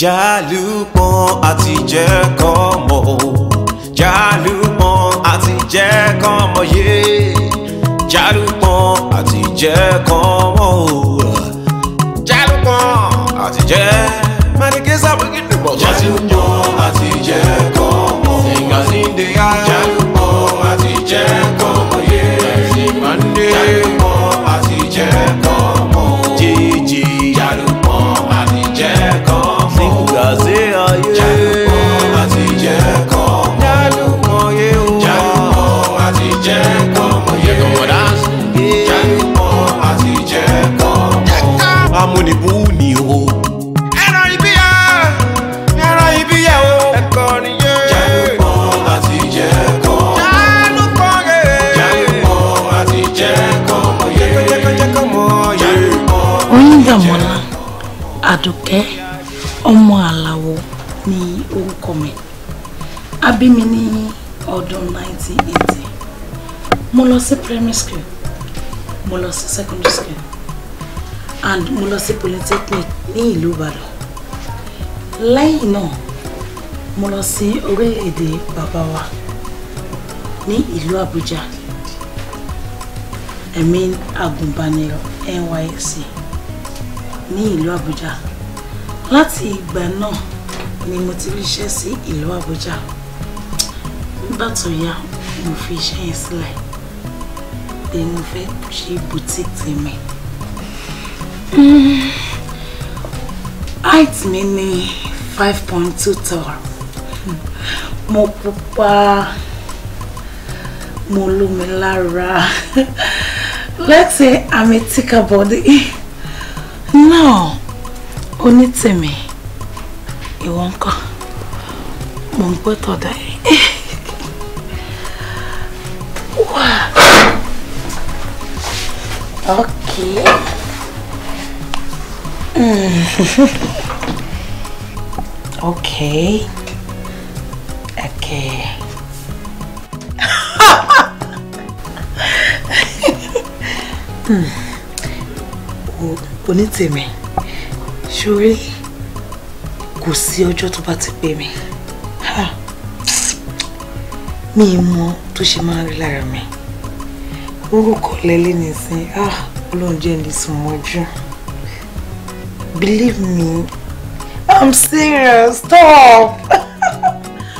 Jálùpọ̀n àti jẹ́ kọ́ mọ̀ o Jálùpọ̀n àti jẹ́ kọ́ mọ̀ yé Jálùpọ̀n àti jẹ́ kọ́ mọ̀ o Jálùpọ̀n àti jẹ́ mẹ́rìnkì sábẹ́kì dùbọ̀ Jálùpọ̀n àti jẹ́ kọ́ mọ̀ o ìgbàsíndé á Jálùpọ̀n àti jẹ́ kọ́ mọ̀ yé ìgbàsíndé Jálùpọ̀n àti jẹ́ kọ́ mọ̀. amúnibú ni o. ẹ̀rọ ìbíyà ẹ̀rọ ìbíyà o. ẹ̀kọ́ nìyẹn. jẹ́nu àti jẹ́kọ́. jẹ́nu pọ́n yẹn. àti jẹ́kọ́ mọ̀ yẹn. jẹ́kọ́jẹ́kọ́ mọ̀ yẹn. Oyindamọ́lá Àdùkẹ́ ọmọ Àlàó ni orúkọ mi a bí ní ọdún 1980 mo lọ sí primary school mo lọ sí secondary school and mo lọ sí polytechnic ní ìlú Ìbàdàn lẹ́yìn náà mo lọ sí orílẹ̀-èdè bàbá wa ní ìlú Àbújá ẹ̀mí agùnbánirọ̀ NYSC ní ìlú Àbújá láti ìgbà náà ni mo ti ríṣẹ́ sí ìlú Àbújá nígbà tó yá mo fi iṣẹ́ yẹn sílẹ̀ pé mo fẹ́ ṣe boutique tèmi. Hmm. height mi ni five point two tall mo pupa mo lómi lára let's say i'm a thicker body now onítèmi ìwọ ńkọ́ mo ń gbọ́ Okay. Ok, ok. Hmm. Onítèmi, ṣorí kò sí ọjọ́ tó bá ti pé mi. Mi mọ tó ṣe máa ń rí lára mi. Orúkọ lẹ́lé nìsín, ah, Ọlọ́run jẹ́ ní sùn ọjọ́. Believe me. I'm serious. Stop.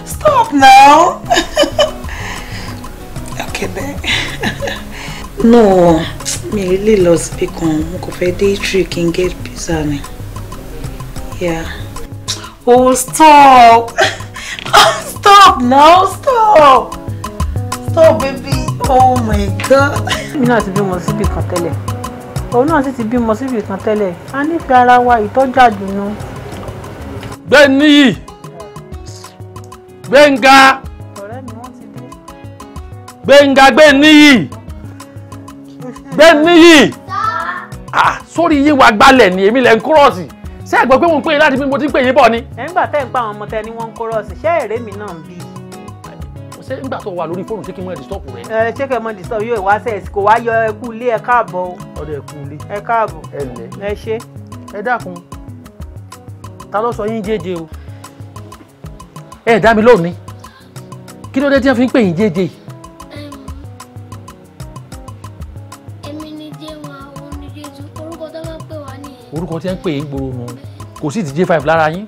Stop now. okay, then. no, me really lost because I could day trick and get pizza. me. Yeah. Oh, stop. Oh, stop now. Stop. Stop, baby. Oh my God. You know, I should be more sleeping for telling òun náà sì ti bímọ síbi kan tẹ́lẹ̀ a nífẹ̀ẹ́ ara wa ìtọ́jú àdùnnú. Gbéníyì Gbénga Gbénga Gbéníyì Gbéníyì ah, sórí yín wa gbalẹ̀ ni èmi lẹ̀ ń kúrọ̀sì ṣé ẹ gbọ́ pé mo ń pè yín láti bí mo ti ń pè yín bọ̀ ni. ẹ̀ ń gbà tẹ́ ń pa àwọn ọmọ tẹ ni wọ́n ń kúrọ̀sì ṣé èrè mi náà ń bí i ṣé nígbà tó wà lórí fóònù ṣé kí n mọ disturb rẹ. ẹ ṣé kẹ́ mọ disturb yóò wá sẹ kò wá yọ ẹkú ilé ẹ káàbọ̀ o. ọdọ ẹkú ilé. ẹ káàbọ̀. ẹ lẹ. ẹ ṣe. ẹ dákun ta ló sọ yín jẹ́jẹ́ o ẹ dá mi lónìí kí ló dé tí wọ́n fi ń pè yín jẹ́jẹ́ yìí. orúkọ tí ẹ ń pè é gbòòrò nu kò sí ti j5 lára yín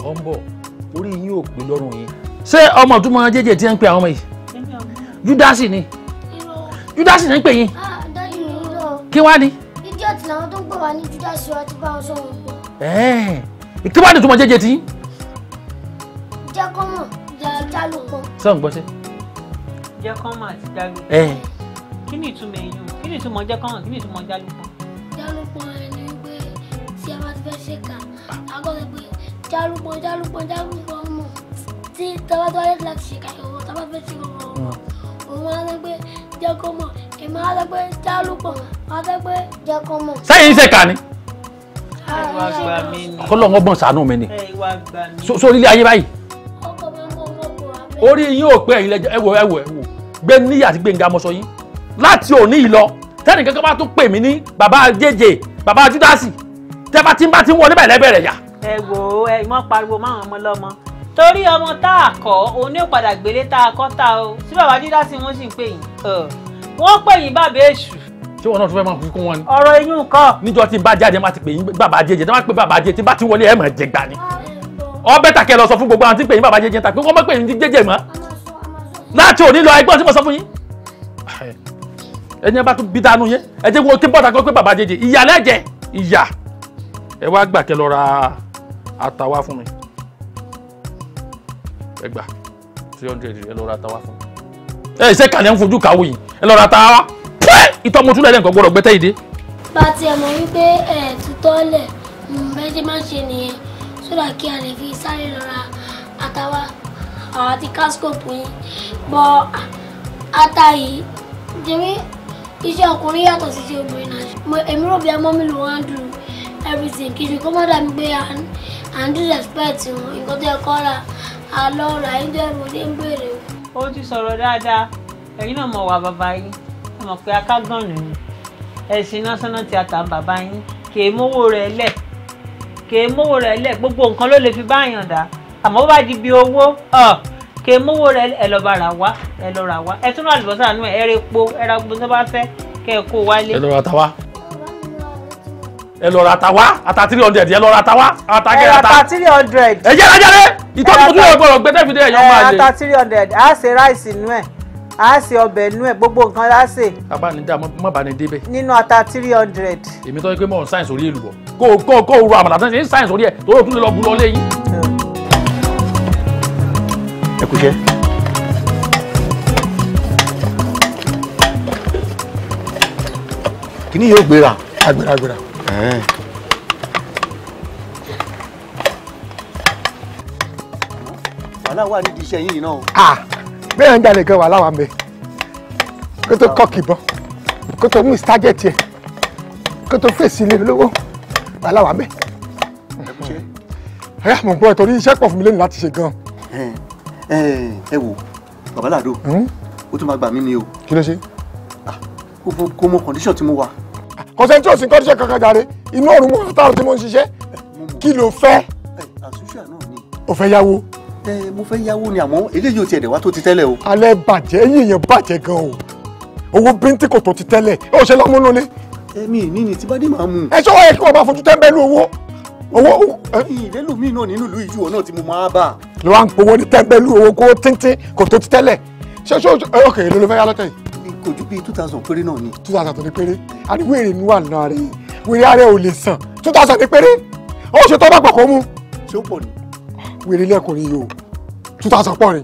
ọ ń bọ̀ orí yín ò pé lọ́rùn yín ṣé ọmọ tó mọ jẹjẹ tí ń pe àwọn ọmọ yìí júdásì ni júdásì ni ń pè yín ah, kí wá ni. idiot làwọn tó ń pè wá ní júdásì wa ti bá wọn sọ̀rọ̀ pé. kí wá ni tó mọ jẹjẹ tí. jẹ́ kọ́ mọ̀ já ló pọ̀. sọ ń gbọ́ sí. jẹ́ kọ́ mọ̀ àti já ló pọ̀. kí ni ìtumọ̀ èyí o kí ni ìtumọ̀ jẹ́ kọ́ mọ̀ kí ni ìtumọ̀ já ló pọ̀. já ló pọ̀ ẹni pé tí a bá ti fẹ́ ṣe kà á gbọ́dọ̀ pé já ló pọ̀ já ló pọ̀ já ló pọ̀ tí tọ́wọ́ tó wáyé láti ṣe kàṣọ wọn tọ́wọ́ fẹ́ ṣe kàn wọ́n mm. òun máa sọ pé jẹ́ kó mọ̀ èmi á sọ pé jálùpọ̀ á sọ pé jẹ́ kó mọ̀. sẹ́yìn iṣẹ́ kà ni. kọ́lọ́ wọn gbọ́n sànú mi ni sórí ilé ayé báyìí orí yín ò pé ẹ̀yin lẹ́jọ́ ẹ̀wọ̀ ẹ̀wọ̀ ẹ̀wọ̀ gbé níyà àti gbẹ̀ngà mọ́sọ yín láti òní yìí lọ tẹ́nì kankan bá ní ẹ wo ẹ mọ pariwo máwọn ọmọ lọmọ torí ọmọ tá a kọ́ òun ní òpadà gbélé tá a kọ́ tá o sí bàbá dídá sí wọ́n sì ń pè yín wọ́n pè yín bàbá èṣù ṣé wọn náà tún fẹ́ máa kúkú wọn ni. ọ̀rọ̀ eyín kan. níjọ́ tí n bá jáde máa ti pè yín bàbá jẹjẹ tí n pè bàbá jẹjẹ tí bá ti wọlé ẹ̀ mọ̀ jẹ ni. ọbẹ̀ tàkẹ́ lọ sọ fún gbogbo àwọn tí pè yín bàbá jẹjẹ tàbí kó mọ̀ yín jẹjẹ mọ́. láti òní lọ ẹgbọ́n tí mo sọ fún yín. ẹni bá tún bí dánú yẹn ẹ jẹ́ kí bọ́dà kó pé bàbá jẹjẹ ìyà ìyà. ẹ wá gbà lọ ra àtàwá fún mi ẹ gbà three hundred ẹ lọ ra ta wá fún mi. ẹ ṣe kàní ẹ ń fojú kàwé yìí ẹ lọ ra ta wá pẹ́ ìtọ́ mo túlẹ̀ lẹ́nkọ́ gbọ́dọ̀ gbẹ́tẹ́ ìdè. bá a ti ẹ̀ mọ̀ wípé ẹ̀ ti tọ́lẹ̀ bẹ́ẹ̀ ti máa ń ṣe nìyẹn sódà kí a lè fi sáré lọ ra àwọn àti káskóòpù yìí bọ ata yìí jẹ́rí iṣẹ́ ọkùnrin yàtọ̀ sí iṣẹ́ obìnrin náà èmi rò bí everything kì í ṣe kó má dàbí pé à ń disrespect àlọ́ ọ̀rọ̀ ayédèrú ní ń bèrè. ó ti sọ̀rọ̀ dáadáa ẹ̀yin náà mọ̀ wá bàbá yín ẹ mọ̀ pé akágànnù ni ẹ̀sìn national theatre ń bàbá yín kì í mówó rẹ̀ lẹ̀ kì í mówó rẹ̀ lẹ̀ gbogbo nǹkan ló lè fi bá àyàn dá àmọ́ bó bá di bí owó kì í mówó rẹ̀ ẹ lọ́ọ́ rà wá ẹ lọ́ọ́ wá ẹ tún rà àlùbọ́sà nù ẹ rẹ̀ po ẹ ra tó bá fẹ́ kẹ́ ẹ kó wálé. ẹ lọ́ọ́ ta wá ẹ lọ ra ata wá ata three hundred ẹ lọ ra ata wá ata kẹ ata ata three hundred ẹ jẹ́ ajá rẹ ìtọ́jú tó yẹ gbọ́dọ̀ gbẹ́tẹ́ fi dé ẹ̀yàn máa lè. ata three hundred á ṣe ráìsì inú ẹ̀ a ṣe ọbẹ̀ inú ẹ̀ gbogbo nǹkan la ṣe. abánidá má bá ní débẹ̀. nínú ata three hundred. èmi tọ́ pé mò ń sáyẹ̀nsì orí èlùbọ̀ kó o kó o kó o ro àmàlà tán ṣe ń sáyẹ̀nsì orí ẹ̀ tó o tún lè lọ bu lọ léyìn. ẹ kú jẹ́ wàhálà wà nídìí iṣẹ́ yìí náà. bẹ́ẹ̀ ń jalè gan wàhálà wà mẹ́ kó tó kọ́ọ̀kì bọ́ kó tó mú ìsítágẹ̀tì ẹ̀ kó tó fèsì ilé lówó wàhálà wà mẹ́. ẹ mọ̀ gbọ́ torí iṣẹ́ pọ̀ fún mi lẹ́nu láti ṣe gan. ẹ wo babalado o hmm? tún máa gbà mí ni o. kí ló ṣe. kò mọ kọ̀ndíṣọ̀n tí mo wà kọ̀sẹ́ tí ò sí kọ́díṣẹ́ kankan jàre inú ọ̀run mọ́ látàrọ̀ tí mo ń ṣiṣẹ́ kí ló fẹ́. o fẹ́ mo fẹ́ yáwó ni àmọ́ eléyìí ò tiẹ̀ dẹ̀ wá tó ti tẹ́lẹ̀ o. alẹ́ bàjẹ́ eyín yẹn bàjẹ́ gan o owó bíntín kò tó ti tẹ́lẹ̀ ó ṣe lọ́mú nulẹ̀. èmi ní ni tí bá dé màá mú. ẹ ṣọ́ wáyé kí wọ́n máa fojú tẹ́ńbẹ́lú owó. owó. mi náà nínú ìlú ìjùwọ̀ náà tí mo máa bá. ló wá ń powó ní tẹ́ńbẹ́lú owó kó tíntín kò tó ti tẹ́lẹ̀ ṣé ṣó ok ló ló fẹ́ yá lọ́tẹ̀ yìí kò ju bíi two thousand péré náà ni. two thousand ní péré àní wèrè ní wà náà rè wèrè ààrẹ ò lè sàn two thousand ní péré ó ṣe tọ́ bá pàkó mú. ṣé ó pọ̀ ni. wèrè lẹ́kùnrin yìí o two thousand pọ̀ ni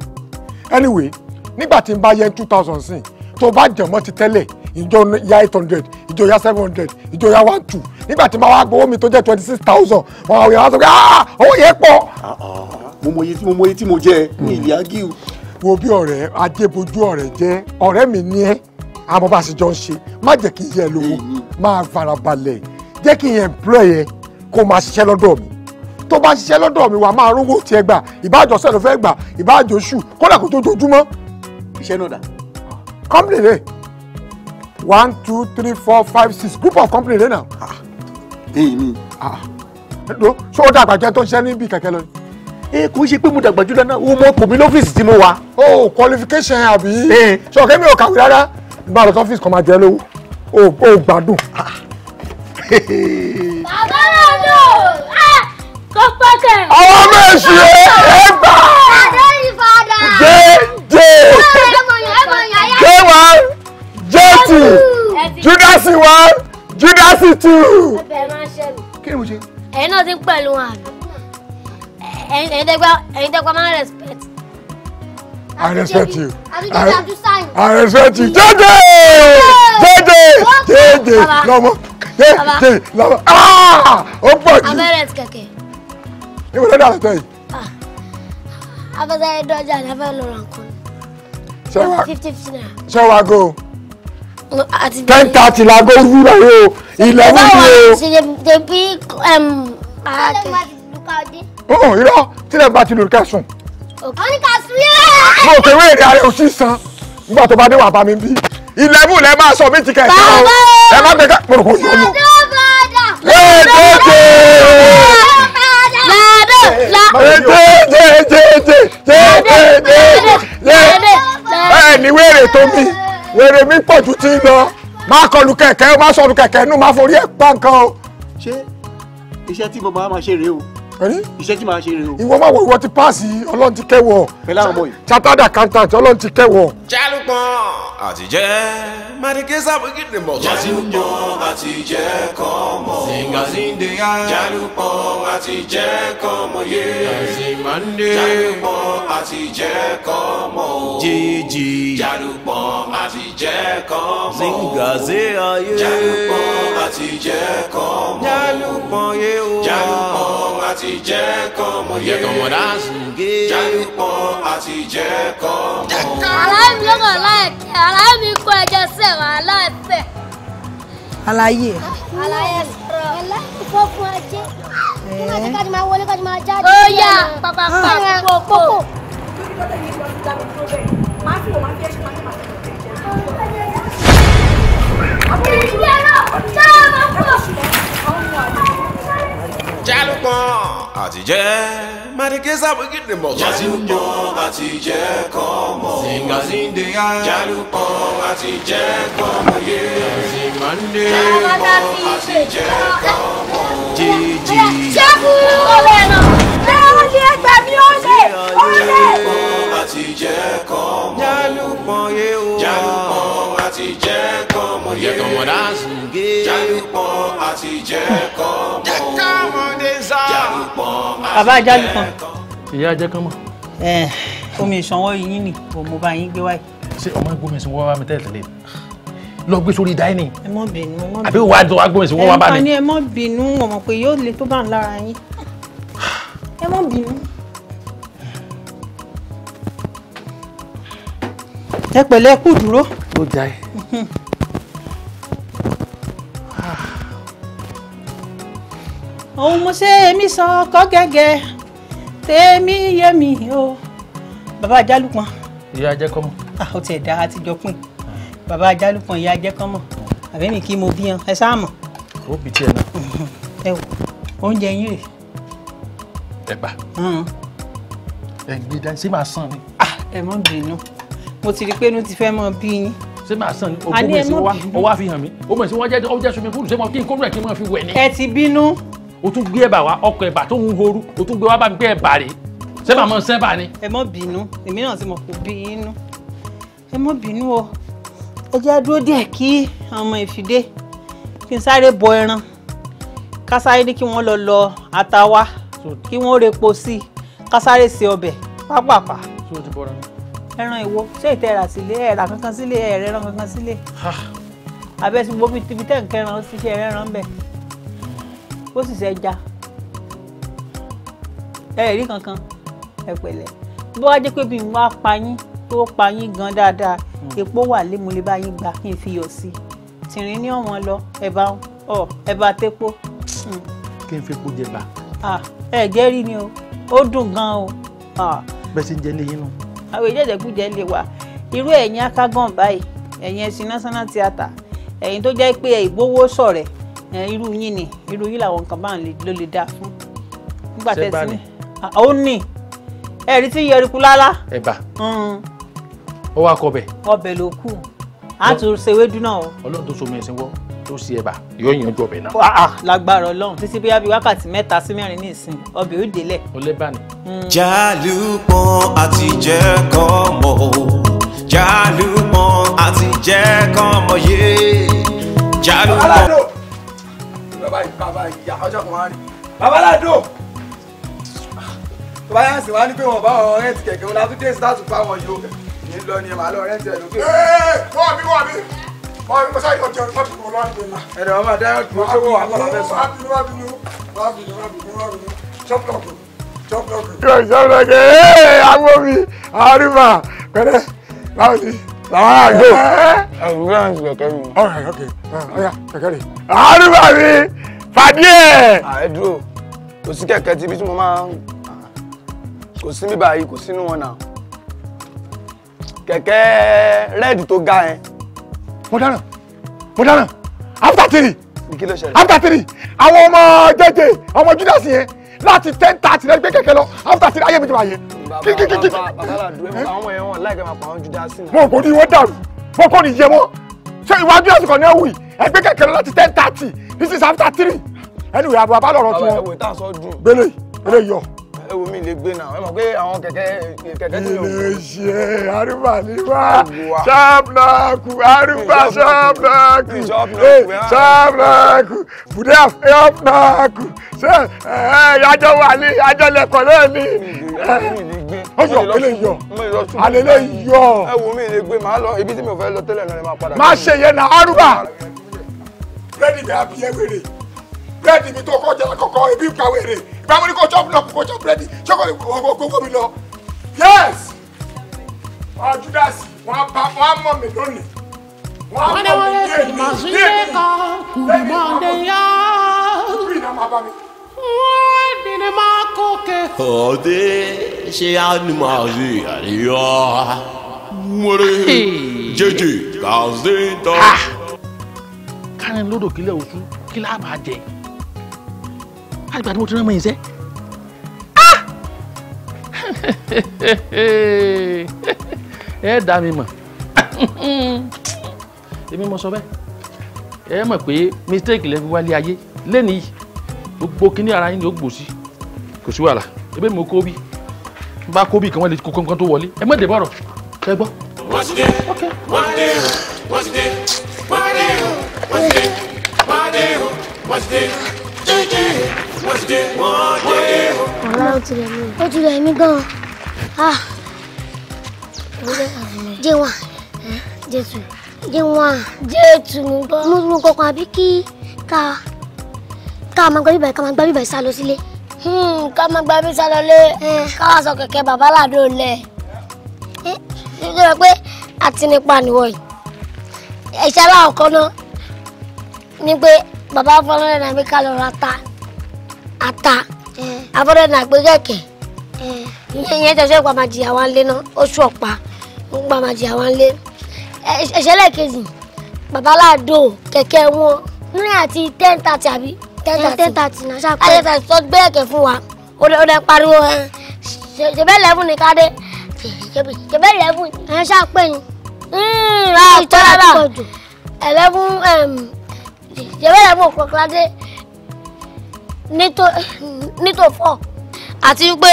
anyway nígbà tí n bá yẹ two thousand sí tó bá jẹ̀mọ́ ti tẹ́lẹ̀ ìjọ ya eight hundred ìjọ ya seven hundred ìjọ ya one two nígbà tí màá wá gbowó mi tó jẹ́ twenty six thousand wọn àwọn èèyàn wá sọ pé ah, owó yẹn pọ̀. mo mọye tí mo mọye tí mo jẹ ní ìyá gíw. wo bí ọ̀rẹ́ ajébojú ọ̀rẹ́ jẹ́ ọ̀rẹ́ mi ni ẹ́ àmọ́ bá a ṣe jọ ń ṣe má jẹ́ kí n yẹ lówó máa farabalẹ̀ jẹ́ kí n yẹ employ yẹ kó máa ṣiṣẹ́ lọ́dọ̀ mi tó bá ṣiṣẹ́ lọ́dọ̀ mi wà máa rówó tiẹ̀ gbà ìbáàjọ sẹ́lẹ̀ fẹ́ gbà ìbáàjọ ṣù kódà kó tó dojúmọ́. iṣẹ́ náà dà. company rẹ̀ one two three four five six group of company rẹ̀ now? bẹ́ẹ̀ ah, ni. Ah. ṣé ó dàgbà jẹ́ tó ń ṣiṣẹ́ níbi kẹ̀kẹ́ lọ ni ee kò ṣe pé mo dàgbà jùlọ náà o mọ kò mí lọ́fíìsì tí mo wà. o oh, qualification àbí. ṣọ̀kẹ́ mi ò kàwé rárá bá lọ sọ́fíìsì kan máa jẹ lówó ó gbádùn. bàbá náà lò kó pẹ́kẹ̀. àwọn ọmọ èsì ẹ ẹ gbà. jẹ jẹ jẹ wá jẹ tù júdásì wá júdásì tù. kí ni mo ṣe. ẹ̀yin náà ti ń pẹ̀lú wọn àná ẹ̀yin tẹ́gbà máa ń respect. I respect you. I, I respect you. Jẹ́jẹ́! Jẹ́jẹ́! Jẹ́jẹ́! Lọ́mọ! Jẹ́jẹ́! Lọ́mọ! Ah! pọ̀ jù! Abẹ́rẹ́ ti kẹ̀kẹ́. Níbo ló dé àtẹ̀tẹ̀ yìí? Ah. Abẹ́sẹ̀ dọ́jà ni I lọ ra nǹkan. Ṣẹ́wà. Fifty fifty naira. Ṣẹ́wà go. Ten thirty I go wúrà yìí o. Eleven ni o. Ṣé ṣe bí ààkẹ́? Ṣé ṣe bí ààkẹ́? Irọ́ tílẹ̀ bá wọ́n ní ká sílẹ̀. mo kèwé èrè ààrẹ òsì san nígbà tó bá dé wà bá mi bí ilẹ̀mú lẹ máa sọ mí ti kẹ̀kẹ́ o ẹ má gbé ká mo rò kó yọ ni. bẹ́ẹ̀ni wéèrè tó mi wéèrè mi pọ̀ ju ti ń lọ má kọlu kẹ̀kẹ́ má sọ̀rọ̀ kẹ̀kẹ́ nù má forí ẹ̀ pa nǹkan o. ṣé iṣẹ́ tí bàbá máa ṣe rèé o iṣẹ́ tí màá ṣe rè o. ìwọ máa wọ ìwọ ti páàsì ọlọ́run ti kẹwọ. pẹ̀lú àwọn ọmọ yìí. chatada kantant ọlọ́run ti kẹwọ. jalupọn àtijẹ madike sábùkì ni mọ. jalupọn àtijẹ kọmọ. singazinde ya. jalupọn àtijẹ kọmọ ye. zimande. jalupọn àtijẹ kọmọ. jeje. jalupọn àtijẹ kọmọ. zingaze ayé. jalupọn àtijẹ kọmọ. jalupọn ye o. jalupọn àtijẹ kọmọ jẹ́ kọ́ mọ̀ yé. Yẹ kọ́ mọ̀ dáhùn gé. Jáde pọ̀ àti jẹ́ kọ́ mọ̀. Àlàyé mi ló kàn láìpẹ́, àlàyé mi kó ẹjọ́ sí ẹ̀wà láìpẹ́. Àlàyé. Àlàyé sọ̀rọ̀. Àlàyé fọ́ fún ajé. Kí máa ti kájú máa wọlé kájú máa jáde. Ó yà pàpà pàpà pòpò. Máa fi òun máa fi ẹ̀ṣin máa ń pàtàkì. ti jẹ́ mẹ́rìndínlẹ́sà wíkìdì mọ̀. jálùpọ̀ àti jẹ́ kọ́ mọ̀. sìngàsíndé á. jálùpọ̀ àti jẹ́ kọ́ mọ̀ yé. sìngàndé jálùpọ̀ àti jẹ́ kọ́ mọ̀. jíjí. ṣẹ́kù olè náà. ṣé wọ́n ti ẹgbẹ́ mi ó lè. ó lè. jálùpọ̀ àti jẹ́ kọ́ mọ̀. jálùpọ̀ yé o yẹtọ̀ mọ̀ dáhùn eh, gé. jálùpọ̀ àti jẹ́kọ̀ mọ̀ jálùpọ̀ bàbá jálùpọ̀. ìyá jẹ́kọ̀mọ̀. omi ìṣanwọ́ yín ni mo bá yín gbé wáyé. ṣé ọmọ gómìn sí wọ́n wá mi tẹ́lẹ̀ tẹ́lẹ̀ lọ gbé sórí dáínì. ẹ mọ bínú ẹ mọ bínú àbí wàá dọ agbóhùn sí wọn wá bá mi. ẹ mọ ní ẹ mọ bínú wọn mọ pé yóò le tó bá ń lára yín ẹ mọ bínú. ẹ pẹ̀lẹ́ kú dúró. ó dáa òun mo ṣe èmi san ọkọ gẹ́gẹ́ tèmi yé mi o bàbá ajálùpọ̀n. ìyá ajẹ́kọ́mọ. Ah, ó tiẹ̀ dá àtijọ́ pin bàbá ajálùpọ̀n ìyá ajẹ́kọ́mọ àbẹ́mi kí mo bí yan ẹ sáà mọ̀. ó bi tiẹ̀ náà. ẹ wò oúnjẹ yín rè. ẹ̀bà. Hmm. ẹ gbé dání ṣé màá sàn ni. Ah, ẹ mọ bínú mo ti rí i pé inú ti fẹ́ mọ bí yín ṣé màá sàn ni ògbómọ̀ sí wa ó wá fi hàn mí ó mọ̀ sí wọ́n jẹ́ sumi fúlù ṣé mo kí n kó rẹ̀ kí n mọ̀ fi wẹ̀ ni. ẹ ti bínú o tún gbé ẹ̀bà wá ọkọ̀ ẹ̀bà tó ń horu o tún gbé wá bá mi gbé ẹ̀bà rè sẹ́bà mọ́ sẹ́bà ni. ẹ mọ́ bínú èmi náà ti mọ̀ kó bí inú ẹ mọ́ bínú o ẹ jẹ́ dúró díẹ̀ kí ọmọ ìfìdé kí n sáré bọ ẹran ká sáré ní kí wọ́n lọ lọ ata wá kí wọ́n repo sí i ká sáré se pápápá. o ti bọ́ra mi. ẹran ìwo ṣé ìtẹ́ ẹ̀rà sílé ẹ̀rà kankan sílé ẹ̀rẹ̀ ẹran kankan sílé. abẹ́sí gbogbo ibi tẹ̀ ń kẹran ó sì ṣe ẹ̀rẹ̀ ẹran bẹ́ẹ̀ ó sì ṣẹja ẹ rí kankan ẹ pẹ̀lẹ́ bó wá jẹ́ pé bí wọ́n á pa yín tó pa yín gan dáadáa hmm. epo wà lémúlé bá yín gbà kí n fi yọ̀ sí i tìrín ní ọ̀wọ́n lọ ẹ bá ọ ẹ bá tepo. Hmm. kí n fi epo jẹ bá. ẹ jẹ́ rí ni o ó dùn gan o. bẹ́ẹ̀ sì ń jẹ́lé yín nù. àwọn ìjẹ́jẹ́ kú jẹ́ lè wà irú ẹ̀yin akágàn báyìí ẹ̀yin ẹ̀sìn national theatre ẹ̀yin tó jẹ́ pé ìgbówó sọ̀rẹ̀ irú yín ni irú yín làwọn nǹkan báà ló lè dáa fún. nígbà tẹ́ sí ó ní ẹ̀rí tí yẹriku lálá. ẹ̀bà mm. ó wá kọ ọbẹ̀. ọbẹ̀ ló kù á tún ṣèwédú náà o. ọlọ́run tó so mi ẹ̀sìn wọ́ tó ṣe ẹ̀bà yóò yanjú ọbẹ̀ náà. wàá lágbára ọlọ́run títí bí abí wákàtí mẹ́ta sí mẹ́rin ní ìsìn ọbẹ̀ ó délẹ̀. ọlẹ́bà ni. Mm. jálùpọ̀n àti jẹ́ kọ́ mọ̀ àti jẹ́ kọ́ yé jálùpọ̀n bàbá bàbá ìyá ọjọ́ kan wá rí bàbá ládùn tó bá yà sí wá ní pé wọn bá wọn rẹ́ǹtì kẹ̀kẹ́ wọn látúndé sátú fáwọn yìí ó ní lọ ni màá lọ rẹ́ǹtì ẹ̀ lókè. wọ́n mi wọ́n mi wọ́n mi mo sáyé ọjọ́ ìfọ́ tó lọ́wọ́ ní ìlà. ẹ̀rọ ọmọ adé ọdún tó wọ àwọn ọmọ fẹ́ sọ. wọ́n bínú wọ́n bínú wọ́n bínú wọ́n bínú wọ́n bínú chọ́pọ̀lọ́kù chọ́pọ̀lọ́kù. ìjọba ìjọba ìjọba àwọn mi àrùmà pẹ̀lẹ́ báwo ni àwọn àgbo. àgbo náà ti kẹ̀kẹ́ mi. ọ̀rẹ́ ọ̀kẹ́ ọ̀yà kẹ̀kẹ́ rẹ̀. àárúbà mi fàdí ẹ̀. ààrẹ dúró kò sí kẹ̀kẹ́ tí ibi tí mo máa ń kò sí mi báyìí kò sínú wọn náà kẹ̀kẹ́ rẹ́ẹ̀dì tó ga yẹn. mo dáná mo dáná after three after three àwọn ọmọ jẹjẹ ọmọ judas yẹn láti ten thirty lẹ́ni pé kẹ̀kẹ́ lọ after three ayé mi ti máa yẹ. kíkíkíkí. bàbá làdúró àwọn ẹ̀wọ̀n láìpẹ́ máa pa àwọn juda sí. mo kò ní wọ́n dàrú fọ́kọ́ ni yẹ wọ́n ṣé ìwájú àsìkò ní ẹ̀wù yìí ẹgbẹ́ kẹ̀kẹ́ lọ láti ten thirty this is after three anyway àbọ̀ àbálọ̀rọ̀ tiwọn gbélé gbélé yọ ewu mi lè gbé náà ẹ mọ̀ pé àwọn kẹ̀kẹ́ kẹ̀kẹ́ tó yọ̀. ilé ṣe arúgbà níwá ṣáàbùlọ́ọ̀kù arúgbà ṣáàbùlọ́ọ̀kù ṣáàbùlọ́ọ̀kù bùdá ṣáàbùlọ́ọ̀kù ṣe àjọ wà ní àjọ lẹ́kọ̀ọ́ náà ní. ọyọ ilé yọ alẹ́lẹ́ yọ. ẹ mi lè gbé màá lọ ibi tí mi ò fẹ́ lọ tẹ́lẹ̀ náà ni màá padà. má ṣe yẹn na arúgbà. bẹ́ẹ̀ni bẹ́ẹ̀ búrẹ́dì mi tó kọjá kọ̀kọ́ ebi ń kàwé rè ìbá mo ní kó chop lọ́kùn kó chop búrẹ́dì ṣọ́kọ̀ gbogbo mi lọ. yes ọ judas wọn bá wọn mọ mi lónìí. wọn mọ mi dé mi dé mi dé mi mọ mi bí iná máa bá mi. wọ́n dín má kókè. òde ṣé ànúmọ̀ọ́sì àríyá wẹ́rẹ́ jẹjẹ kàzí tán. Ah! kárin lódò kílẹ̀ oṣù kí lábàá jẹ fàgbà ni mo ti rán ọmọ é sẹ́. ẹ dá mi mọ̀ èmi mo sọ bẹ́ẹ̀ ẹ mọ̀ pé mistake lẹ́ fi wálé ayé lẹ́nu yìí gbogbo kíní ara yín ni ó gbò sí kò sí wàhálà ebe mo kó bí bá kó bí kí wọ́n lè kó kankan tó wọlé ẹ mọ̀ dé bọ̀rọ̀ ẹ gbọ́. wọ́n ti dé wọ́n ti dé wọ́n ti ọ̀la ó tilẹ̀ mí. ó tilẹ̀ mí gan-an. jẹ́ wà jẹ́ tù jẹ́ wà jẹ́ tù mí gan. mo mú kọkàn àbí kí ká ká máa gba bíbà ká máa gba bíbà sá lọ sílé. ká máa gba bíbà sá lọ lé ká wá sọ kẹ̀kẹ́ bàbá làdó lẹ̀. nítorí pé àti nípa nìwọ̀ yìí ata abọ́dọ̀ náà gbé kẹ̀kẹ́ ìyẹn tẹ̀sọ́ ìpa máa jìyà wá lé náà oṣù ọ̀pá nípa máa jìyà wá lé ẹ̀ṣẹ̀lẹ̀ kejì babaláàdó kẹ̀kẹ́ wọn ní àti ten thirty àbí ten thirty náà ṣàpẹ́ ayé tẹ̀sí tó gbé kẹ̀kẹ́ fún wa ó dẹ̀ pariwo ṣẹ̀bẹ̀ eleven ní kádé ṣẹ̀bẹ̀ eleven ẹ̀ ṣàpẹ́ yìí ìtọ́lá náà eleven ṣẹ̀bẹ̀ eleven òkúrọ̀kúrọ̀ nítòfọ́ àti wípé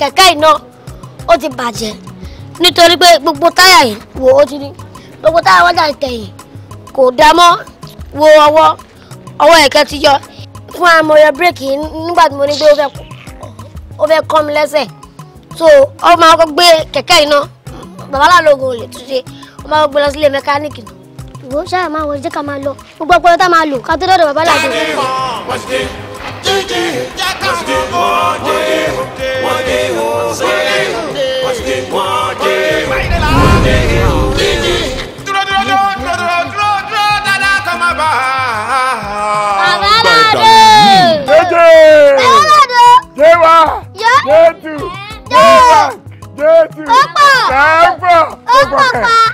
kẹ̀kẹ́ iná ó ti bàjẹ́ nítorí pé gbogbo táyà yìí wò ó ti ní gbogbo táyà wọ́n dà tẹ̀yìn kò dá mọ́ wo ọwọ́ ọwọ́ ẹ̀kẹ́ ti yọ fún amọ̀yọ bírèkì nígbà tí mo ní pé ó fẹ́ kọ́ mi lẹ́sẹ̀ so ọ máa gbé kẹ̀kẹ́ iná babaláwo lóògùn ò lè túnṣe ó máa gbé lọ sílé mẹkáníìkì nù wo ṣáà máa wọ jẹ́ ká máa lọ gbogbo ọpọlọ tá máa lò ká tó dọ̀dọ̀ babaláwo. Jésù! Jésù! Jésù! Ọ̀pọ̀! Ọ̀pọ̀ pa!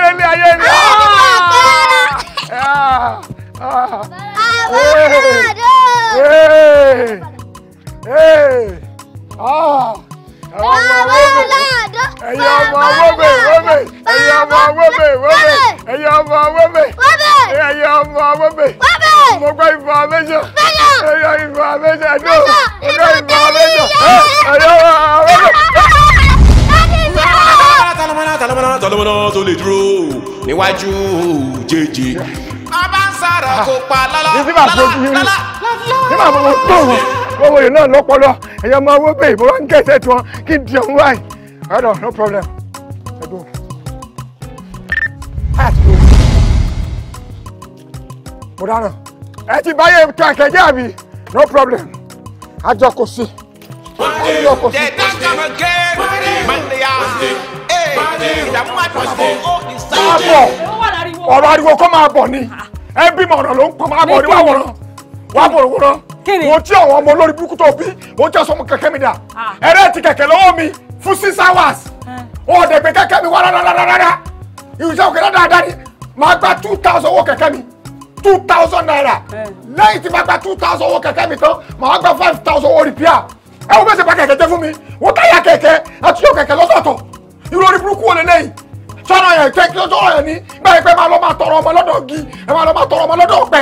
ṣe. bàbá ń sọ̀rọ̀ ah. kò pa lọ́lọ́ lọ́lọ́ lọ́lọ́. owó yìí náà lọ́pọ̀lọ́ ẹ̀yọ́ máa wó bẹ́ẹ̀ bó wá ń kẹ́sẹ̀ tí wọ́n kí n di ọ̀hún wáyé. ọ̀dọ̀ no problem. ẹ̀gbọ́n. mo dáná ẹ ti báyé kẹ̀kẹ́ àbí no problem àjọ kò sí. àjọ kò sí. Ah. ìdààmú àtọ̀sọ̀ ó ìsáyé. ó wà lárí ọ̀rọ̀ ariwo kọ́ máa bọ̀ ni ẹ bímọ ọ̀rọ̀ ló ń pọ̀ máa bọ̀ ni wàá wọ̀rọ̀ wàá bọ̀ wọ̀rọ̀ mo tí àwọn ọmọ olórí burúkú tó bí mo tí ọsọ ọmọ kẹ̀kẹ́ mi dà ah. ẹrẹ ti kẹ̀kẹ́ lọ́wọ́ mi fún six hours eh. wọn ò dẹgbẹ kẹ̀kẹ́ mi wá rárá ìrìnsẹ òkè dáadáa ni màá gba two thousand owó kẹ̀kẹ́ mi two thousand naira eh. lẹ́yìn tí màá gba two thousand owó kẹ̀kẹ́ mi tán màá gba five thousand owó rìpíà ẹ wọ́n fẹsẹ̀ bá kẹ̀kẹ́ jẹ́ fún mi wọ́n táyà kẹ̀kẹ́ àtúnyọ̀ kẹ̀kẹ́ lọ́sọ̀tọ̀ ìròrí burúkú wọlé lẹ́yìn sọ́nà yẹn tẹ́ kí sọ́nà yẹn ní bẹ́ẹ̀ pé máa lọ máa tọrọ ọmọ lọ́dọ̀ gi ẹ máa lọ máa tọrọ ọmọ lọ́dọ̀ ọ̀pẹ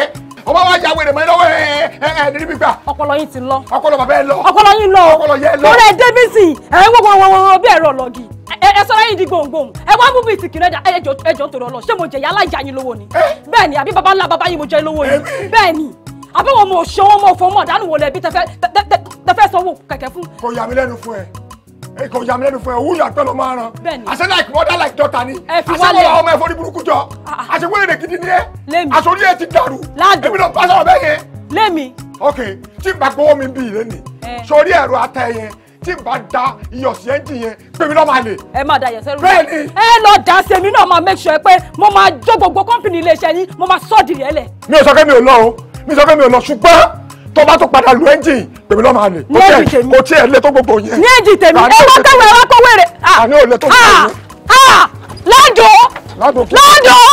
ọmọ wa ya wèrè mọ́ lọ́wọ́ ẹ ẹ níbi gbà. ọpọlọ yín ti lọ. ọpọlọ bàbá ẹ lọ. ọpọlọ yín lọ. ọpọlọ yẹ lọ. kúrẹ́ débìsì ẹ̀ ń wọ́n wọ́n wọ́n bí ẹ̀rọ lọ́gì ẹ sọ lẹ́yìn di gbòǹgbòǹ ẹ wá mú bíi tìkìrì ẹjà ẹjọ ẹjọ tòrọ lọ ṣé mo jẹ yálà ìjà yín lówó ni eh? bẹ́ẹ̀ àbí baba ńlá baba yín mo jẹ lówó ni eh, eh. bẹ́ẹ̀ àbí wọn mo ṣe wọn mo fọ mọ dánù wọlé ẹbí tẹfẹ tẹfẹ sanwó kẹ̀kẹ́ fún. kò yà mí lẹ́nu fún ẹ èkó ìyá mi lẹ́nu fún ẹ wúlò àpẹ lọ máa ràn àṣẹ like mother like daughter ni àṣẹ wọn ọmọ ẹfọ ní burúkú jọ ah, ah. àṣẹ wẹrẹ gidi ni ẹ àṣọrí ẹ ti dàrú èmi náà bá sọ̀rọ̀ bẹ́ẹ̀ yẹn. lẹ́mi. ok tí n bá gbowó mi bí ìrẹ́ ni sọrí ẹ̀rọ ata ẹ yẹn tí n bá da iyọ̀sí ẹ́ńjì yẹn pèmí lọ́ọ́ máa lè. ẹ máa da iyọ̀sí ẹ̀rù bẹ́ẹ̀ ni. ẹ lọ da sèmi náà máa make sure pé mo máa jó gbogbo kọ́ńpìnì iléeṣẹ́ yín mo máa sọ́ọ̀dì rẹ̀ lẹ̀. mi ò sọ pé mi ò lọ o mi ò sọ pé mi ò lọ ṣùgbọ́n tó bá tó padà lu ẹ́ńjìn pèmí lọ́mọ àlè kò tí ẹ̀ lé tó gbogbo yẹn. ní èjì tèmi ẹ wá kẹwẹ ẹ wá kó wèrè. àní ò lè tó ah, gbogbo yẹn. lọ́dọ̀ ah, ah, lọ́dọ̀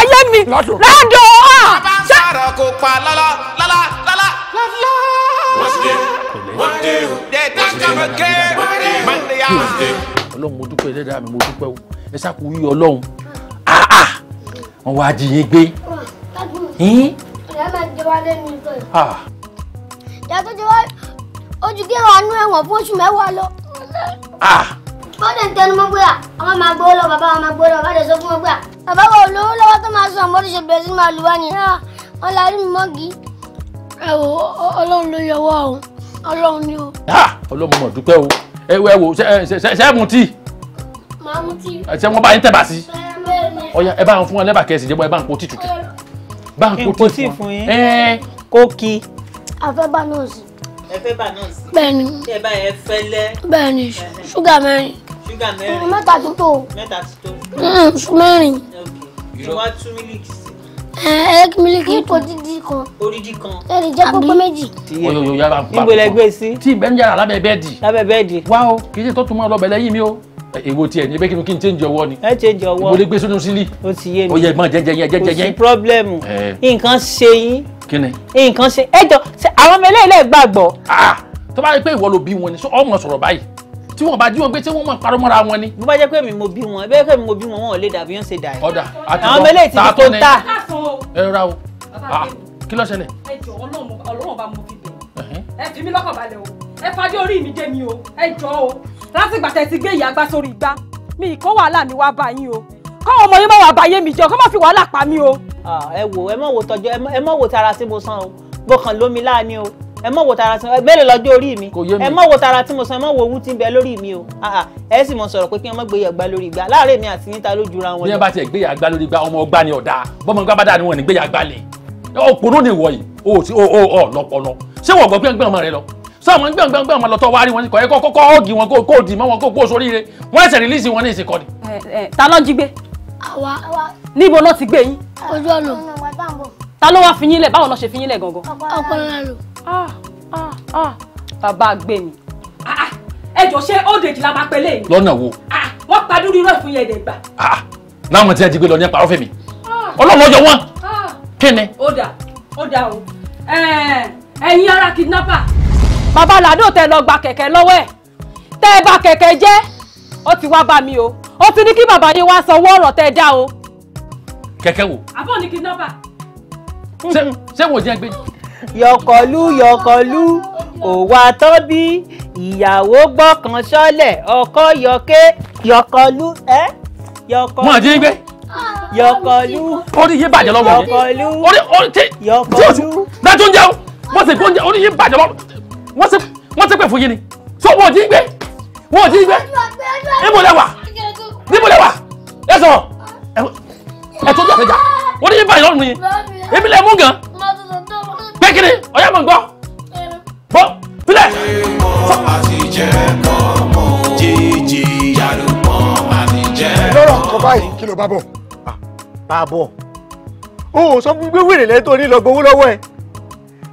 ayé mi lọ́dọ̀. bàbá ń pa lọ́lọ́ lọ́lá lọ́lá ọlọ́run mo dúpẹ́ ẹlẹ́dàá mi mo dúpẹ́ o ẹ sáku yí ọlọ́run wọ́n wá jí gbé. ìyá ìyá tó ti wá ojú kí wàá nú ẹ̀wọ̀n fún oṣù mẹ́wàá lọ. bọ́dẹ̀ ah! ń tẹnu mọ́ pé àwọn máa gbowó lọ bàbá wọn máa gbowó lọ bàbá dẹ̀ sọ fún wọn pé bàbá wọn ò lówó lọ́wọ́ tó máa sàn mọ́tò ṣe bẹ̀rẹ̀ sí máa lù wá nìyá ah, wọn la rí mi mọ́gì. ẹ wo ọlọ́run ló yọ wá o ọlọ́run ni o. Ah! ọlọ́run mọ̀ dúpẹ́ o ẹ wo ẹ wo ṣe é mu tíì. màá mu tíì. ṣé wọ́n bá yín tẹ̀bà bá wọn ẹ bá ń afẹ́ bá náà sí. ẹ fẹ́ bá náà sí. bẹ́ẹ̀ni. ṣé bá ẹ fẹ́ lẹ́. bẹ́ẹ̀ni ṣúgà mẹ́rin. ṣúgà mẹ́rin. mẹ́ta ti tó. mẹ́ta ti tó. Mm, mẹ́rin. ìwà tú mílíkì sí. ẹ ẹ mílíkì tó dídí kan. orídì kan. ẹ lè jẹ́ pípé méjì. oyoyo yàrá pa níbo lẹ gbé sí. tí ìbẹ́ ń yàrá lábẹ́ bẹ́ẹ̀dì. lábẹ́ bẹ́ẹ̀dì. wá o kì í ṣe tó tún mọ́ ọ lọ́bẹ̀ lẹ́yìn mi o èwo tiẹ̀ ní bẹ́kínú kí n change ọwọ́ ni. ẹ change ọwọ́ ìbò lè gbé sódún sílí. ó ti yé mi ó yẹ mọ jẹjẹyẹ jẹjẹyẹ. kò sí problem. nǹkan ṣe yín kí ni. nǹkan ṣe ẹ jọ àwọn ọmọ eléyìí lè gbàgbọ́. Ah, tó bá rí pé ìwọ ló bí wọn ni ọmọ sọ̀rọ̀ báyìí tí wọn bá jí wọn gbé tí wọn máa parọ́ mọ́ra wọn ni. bó bá jẹ́ pé mi mo bí wọn bẹ́ẹ̀ pé mi mo bí wọn wọn ò lè dàbí yóò ṣe dà yìí. ọ̀dà àti bọ́ ta tó ní ẹ ra o ah, kí ló ṣẹlẹ̀. ẹ jọ ọlọ́run bá mo fi bẹ̀rẹ̀ ẹ fi mí lọ́kàn balẹ̀ o ẹ fàájọ́ orí mi jẹ́ mi o ẹ jọ o láti gbàtẹ́ ti gbé ìyá gbá sórí mi ìkó wàhálà mi wá bá yín o káwọn ọmọ yín má wà báyé mi jẹ́ kó má fi wàhálà pa mí o. ẹ wo ẹ mọ̀ wo tọjọ́ ẹ mọ̀ wo tara sí mo san o mo kàn lómi láàánú o ẹ mọ̀ wo tara sí mélòó lọ́jọ́ orí mi ẹ mọ̀ wo tara tí mo san ẹ mọ̀ wo owó tí ń bẹ lórí mi o ẹ sì mọ̀ sọ̀rọ̀ pé kí wọ́n má gbé yàgbá lórí ìgbà láàárẹ̀ mi àti níta ló jura wọn. bí wọn bá tiẹ̀ gbé yàgbá lórí ìgbà ọmọ ọgbà ni ọ̀dà bọ́mọ ọgbà bá dà ni wọn ní gbé yàgbá lè òpònú ni ìwọ yìí o ti o o lọpọlọ ṣé wọn gbọ́ gbẹngbẹng ọmọ rẹ lọ sọ àwọn gbẹngbẹng ọmọ lọtọ wárí wọn kọ ẹ kọ kọkọ ọgì wọn kó kó dì mọ wọn kó kó sóríire wọn ẹsẹ rìlíìsì wọn ní ìsìnkọ ni. ta ló jí gbé níbo náà ti gbé yín. ojú ọ̀nà ta ló wá fi yín lẹ̀ báwo náà ṣe fi yín lẹ̀ gangan. ọkọ náà lò. bàbá gbé mi. Ah, ah. ẹ jọ ṣé old age la máa pẹ́ lẹ́yìn. lọ́nà wo. Ah, wọ́n pa dúró irọ́ ìfún yẹn dẹ̀ gbà. láwọn tí a jí gbé lọ ní ẹ̀pà ọ̀fẹ́ mi ọlọ́run ọjọ́ wọn kí ó dà ó dà o eh, ẹ̀yin ara kidnapper. bàbá làdó tẹ lọ gba kẹ̀kẹ́ lọ́wọ́ ẹ̀ tẹ́ ẹ bà kẹ̀kẹ́ jẹ́ ó ti wá bá mi o ó ti ní kí bàbá yín wá sanwó ọ̀rọ̀ tẹ́ dá o. kẹ̀kẹ́ wo. àbọ̀ ní kidnapper. ṣé ṣé wọ́n jẹ́ gbé. yọkọlú yọkọlú òwà tọ́bí ìyàwó gbọ́kàn ṣọ́lẹ̀ ọkọ yọkẹ́ yọkọlú ẹ́ yọkọlú. wọ́n àjẹ́ gbé. yọkọlú. orí yé bàjẹ́ lọ́wọ́ yẹn. yọkọlú. orí orí tí. yọkọlú. dájú ń jẹun wọ́n sì gbóúnjẹ orí yé bàjẹ́ lọ́wọ́ wọ́n sì wọ́n sì pẹ̀ fún yín ni. sọ wọ́n jí gbé wọn ò ti gbé níbo lẹ wà níbo lẹ wà ẹ sọ ẹ tó tó àtẹjà ó ní báyìí lọ́rùn yìí èmi lẹ mú gan pé kí ni ọ̀yá mọ̀ ń gbọ́ bọ́ sílẹ̀. lọ́rọ̀ kọ báyìí kí ló bá bọ̀. bá bọ̀. o ò sọ fún gbéwèrè lẹ́tọ́ ní lọ́gbọ̀n lọ́wọ́ ẹ̀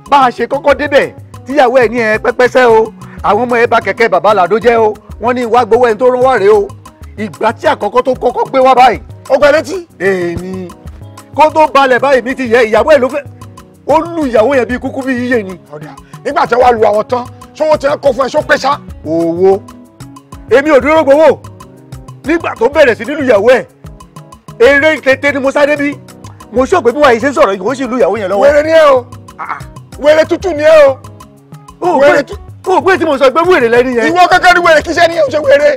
bá a ṣe kọ́kọ́ débẹ̀ tíyàwó ẹ̀ ní ẹ pẹ́pẹ́sẹ́ o àwọn ọmọ ẹ bá kẹ̀kẹ́ bàbá làdó jẹ́ o wọ́n ní ìwà gbowó ẹni tó rán wá rèé o ìgbà tí àkọ́kọ́ tó kọ́kọ́ gbé wá báyìí. ọgbà létí. èmi kó tó balẹ̀ báyìí mi ti yẹ ìyàwó ẹ̀ ló fẹ́ ó lu ìyàwó yẹn bíi kúkú bíi yíyẹ ni. nígbà tí wàá lu àwọn tán ṣé wọ́n ti ń kó fún ẹ ṣó pé ṣá. owó èmi ò dúró gbowó nígbà tó bẹ̀rẹ̀ sí nílùú ìyàwó ẹ̀ eré tètè ni mo sáré bí mo sọ pé bí wàá yìí ṣe ń sọ̀rọ̀ ìgbòho sì lu ìyàwó yẹn lọ́wọ́. wèrè ni ẹ o ah, ah. wèrè tútù ni ẹ o wèrè tútù. o gbé tí mo sọ pé wèrè lẹ́ni yẹn. ìwọ kankan ni wèrè kí iṣẹ́ níyẹn ò ṣe wèrè.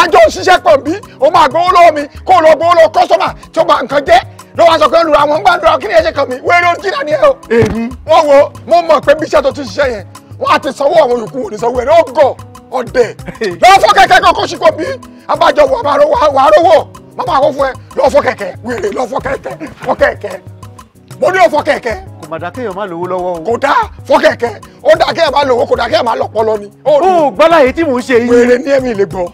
ọjọ́ òṣìṣẹ́ pọ̀ bí o máa gbowó lọ́wọ́ mi kó o lọ gbowó lọ kọ́sọ́mà tí o gba nǹkan jẹ́ ló wàá sọ pé olùrà wọn gbàdúrà kí ni ẹ ṣe kàn mí wèrè náà ni ẹ o. èmi. wọ́n wo mo mọ̀ pé bí iṣẹ́ tó ti ṣiṣẹ́ yẹn wọ́n ti sanwó àwọn yòókù òní sanwó ẹ̀ ọ̀dẹ̀. kẹ̀kẹ́ màdà kéèyàn má lówó lọ́wọ́ o. kò dá fọ́kẹ̀kẹ́ ó dá kéèyàn má lówó kò dá kéèyàn má lọ́pọlọ ni. ó gbọ́dọ̀ èyí tí mò ń ṣe yìí. wèrè ní ẹ̀mí ìlẹ̀gbọ́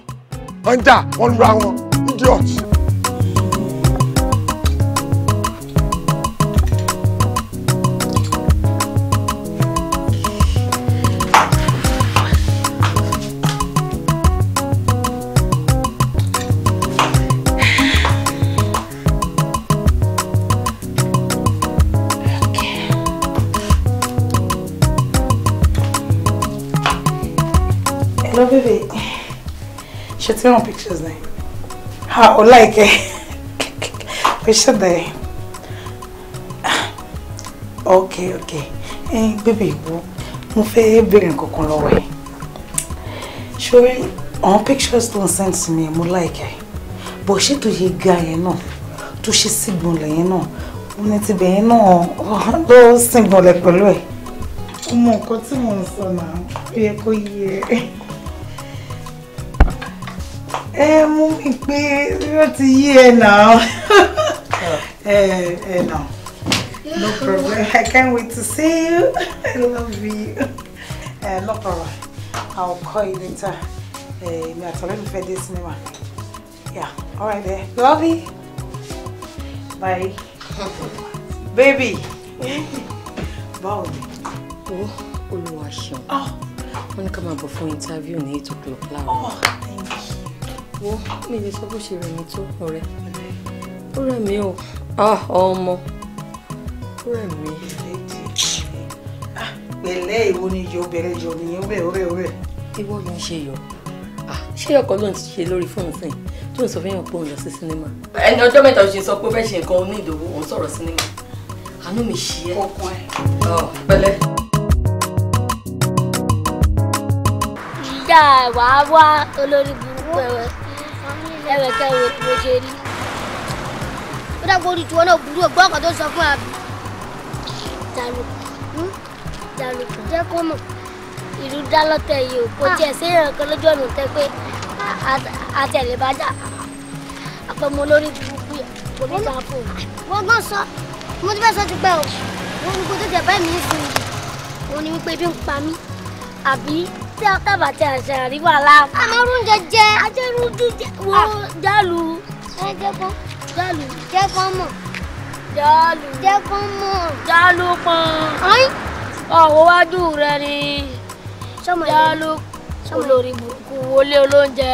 ọ̀njà wọn lura wọn idiot. ṣe ti ràn pictures ni ha ọlá ìkẹ picture there okay okay ẹyin baby, ìbò mo fẹ́ béèrè nǹkan kan lọ́wọ́ ẹ̀ ṣorí pictures tó ń send sí mi mo like ẹ̀ bọ̀ she tó yẹ ga yẹn náà tó ṣe sígbọ̀nlẹ̀ yẹn náà ó ní tibẹ̀ yẹn náà ló sígbọ̀nlẹ̀ pẹ̀lú ẹ̀ mo mọ nǹkan tí mò ń sọ náà ó yẹ kó yẹ ẹ mú mi pé wọ́n ti yí ẹ náà ẹ ẹ náà no problem I can't wait to see you I love you ẹ no problem I will call you later ẹ mi àtọ̀rẹ́ mi fẹ́ dé sinimá yeah all right there love you bye baby báwo ni. o olùwàṣọ ah. wọn ní ká máa bọ̀ fún interview ní eight o'clock láàárọ̀. Oh, wo mi lè sọ bó ṣe rẹ̀ mí tó ọ̀rẹ́ ó rẹ̀ mí o ah, ọmọ ó rẹ̀ mí. Ah, pẹ̀lẹ́ ìwo ni yọ bẹ̀rẹ̀ yọ nìyẹn rẹ̀ ó rẹ̀ ó rẹ̀. ìwọ ló ń ṣe yọ ah, ṣé ọkọ ló ń ti ṣe lórí fóònù sẹ́yìn tó ń sọ fẹ́yàn pé òun lọ sí sinimá. ẹni ọjọ́ mẹ́ta ṣe sọ pé ó fẹ́ ṣe nǹkan onídòwò òun sọ̀rọ̀ sinimá àánú mi ṣí ẹ. kọ̀ọ̀kan ẹ. pẹ̀lẹ́. ìyá ẹ̀ wá wá olórí burúkú ẹ̀ wẹ̀ ẹwẹ̀ kẹ́ wo mo ṣe rí ó dàgbò orí tiwọn náà burú ọgbọ́n ọkọ̀ tó sọ fún àbí jàlùkù jàlùkù jẹ́ kó mọ̀ ìlú dá lọ́tẹ̀ yìí o kò tiẹ̀ sí ìrànkan lójú ọ̀nà tẹ́ pé àtẹ̀lé bá jà àpamọ́ lórí burúkú yẹn kò ní bá fò. wọ́n gbọ́n sọ mo ti fẹ́ sọ ti pẹ́ o wọ́n ní kó tó jẹ báyìí mi ń wọ́n ní wípé bí ń pa mí àbí tí àtàbà tí àṣà àríwá la. àmọ́rú ń jẹjẹ. ajẹ́rú jíjẹ wo ah. jálù. ẹ jẹ́ kó. jálù. jẹ́ kó mọ̀. jálù. jẹ́ kó mọ̀. jálù pọ́n. ọ̀wọ́ wájú rẹ ni. jálù olórí burúkú wọlé olóúnjẹ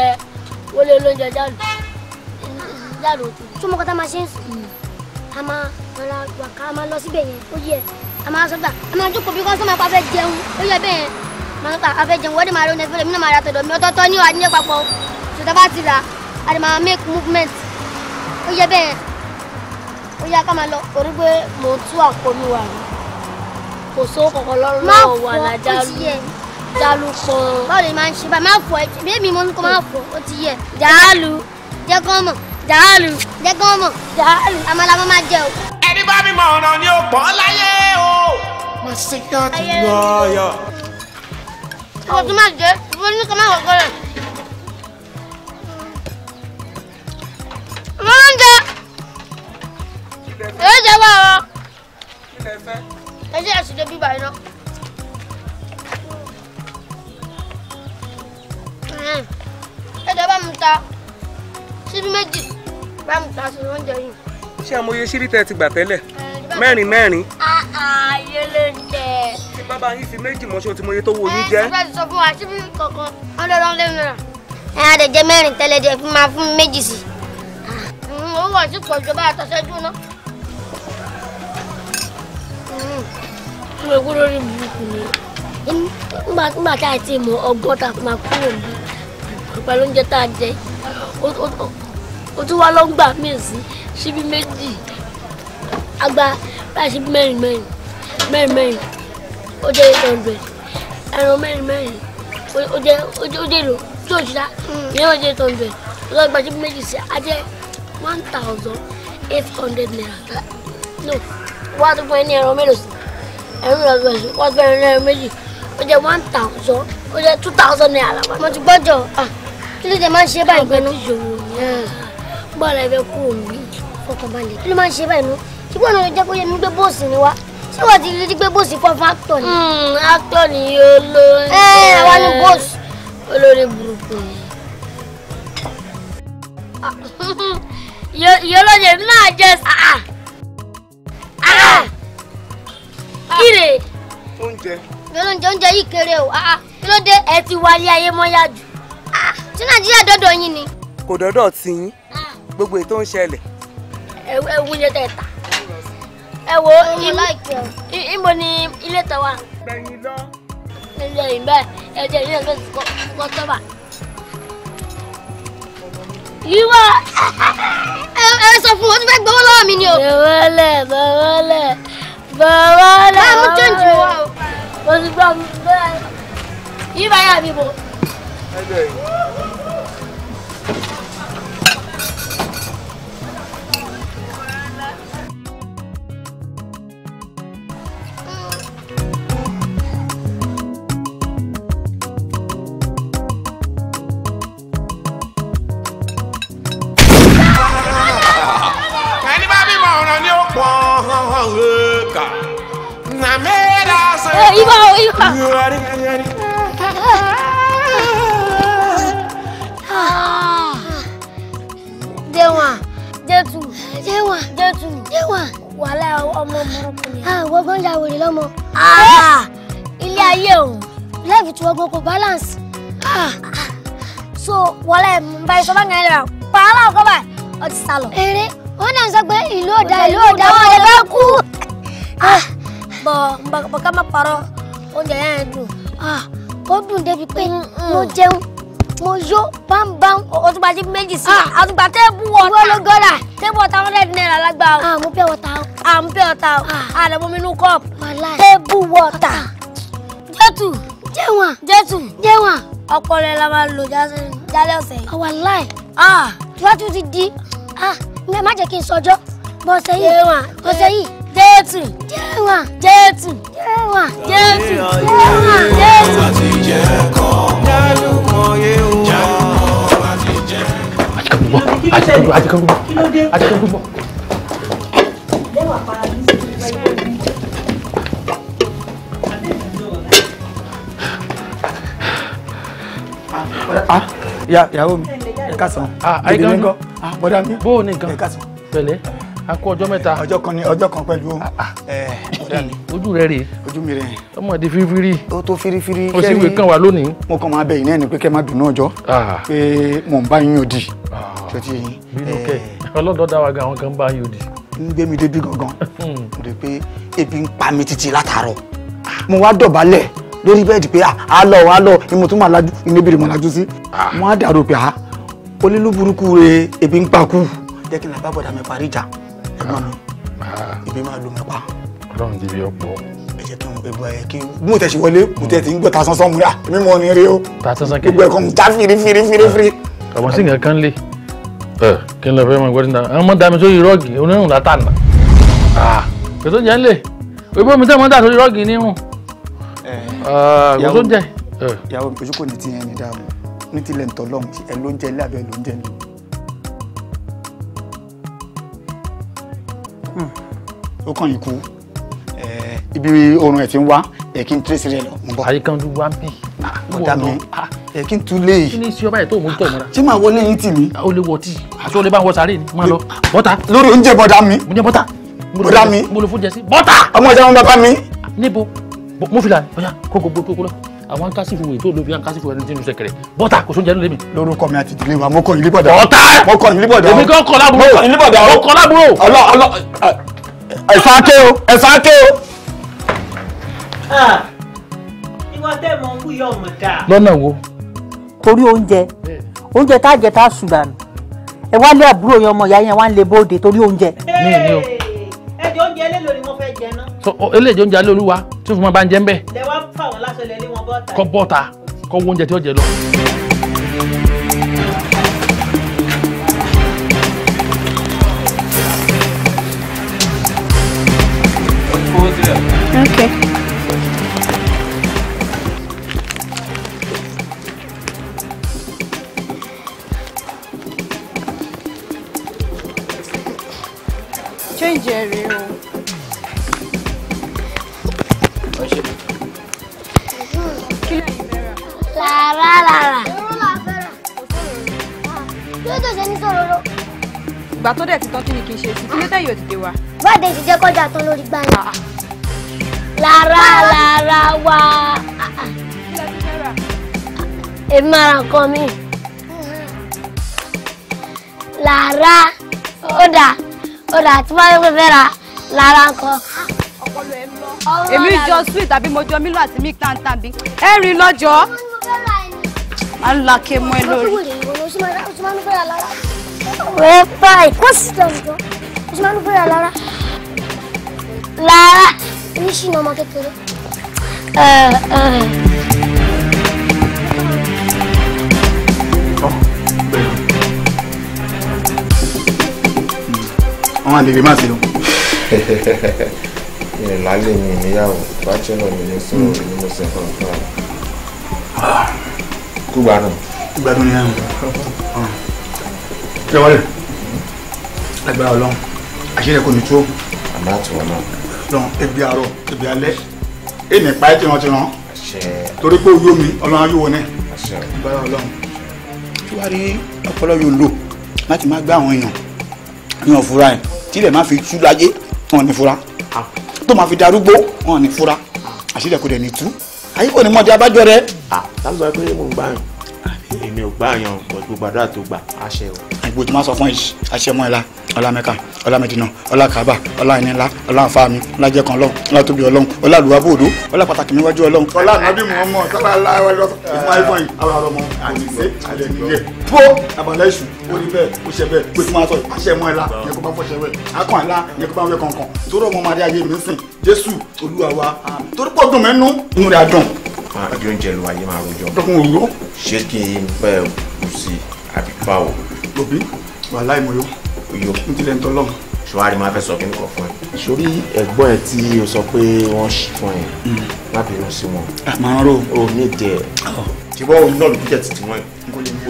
wọlé olóúnjẹ jálù. jálù òtún. túmọ̀ kọ́tà máa ṣe ń sùn. Hmm. a máa rọra wà ká a máa lọ síbẹ̀ yẹn ó yẹ a máa sọ a máa jókòó bí kọ́sọ́mà pa fẹ́ jẹun ó yẹ bẹ́ẹ̀ máa ń pa afẹ́jẹun wọ́n dẹ̀ máa lóun ẹgbẹ́ mi náà máa ra tọ̀dọ̀ mi ọ̀tọ̀ọ̀tọ̀ ní ọ̀hà nílé papọ̀ ṣùgbọ́n bá ti rà á lè máa make movement ó yẹ bẹ́ẹ̀ ó yá ká máa lọ orí pé mo tú àpò mi wà ní kò sówó kọ̀ọ̀kan lọ́rùn wà lájà jálù pọ̀ báwo ni máa ń ṣe báyìí máa fọ ẹ bí èmi mo ní kó máa fọ ó ti yẹ jálù jẹ́ kán mọ̀ jálù jẹ́ kán mọ̀ jálù àmàlà máa jẹ o. ẹni bá mi mọ̀ ọ̀nà ni ó pọ̀ láyé o. mo ṣe kí wọ́n ti yọ̀ ọ́ Ìwọ tó máa jẹ́, ìwọ ní kọ́ máa wọ̀ gbọ́dọ̀. Ìwọ ló ń jẹ. Èyí jẹ́ wá ọ. Ẹ jẹ́ ẹ̀sùn dé bíbá iná. Ẹ jẹ́ bá mu ta síbí méjì bá mu ta sí oúnjẹ bàbá yín fi méjì mọ́ṣẹ́ o ti mọ iye tó wo yín jẹ́. ẹ ṣe sọ fún wa ṣé bí kankan hundred hundred naira. ẹ á dẹ̀ jẹ́ mẹ́rin tẹ́lẹ̀ díẹ̀ fún máa fún méjì sí. owó ah, mm, wọ̀ sí pọ̀ ìjọba àtọ́sẹ́jú náà. Mm. mo kú lórí burúkú ni nígbà tá a ti mọ ọgọ́ta fún máa kúrò ní pẹ̀lú oúnjẹ tá a jẹ o tún wá lọ́ngbà míì síbi méjì àgbà báyìí síbi mẹ́rin mẹ́rin mẹ́rin mẹ́rin ó jẹ́ eight hundred ẹran mẹ́rin mẹ́rin ó jẹ́ ó jẹ́ ó jẹ́ èlò tí ò ṣíṣá hmm. ìyẹn wọ́n jẹ́ eight hundred ọlọ́run gba jíjí méjì sí á one thousand eight hundred naira no wá tó fún ẹ ní ẹran mélòó sí ẹran mélòó sí wá tó fún ẹ ní ẹran méjì ó jẹ́ one thousand ó jẹ́ two thousand naira. mo ti gbọ́jọ ah. kí ló dé máa ń ṣe báyìí pẹ̀lú. bọ́ọ̀lù ẹ̀fẹ̀ kú òun fọkànbalẹ̀ kí ló máa ń ṣe báyìí nú ṣùgbọ́n àwọn ìjẹ́kọ̀ọ́ yẹn ń gbé bóòsì ni wá ṣé wọ́n ti rí pé bóòsì fọ́ fáktọ̀ ni. Hmm, actor ni olórí. ẹ àwa ni bóòsì. olórí burúkú ni. ìyọlọ́jẹ̀ náà jẹ́ ah, ah. ah, kíre. oúnjẹ. ìyọlọ́jẹ̀ oúnjẹ yìí kéré o kí ló dé ẹ ti wálé ayé mọ́yá jù tí nàìjíríà dọ́dọ̀ yín ni. kò dọ́dọ̀ tì yín gbogbo ètò ń ṣẹlẹ̀. ẹ wúlé tẹ̀ ta ẹ wo ìmọ̀ ni ilé tán wà. gbẹ̀yìn lọ. ilé ìbẹ́ ẹ̀jẹ̀ ilé ìbẹ́ kọ́ tọ́ba. yíwá ẹ sọ fún wọn tí fẹ́ gbowó lọ́wọ́ mi ni o. bọ̀wọ́lẹ̀ bọ̀wọ́lẹ̀ bọ̀wọ́lẹ̀. báyọ̀ mú chẹ́ǹjì wá o. mo ti gbọ́ mi bẹ́ẹ̀. yíwá yà mí bò. ẹ jẹ́ ìwọ. Jẹ́wà, jẹ́tù, jẹ́wà, jẹ́tù, jẹ́wà. Wàhálà ọmọ burúkú ni. Ah, wọ́gbọ́n ya wèrè lọ́mọ. Ah! Ah! Ilé ayé òun, lẹ́ẹ̀fì tí wọ́gbọ́n kò balance. So wàhálà ẹ̀ ń bá iṣọ́ bá ń gẹ̀rẹ́ rà. Pàálà ọkọ̀ báyìí, ọ ti sá lọ. Eré, wọ́n náà sọ pé ìlú ọ̀dà ìlú ọ̀dà wọn ẹ̀ bá kú. Bọ̀ bọ̀ ká má parọ́ oúnjẹ yẹn dùn ó dùn débi pé mo jẹun mo yó bámbám ọtúnba jí méjì sí àtúnba tẹ́ẹ̀bù wọ̀ta wọ́n ló gọ́ra tẹ́ẹ̀bù wọ̀ta hundred naira lágbà o. àmú pẹ́ wọ̀ta o. àmú pẹ́ wọ̀ta o. àdàbọ̀ mi nú kọ́ọ̀pù. tẹ́ẹ̀bù wọ̀ta. jẹ́tù. jẹ́wọ̀n. jẹ́tù. jẹ́wọ̀n. ọpọlọ ẹ la máa lò jálẹ̀ ọ̀sẹ̀. ọwọ́ láì. tí wàá tún ti di. má jẹ́ kí n sọjọ́ bọ́ọ̀sẹ̀ yìí. ọ̀sẹ̀ yìí Jésù jẹ́wà Jésù jẹ́wà Jésù jẹ́wà Jésù. àti jẹ́ kọ́ jálù mọ̀ yé o ah ya ìyàwó ah, ah, mi ẹ ká sàn. ah ayika ń kọ ah bọ́dá mi bó o ní a kú ọjọ́ mẹ́ta. ọjọ́ kan ni ọjọ́ kan pẹ̀lú ah, ah. ojú rẹ rèé ojú mi rèé ọmọdé firifiri ó tó firifiri kẹ́ni o sì wé kàn wá lónìí. mo kàn máa bẹ yín náà ni pé kẹ́ má dùnú ọjọ́ ah. pé mò ń bá yín òdì ti yín. bínú kẹ ọlọ́dọ̀ dá wa gan àwọn kan ń bá yín òdì. ń gbé mi débi gangan hmm. mo rè pé ebi ń pa mi títí látàárọ̀ mo wá dọ̀bálẹ̀ lórí bẹ́ẹ̀dì pé àlọ́ àlọ́ ìmọ̀ tó máa lajú ìnébìrì jẹ́ kí n làbá bọ̀dà mi parí ìjà mọ́ mi ibi ah. máa lù mí pa. ọlọ́run ti fi ọ̀pọ̀. ẹ jẹ́ kí n bẹ bọ ẹ kí n bí mo tẹ̀ sí wọlé mo tẹ̀ sí ń gbọ́ ta sánsán mu rà ah, èmi mọ̀ ní rí o. ta sánsán kí. gbogbo ẹ̀kọ́ mu ta firi firi firi firi. àmọ́ ah. sí nǹkan kan lé kí n lọ fẹ́ mọ gbọ́dọ̀ náà àwọn ọmọ dami sórí rọ́ọ̀gì onírùn látànà kò tó jẹ́ ń lè òyìnbó mi tẹ́ mọ́ dà sórí rọ́ọ̀gì nírùn eh, kò tó jẹ́. Eh. ìyàwó mi ojú kò ní ti yẹn ní dáàbò ní tilẹ̀ ń tọ́ lọ́hùn ẹ ló ń jẹ ilé àbẹ́ ló ń jẹ lóhùn. ó kàn yín kú ibi oorun ẹ̀ ti ń wá ẹ̀ kí n tírèsì rẹ̀ lọ ń bọ̀. àyíkanjú wá ń bì. Ah, ọ̀dà mi ah, ẹ̀ kí n tún lé yìí. kí ni iṣẹ́ ọba yẹn tó mú tọ̀ mọ́ra. ṣé màá wọlé yín tì mí. o ah, lè wọ tíì àti o lè bá wọ ni máa lọ bọ́tà. lórí oúnjẹ bọ̀dà mi. oúnjẹ bọ́tà. bọ̀dà mi mo lè fún jẹ sí bọ́tà. ọmọ ìjà wọn bàbá mi. níbo mo fi là ọ̀yà kó gbogbo kó lọ àwọn ankasifu èyí tó lóbi ankasifu ẹni tí ń sẹkẹrẹ bọ́tà kò sóúnjẹ lóde mi. lórúkọ mi àti ìdílé wa mo kọ ìlú bọ̀dà. bọ́tà mo kọ ìlú bọ̀dà. èmi kò kọ lábúrò. mo kọ ìlú bọ̀dà. mo kọ lábúrò. ọlọ ọlọ ẹ̀sán ké o ẹ̀sán ké o. ìwọ tẹ́ mọ kú yọ ọmọ dáa. lọ́nà wo. torí oúnjẹ oúnjẹ tá a jẹ tá a sùn dànù ẹ wá lé àbúrò yẹn ọmọ ìyá yẹn wá ń lè bóde torí oúnjẹ. mi ò ní o. ẹjọ oúnjẹ elélo ni mo fẹ́ jẹ náà. so eléjọ oúnjẹ alẹ́ olúwa tí fún mi bá ń jẹ́ ń bẹ̀. lẹ wá fà wọn láṣọ lẹ lé wọn bọ́ta. kọ bọ́ta kọ wọ oúnjẹ tí ó jẹ lọ. Okay. Change your room. area. Lára lára. Yóò La la la. tòróró. la la. dẹ̀ ti tán kí ni kì í ṣe sí, kí ló tẹ̀yìn òtítẹ́ wa? Bọ́ọ̀dẹ̀ ti jẹ́ kọjá tán lórí gbáyìí ra lára wa. èmi máa ra nǹkan mi. lára ó dà ó dà tí wọ́n fẹ́ fẹ́ ra lára nǹkan. èmi jọ sweet àbí mo jọ mílò àti milk tan tan bí. ẹ rí i lọ́jọ́. alákè mọ́ ẹ lórí. wẹ́ẹ́ báyìí. lára. 미신 넘어겠거든. 어, 어. 어, 네. ọmọ àlèrè má ṣe o. ìlàlẹ́ oh, mi ìníyàwó bachelor mi ní sọ èmi mo ṣe fún fún ọ. ni àwọn. kí wọ́n lè. lágbára ọlọ́run àṣírí ẹ̀kọ́ mi tó. àmọ́ tán ebi àárọ̀ ebi alẹ́ èmi pa ẹ́ tìran tìran torí pé oyó mi ọlọ́run ayúwo ní ìbára ọlọ́run tí wàá rí ọpọlọ yóò lò láti má gbé àwọn èèyàn ní ọ̀fura ẹ̀ tílẹ̀ má fi tú láyé wọn ní fura tó má fi darúgbó wọn ní fura àṣírí kò dẹ̀ ní tú ayé kò ní mọ̀ di abájọ rẹ. àtàgbà pé mo ń gbà yàn èmi ò gbà yàn gbọ̀dọ̀ gbàdúrà tó gbà àṣẹ o. àgbo tí wọ́n sọ fún àṣẹ mọ́ ẹ la ọlámẹ́ka ọlámẹ́dínà ọlákàbà ọláìníńlá ọláǹfààní ọlájẹkan ọlọ́run ọlátòbí ọlọ́run ọlálùwàbò òdo ọlápàtàkì níwájú ọlọ́run. ọlànàbí mọ̀ọ́mọ́ sábà láwọ ẹlọ fún àìfọ̀n yìí àwọn ọmọ àtìsé àlẹ́nìyẹ tó àbàlẹ́ ìṣù ó ní bẹ́ẹ̀ ó ṣe bẹ́ẹ̀ pé tí wọ́n sọ àṣẹ mọ́ ẹ̀la yẹn kó bá fọṣẹ rẹ̀ akọ̀ ẹ̀la yẹn kó bá wẹ̀ kankan torí ọmọ màdé ayé mi sìn jésù olúwa wa torí pọ̀ dùn mẹ́nu inú rẹ̀ á dùn. àjọ oúnjẹ òyò kí n tilẹ̀ ń tọ́lọ́. ṣùwárí máa sọ kí n kọ̀ fún ẹ. sórí ẹ̀gbọ́n ẹ tí o sọ pé wọ́n ṣì fún ẹ hmm. má bínú sí wọn. màá rò ó ní ìdẹ. tí wọ́n náà ló jẹ́ títí wọ́n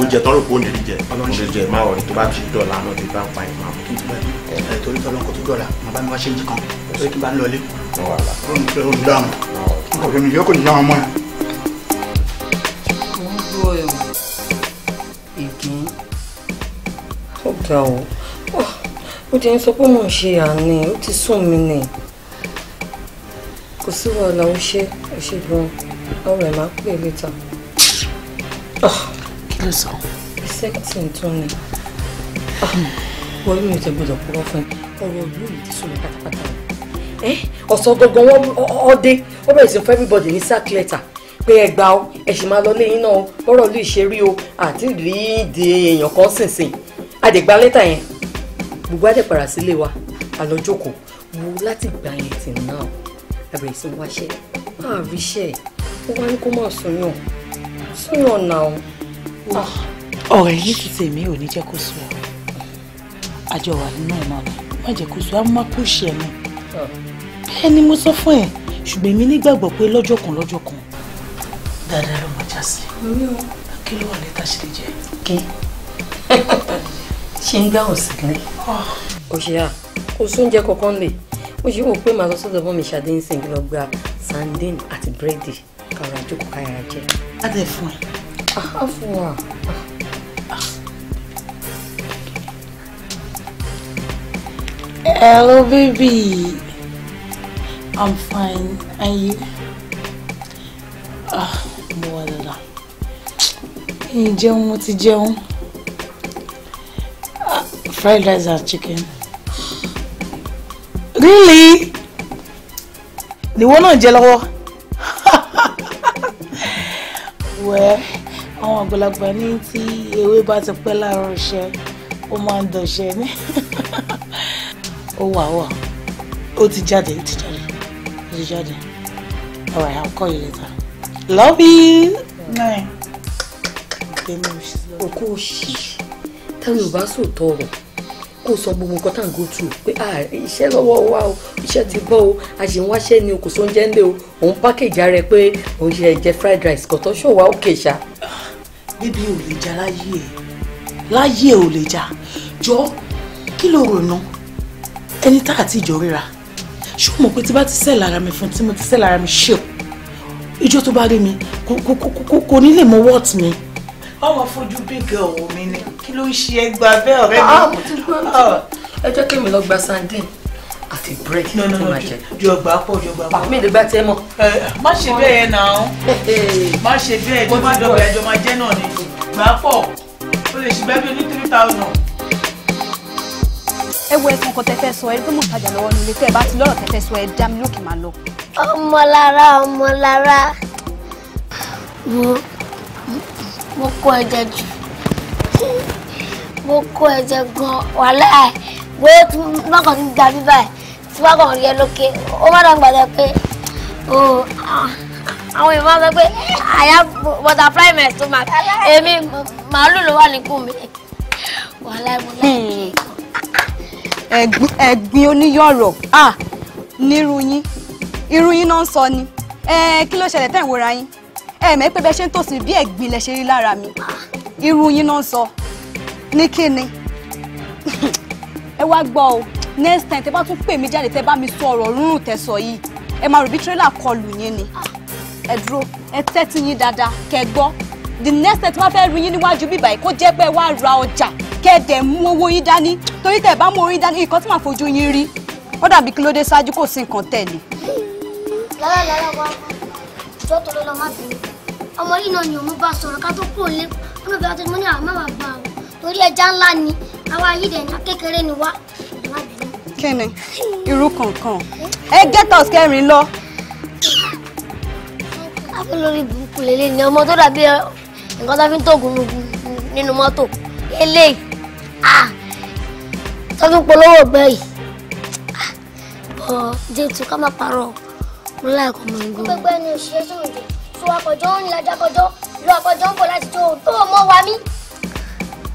oúnjẹ tọ́rọ̀ kó lè jẹ oúnjẹ jẹ máa wọ̀ tó bá ti dọ̀la náà ti bá ń pa ìmọ̀ àwọn. torí tọ́lọ́ kò tó dọ̀la màá bá mi wá ṣe ń kan torí kí n bá ń lọlé. ọ̀rọ̀ mi ìgbín tó ga o ó ti ń sọ pé mò ń ṣe àní ó ti sùn mí nì kò sí wàhálà ó ṣe ó ṣe gan ọ̀rọ̀ ẹ máa pè létà. ẹ ah, sọ. recepting tó ni ah, wọ́n mi ò tẹ gbọ́dọ̀ pọ̀ fún ẹ ọ̀rọ̀ ìlú yìí ti sùn mí pátápátá ọ̀sán gangan wọn ọdẹ ó bẹ̀rẹ̀ sí fún everybody ní sack letter pé ẹ gbà ó ẹ sì máa lọ léyìn náà bọ́rọ̀ lù ìṣe rí o àti rí ìdí èèyàn kan sìnsìn àdègbà lẹ́tà yẹn gbogbo àdẹ̀ padà sílé wa àlọ́jọ́kọ̀ wo láti gbà yẹn tì náà àbẹ̀rẹ̀ sí wáṣẹ́ máa rí iṣẹ́ ó wá ní kó máa sọyàn sọyàn náà. Ah, ọ̀rẹ́ yìí ti tèmi ò ní jẹ́ kó sọ ọ̀rẹ́ àjọ wà nínú ẹ̀ máa lọ má jẹ́ kó sọ á má kó ṣe ẹ̀mí bẹ́ẹ̀ ni mo sọ fún ẹ̀ ṣùgbọ́n èmi nígbàgbọ́ pé lọ́jọ́ kan lọ́jọ́ kan dáadáa ló máa já sí kí ló wà níta ṣe jẹ́ kí. ṣe ń gbá ọ̀sán lé. òṣìyà kò sóúnjẹ kankan lè mo ṣe wò pé màá lọ sọ́dọ̀ bọ́ọ̀mì ṣadé ń sìn kí lọ gba sandin àti búrẹ́dì kàrà jókòó káyà jẹ. a lè fún ẹ. á ah, fún wa. Ah. Hello, baby. I'm fine. And you? Ah, mo wà dáadáa. Ǹjẹ́ mo ti jẹun? fried rice and chicken. Really? Níwọ náà jẹ lọ́wọ́. Wẹ́ àwọn àgbàlagbà ní tí ewé bá ti pẹ́ láàárọ̀ ṣẹ́, ó máa ń dọ̀ṣẹ́ ní. Ó wà wà, ó ti jáde, ó ti jáde, ó ti jáde. Alright, I'll call you later. Love you. Nine. Òkú òṣì, táwọn Yorùbá sòtọ̀ ọ̀rọ̀ kó sọ gbogbo nǹkan tá à ń go through pé iṣẹ́ lọ́wọ́ wa o iṣẹ́ ti bọ́ o a sì ń wáṣẹ́ ni o kò sóúnjẹ ń lé o òun package ara ẹ pé òun ṣe jẹ fried rice kò tó ṣòwò àwọn òkè ṣá. bíbí ò lè jà láyé ẹ láyé ẹ ò lè jà jọ kí ló rò ná ẹni tá àti ìjọ ríra ṣé o mọ̀ pé tí bá ti sẹ́ẹ̀lì ara mi fún tí mo ti sẹ́ẹ̀lì ara mi ṣe ìjọ tó bá rí mi kò ní lè mọ wọ́ọ̀tì mi ọmọ fojú bíga ọ̀hún mi ni kí ló ń ṣe ẹ gba bẹ́ẹ̀ ọ̀rẹ́ mi. àwọn ti gbọ́ ah. ẹ jẹ́ kí mi lọ gba sandin àti bread no no no ju ọgbà pọ̀ ju ọgbà pọ̀. pàmí ìdígbà tẹ mọ. Eh, má ṣe bẹ́ẹ̀ yẹn náà má ṣe bẹ́ẹ̀ tó má dọ̀gba ẹjọ́ máa jẹ́ náà ni gbà pọ̀ o lè ṣùgbẹ́ bí o ní three thousand. ẹ wo ẹ̀sùn kan tẹ́fẹ́ sọ ẹ tó mọ̀ ìtajà lọ́wọ́ nílé tẹ́ ẹ bá ti lọ́rọ̀ tẹ́fẹ́ sọ ẹ dá mi lókè máa lọ. ọmọlára ọmọlára wo mo kó ẹ̀jẹ̀ jù mo kó ẹ̀jẹ̀ gan wàhálà ẹ̀ wéé tí bákan ti ga bíbá ẹ̀ tí bákan rí ẹ lókè ó má dàgbà lẹ pé o ah, àwọn ìmọ̀ sọ pé àyà butterfly mess tó máa èmi màálù ló wà níkùn mi wàhálà ẹ̀ mo láì kí hmm. ẹ̀gbin oníyọ̀rọ̀ ah, nírú yín irú yín náà ń sọ ni kí ló ṣẹlẹ̀ tẹ̀ ń wòra yín ẹ mẹ́ pé bẹ́ẹ̀ ṣe ń tòsí bí ẹ̀gbin lẹ ṣe rí lára mi irun yín náà ń sọ ní kíni ẹ wá gbọ́ o next time tẹ bá tún pè mí jáde tẹ bá mi sọ ọ̀rọ̀ rúrùn tẹ̀sọ̀ yìí ẹ máa rò bí tírélà kọlù yín ni ẹ dúró ẹ tẹ́tí yín dáadáa kẹ́ gbọ́ the next time tí wọ́n fẹ́ rí yín níwájú bíbá yìí kó jẹ́ pé wàá ra ọjà kẹ́ẹ̀dẹ̀ mú owó yín dání torí tẹ̀ bá mú orin dání nǹkan tí màá fojú yín rí ó dàbí kí ló dé ṣáájú kò sí nǹkan tẹ̀lé. lọ́lá lọ́lá wa jọ́ torí lọ́ má bínú ọmọ yìí náà ni òun bá sọ̀rọ̀ ká tó kúrò lé ọmọ ìgbà tó ní mo ní àwọn máa bá wọn torí ẹja ńlá ni àwa yìí dẹ̀ ní kékeré ni wá ìwádìí. kíni hmm. irú kankan eh? ẹ gẹ́tọ̀s kẹrin lọ. láti lórí burúkú lélẹ̀ ni ọmọ tó dàbí nǹkan tó fi ń tóògùn nínú mọ́tò eléyìí ah! tó fi ń polówó ọgbẹ́ yìí ah! bọ̀ jẹ́ tu ká má parọ́ mo láì kọ́ mọ́ ẹgbẹ́. gbogbo ẹni òṣìṣẹ́ sọ̀rọ̀ so akọjọ ń lajú akọjọ lọ akọjọ ń bọ̀ láti tó tó ọmọ wa mí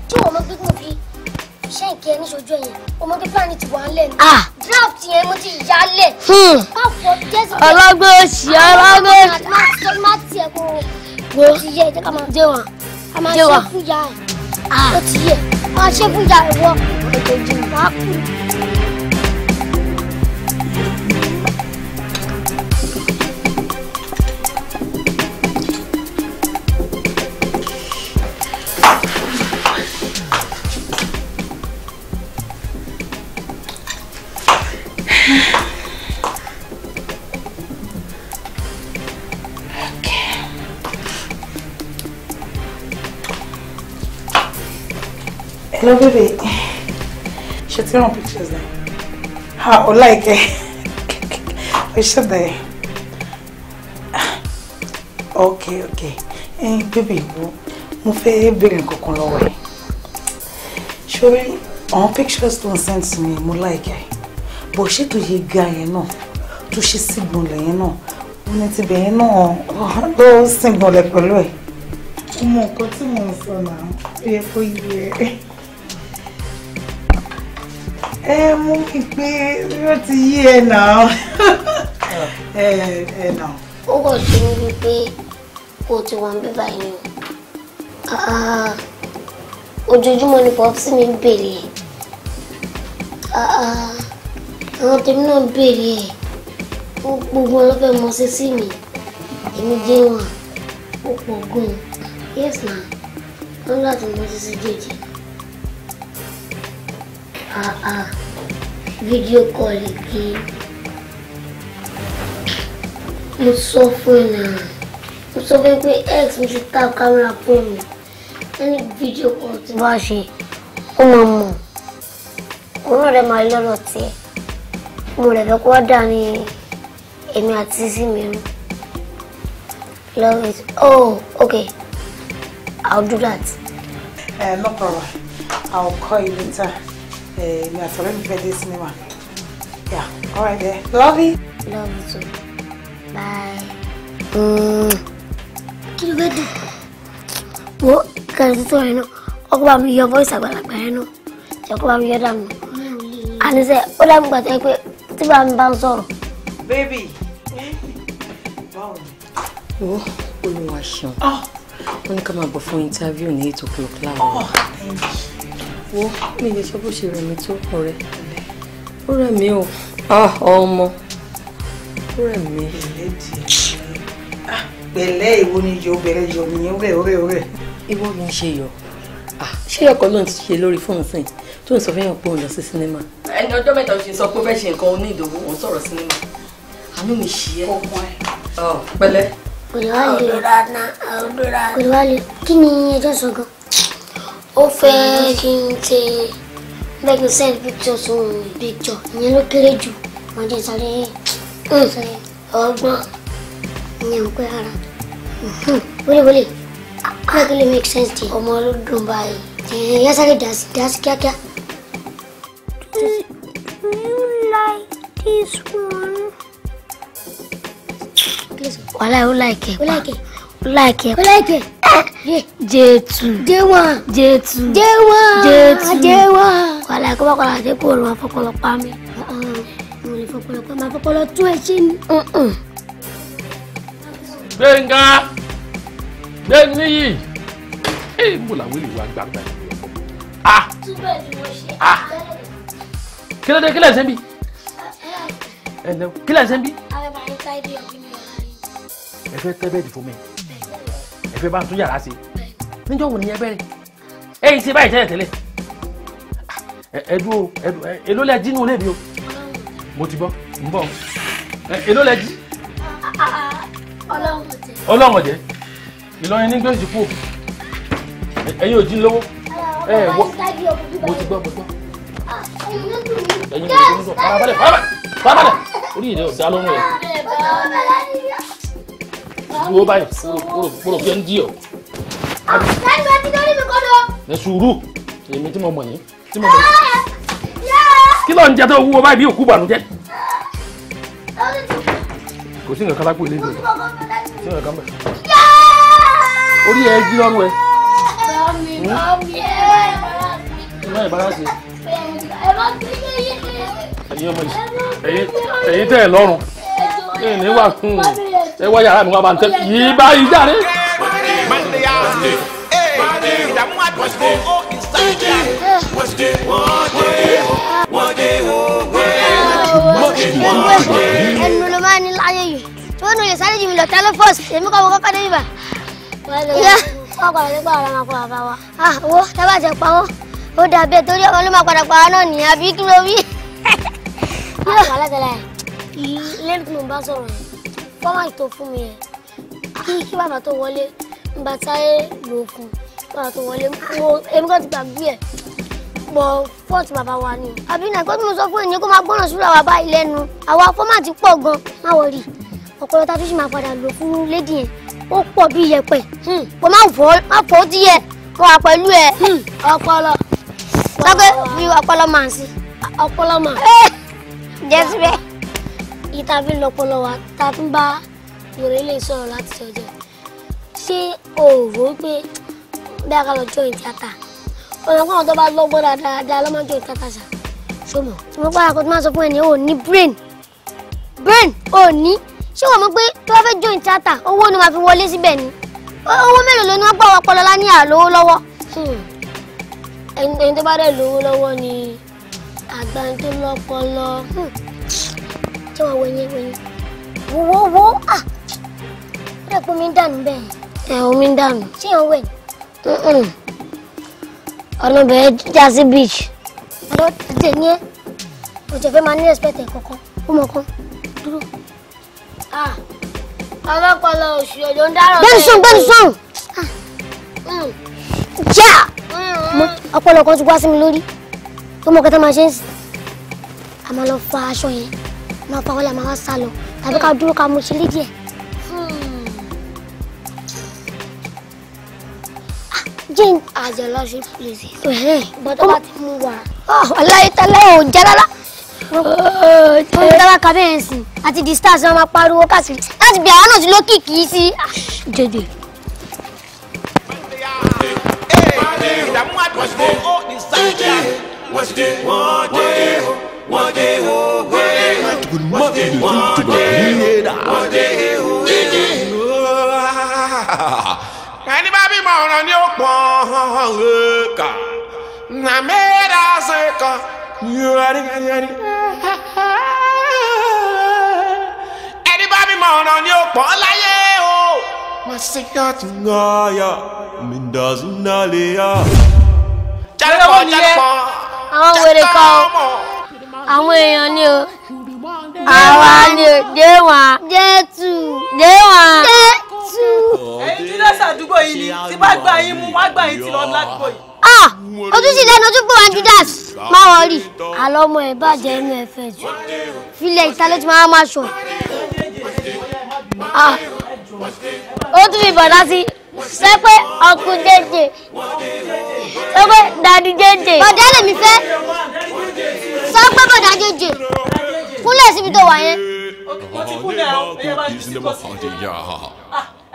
tí wọn mọ gbígbó fi iṣẹ́ ìkẹ́ níṣojú ẹ̀yìn ọmọ gbé plan ti wà lẹ́nu draft yẹn mo ti yà lẹ̀ káfọ́ jẹ́sí ọlọ́gbọ́n òsì ọlọ́gbọ́n òsì má tiẹ̀ kó wo ti yẹ jẹ́ ká máa dé wọn a máa ṣe fún ya ẹ̀ ó ti yẹ máa ṣe fún ya ẹ̀ wọ́ ètò ìdìbò á Hello, baby. Ṣé ti rán pictures How Ha, like it. Ẹ should bẹ̀rẹ̀. Ah, okay, okay. Hey, eh, baby, wo, mo fẹ́ béèrè nǹkankan lọ́wọ́ ẹ̀. pictures don't send to me. mo like it. But she yẹ ga yẹn náà, tó ṣe sígbọ̀nlẹ̀ yẹn náà, mo ní ti bẹ̀yẹn náà ló sígbọ̀nlẹ̀ pẹ̀lú ẹ̀. Mo mọ nǹkan tí mò ń sọ náà, ó yẹ kó ẹ mú mi pé ó ti yí ẹ náà ẹ náà. ó kàn sí mi wípé kó o ti wà ń bí báyìí o ah, ojoojúmọ́ ni pọ́psí mi ń béèrè ẹ̀ ah, àwọn tèmi náà béèrè ẹ̀ gbogbo ọlọ́fẹ́ mọ sí sí mi èmi jẹ́ wọn ó pọ̀ gan-an yes na wọ́n láti mọ sí sí jẹ́jẹ́. Ah ah. Video call again. Mo sọ fún ẹ náà. Mo sọ fún ẹ pé ex mi ti tap camera fún mi. Ẹni video call ti bá ṣe. Ó máa mọ̀. Òun náà rẹ̀ máa lọ́rọ̀ tiẹ̀. Mo rẹ̀ fẹ́ kó wá dà ní èmi àti sí mi rú. Love it. Oh, okay. I'll do that. Uh, no problem. I'll call you later èmi àtọ̀rẹ́ mi fẹ́ dé sinimá yeah all right there love you. love you too bye. kí ló fẹ́ dé wo kẹrìntì tó rẹ náà ọkọ bá mi yọ voice àgbàlagbà rẹ náà jẹ kó bá mi yọ dànù àníṣe ó dàbí gbàtẹ pé tí bá mi bá ń sọ̀rọ̀. bébì báwo ni. wo olùwàṣàn wọn ní ká máa gbọ́ fún interview ní eight o'clock láàárọ̀. Oh, wo mi lè sọ ṣe rẹ̀ mí tó ọ̀rẹ́ ó rẹ̀ mí o ah, ọmọ ó rẹ̀ mí. pẹ̀lẹ́ ìwo ni yọ bẹ̀rẹ̀ yọ nìyẹn rẹ̀ rẹ̀ rẹ̀. ìwọ mi ń ṣe yọ ah, ṣé ọkọ ló ti ṣe lórí fóònù sìn tó ń sọ fún pé òun lọ sí sinimá. ẹni ọjọ́ mẹ́ta ṣe sọ pé ó ṣe nǹkan oní ìdòwò òun sọ̀rọ̀ sinimá àánú mi ṣí ẹ. Oh, pẹ̀lẹ́. olùwàlẹ̀ olùwàlẹ̀ kí ni ẹjọ́ sọ gan-an ó fẹ́ kí n ṣe bẹ́ẹ̀ kí n send pictures òun picture ìyẹn ló kéré jù wọ́n jẹ́ sáré ọgbọ́n ìyẹn ò pẹ́ rárá hmm, wíléwílé ah, ah, kí ló lè make sense tí ọmọ ló dùn báyìí ẹ̀yìn yẹn sáré dá sí kíákíá. Do you like this one? Please. Wàhálà ó láìkẹ́ pa. Ó láìkẹ́ like it. Like it. J2 J1 J2 J1 J2 J1 Wàlá kó bá kọ́ àdé kò lọ́wọ́ fọpọlọ pa mi. Mo lè fọpọlọ pa máa fọpọlọ tún ẹ ṣe ni. Gbẹ̀ngà Gbẹ̀níyì ee mo làwọn èlò wa gbàgbà yìí ah. ọkọ. Ah. túbẹ̀ ni mo ṣe àtẹ́lẹ̀. kí ló dé kí lẹ̀ ṣe ń bí. Eh, eh. kí lẹ̀ ṣe ń bí. àwọn ọmọ ayé ká ibi ọ̀gbìn mi ọ̀gbìn. ẹ fẹ́ tẹ́ bẹ́ẹ̀ dì fún ìfẹ́ bá tún yàrá ṣe níjọ́ wo nìyẹn bẹ̀rẹ̀ ẹ̀yin ṣe báyìí tẹ́lẹ̀ tẹ́lẹ̀ ẹ̀dùn o ẹ̀dùn èló lẹ jí nínú ilé mi o mo ti bọ́ ń bọ̀ èló lẹ jí. ọlọ́run ọ̀jẹ̀ ìlọrin ní gbèsè kú ẹ̀yin ò jí lówó ẹ̀ wọ́ mo ti gbọ́ mo gbọ́ ah, ẹ̀yin ò jí lówó farabalẹ̀ farabalẹ̀ farabalẹ̀ orí ìdè ọ̀dà lọ́rùn ẹ̀ dúró báyìí kúrò kí n dí ọ. Ah, lẹ́nu ẹ ti dórí mi kọ́dọ̀. ẹ sùúrù èmi tí mo mọ̀ yín tí mo mọ̀ yín. Ah, kí ló ń jẹ tó wúwo báyìí bí òkú bànújẹ́. kò sí nǹkan kan lápò ilé mi sí nǹkan kan bẹ̀. orí ẹ jí lọ́rùn ẹ. mọ́mí hmm? mọ́mí ẹ má ìbára ṣe. ẹ má ìbára ṣe. ẹ̀yin ọmọ yìí ẹ̀yin tẹ́ ẹ lọ́rùn ẹ ní wà ẹ wá yàrá mi wá bá ń tẹ yìí bá yìí jáde. ìdààmú àdúgbò ó kì í sáyé. wọ́n dé wọ́n dé wọ́n dé wọ́n dé. ẹnu ló máa ní láyé yìí tí wọ́n nù lè sáré jù mí lọ tẹ́lẹ̀ fọ́ọ̀sì èmi kọ́ mo kọ́kọ́ lẹ́nu tí mo bá sọ̀rọ̀ yẹn fọ́màtì tó fún mi yẹn kí kí bàbá tó wọlé ń bá táyé lò fún bàbá tó wọlé mo èmi kan ti gbàgbé ẹ̀ pọ̀ fọ́ọ̀tì bàbá wa ni. àbí nàìjíríà tí mo sọ fún ẹ̀ kó máa gbọ́nà sùúrù àwa báyìí lẹ́nu àwa fọ́màtì pọ̀ gan má wọrí ọ̀pọ̀lọpọ̀ tá a tún ṣe máa padà lò fún lédi yẹn ó pọ̀ bí yẹpẹ̀ kò hmm, má fọ́ má fọ́ ti yẹ kó wà pẹ̀lú ẹ̀ hmm. ọpọlọ. sọ pé fi ọpọlọ màá sí ọpọlọ màá. Eh! jẹ́ síbẹ̀. Kita tá a fi ń lọpọlọ wa tá a fi ń bá wèrè lè láti ṣọjọ́ ṣé o rò bí a kà lọ join tíátà ọ̀nà fún àwọn tó bá lọ́gbọ́n dáadáa ló máa ń join tíátà ṣá ṣọmọ tí mo pààrọ̀ kó tó máa sọ fún ẹni ò ní brain brain ò ní ṣé wọ́n mọ̀ pé tí wọ́n fẹ́ join tíátà owó ni wàá fi wọlé síbẹ̀ ni owó mélòó ló ní wọ́n gbọ́ ọpọlọ lá ní àlówó lọ́wọ́ hmm. ẹni tó bá dẹ̀ lówó lọ́wọ́ ni àgbà tó lọ́pọlọ. Hmm tí wọ́n wẹ̀yìn wẹ̀yìn wo wo wo à ó dẹ̀ pé omi ń dànù bẹ́ẹ̀. ẹ omi ń dànù. ṣé ìyàn wẹ̀ ọ̀nà bẹ̀rẹ̀ já sí beach. ọ̀nà tẹ̀ ní ẹ́ kò tẹ̀ fẹ́ máa ní respect ẹ̀ kọ̀ọ̀kan ó mọ̀ kan dúró. ọlọ́pàá lọ oṣù ọjọ́ ń dárò. gbẹ́nu sùn gbẹ́nu sùn. Mm. já ọpọlọ kan ti wá sí mi lórí tó mọ̀ kẹta máa ṣe ń sìn. a lọ fa aṣọ yẹn máa fa wọlé máa wá sá lọ tàbí ká dúró ká mú ṣílí díẹ̀. jane has a lot of places. but ọba ti mú wa. ọláyítọ́lá ò jẹ́ rárá. wọ́n dábàá kábẹ́ẹ̀nsì àti the stars wọn máa pariwo káàkiri láti bí àwọn náà ti lókìkí sí. jẹjẹ. ìdààmú àdúgbò ó ní sáyẹn. wọ́n ti dé wọ́n dé wọ́n dé òwe good man dey do to my hero. ẹni bá bímọ ọ̀ràn ni ó pọ̀n ẹ̀ka na mẹ́ẹ̀dá ṣe kan ẹni bá bímọ ọ̀ràn ni ó pọ̀n láyé o. masikati ngaya mindazi naleya. jalopọ jalopọ jalopọ ọmọ. àwọn wèrè kan àwọn èèyàn ni o àwa ni òde wọn. jẹ́tù. dé wọn. jẹ́tù. ẹ̀yin jíjẹ́ sàdúgbò yìí ni tí bá gbà yín mú wá gbà yín ti lọ ládùúgbò yìí. ah o tún sì lẹ́nu ojú pé wọ́n Adidas máa wọ̀ rí àlọ́ ọmọ ẹ̀ bàjẹ́ inú ẹ̀ fẹ́ jù filẹ̀ ìtàlẹ́ ti máa máa sọ. Ah. ó tún fi bọ̀dá sí sọ pé ọkùn jẹjẹ sọ pé dàdú jẹjẹ. bọ̀dá lèmi fẹ́ sọ pé bọ̀dá jẹjẹ kúnlẹ̀ síbi tó wà yẹn. wọ́n ti kúnlẹ̀ o ẹ̀yẹ́ bá ti sí kọ́ sí i.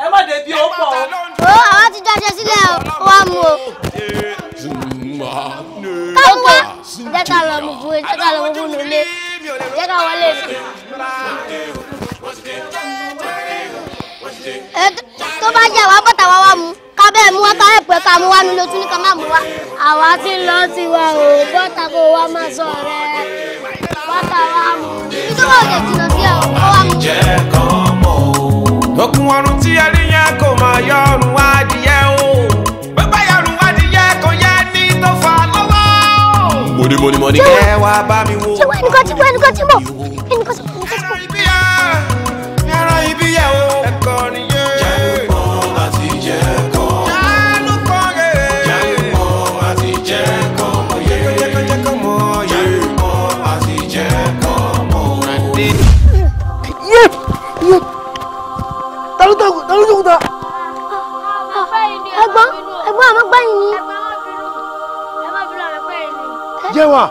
ẹ má dé bí ó pọ̀ o. o àwa ti dájọ sílẹ̀ o ó wá mu o. káwọn wá jẹ́ ká lọ mú bu jẹ́ ká lọ mú bu nílé jẹ́ ká wọlé tó bá jẹ́ àwa bọ́tà wa wá mu ká bẹ́ẹ̀ mú wá ká ẹ̀pẹ́ ká mú wá mi ló ní ká má mú wá. àwa ti lọ tiwa o bọ́tà kó wá máa sọ rẹ bọ́tà wá mú. nítorí òde jìnnà sí ẹ kó wá mú. jẹ́ kán mọ̀ o. okun ọrùn tí ẹ níyẹn kò máa yọ ọrùn wá adìyẹ o. bàbá yọ ọrùn wá adìyẹ kò yẹ ní tó fà lọ́wọ́. mọ̀nìmọ̀nìmọ̀nì. ṣé wàá ní kọ́ tí mo ló tọ̀gù ta ló jókòó ta. ẹ̀gbọ́n ẹ̀gbọ́n àmọ́ gbẹ̀yìn ni. jẹ́wà.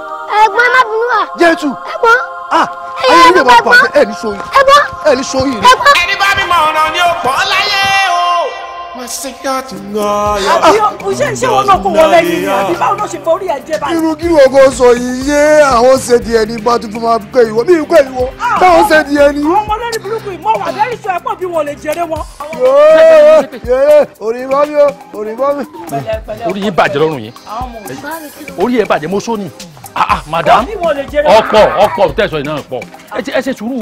ẹ̀gbọ́n má bínú wa. jẹ́tù. ẹ̀gbọ́n. ah ẹ̀yin ló wà pàṣẹ ẹ̀ ní sọ́yìn. ẹ̀gbọ́n. ẹ̀ ní sọ́yìn. ẹ̀gbọ́n. ẹni bá mi mọ̀ ọ̀nà ni ó pọ̀ láyé àbí òṣè ah, ṣé wọn náà kò wọlé yìí ni àbí báwo náà ṣe forí ẹ jẹ báyìí. irú kí wọn kò sọ yìí yé àwọn ṣe di ẹni bá tuntun máa pé ìwọ bí ìkọ ìwọ táwọn ah, ṣe di ẹni. àwọn ọmọ lórí burúkú ìmọ̀ wà lẹ́yìn tó ẹ pọ̀ bí wọn lè jẹrẹ wọn. yéé orí bọ́ mi o orí bọ́ mi. orí yín bàjẹ́ lọ́rùn yín orí yẹn bàjẹ́ mọ́sọ́ ni ah, madam ọ̀pọ̀ ọ̀pọ̀ tẹ̀sán ìnáwó pọ̀ ẹ ṣe sùúrù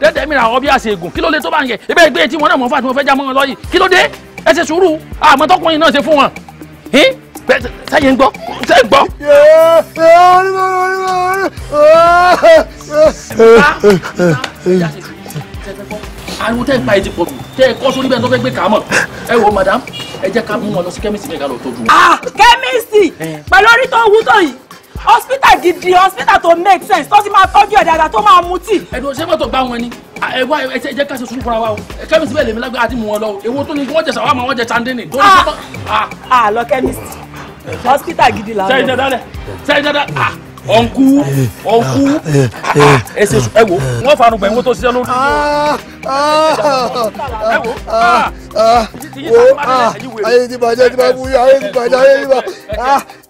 dẹ́dẹ́ mi ra ọ bí àṣẹ ègùn kí ló dé tó bá ń yẹ ebí ẹgbẹ́ tí wọn náà mọ̀ fún àti wọn fẹ́ já mọ́ ọ lọ́yìn kí ló ẹ ṣe sùúrù àmọ́ tọkùnrin náà ṣe fún wọn sẹ́yìn ń gbọ́ sẹ́yìn gbọ́. ariwo tẹ́ ẹ pa ẹtì pọ̀ jù ẹ kọ́ sórí bẹ́ẹ̀ tó fẹ́ gbé kàá mọ̀ ẹ wò madam ẹ jẹ́ ká mú wọn lọ sí kẹ́míìsì ní ká lọ tọ́jú. kẹ́míìsì ah, pẹ̀lú orí tó wú tó yìí hospital gidi hospital to make sense tó sì máa tọ́jú ẹ̀ dáadáa tó máa mutí. ẹ̀dùn ṣé mọ́tò bá wọn ni ẹ wá ẹ jẹ́ ká ṣe sùn fúnra wa o kẹ́mi síbẹ̀ lèmi lágbára àti mú wọn lọ o èwo tó ni wọ́n jẹ sàwọn àmọ́ wọ́n jẹ chandini. a lọ chemist hospital gidi la lọ. sẹ́yìn dáadáa sẹ́yìn dáadáa ọ̀nkú ọ̀nkú ẹsẹ̀ ẹ wo wọ́n fanu gbẹ̀yìn wọ́n tó ṣiṣẹ́ lórí. ẹ wo ayé ti bàjẹ́ ti bá wúyọ ayé ti bàjẹ́ ayé ti bá.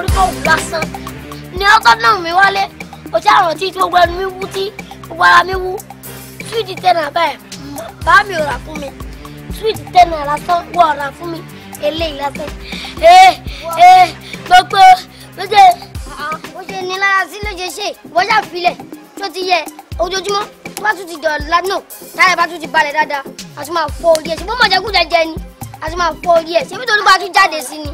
oníkọ̀wé lásán ni ọtọ́ náà mi wálé o ṣe tí gbogbo ẹnu mi wú tí gbogbo ara mi wú súwìtì tẹ́nà báyìí bá mi ò fún mi súwìtì tẹ́nà lásán wọ́n ò fún mi eléyìí lásán eh, eh, gbogbo lóde. bó ṣe ní lára sí ló ṣe ṣe wọ́n tó ti yẹ ojoojúmọ́ bá tún ti dọ̀ lánàá táyà bá tún ti balẹ̀ dáadáa àti máa fọ orí ẹ̀ ṣùgbọ́n mọ̀jẹ̀kú jẹjẹ ni a ti máa fọ orí ẹ̀ ṣé nítorí bá tún jáde sí ni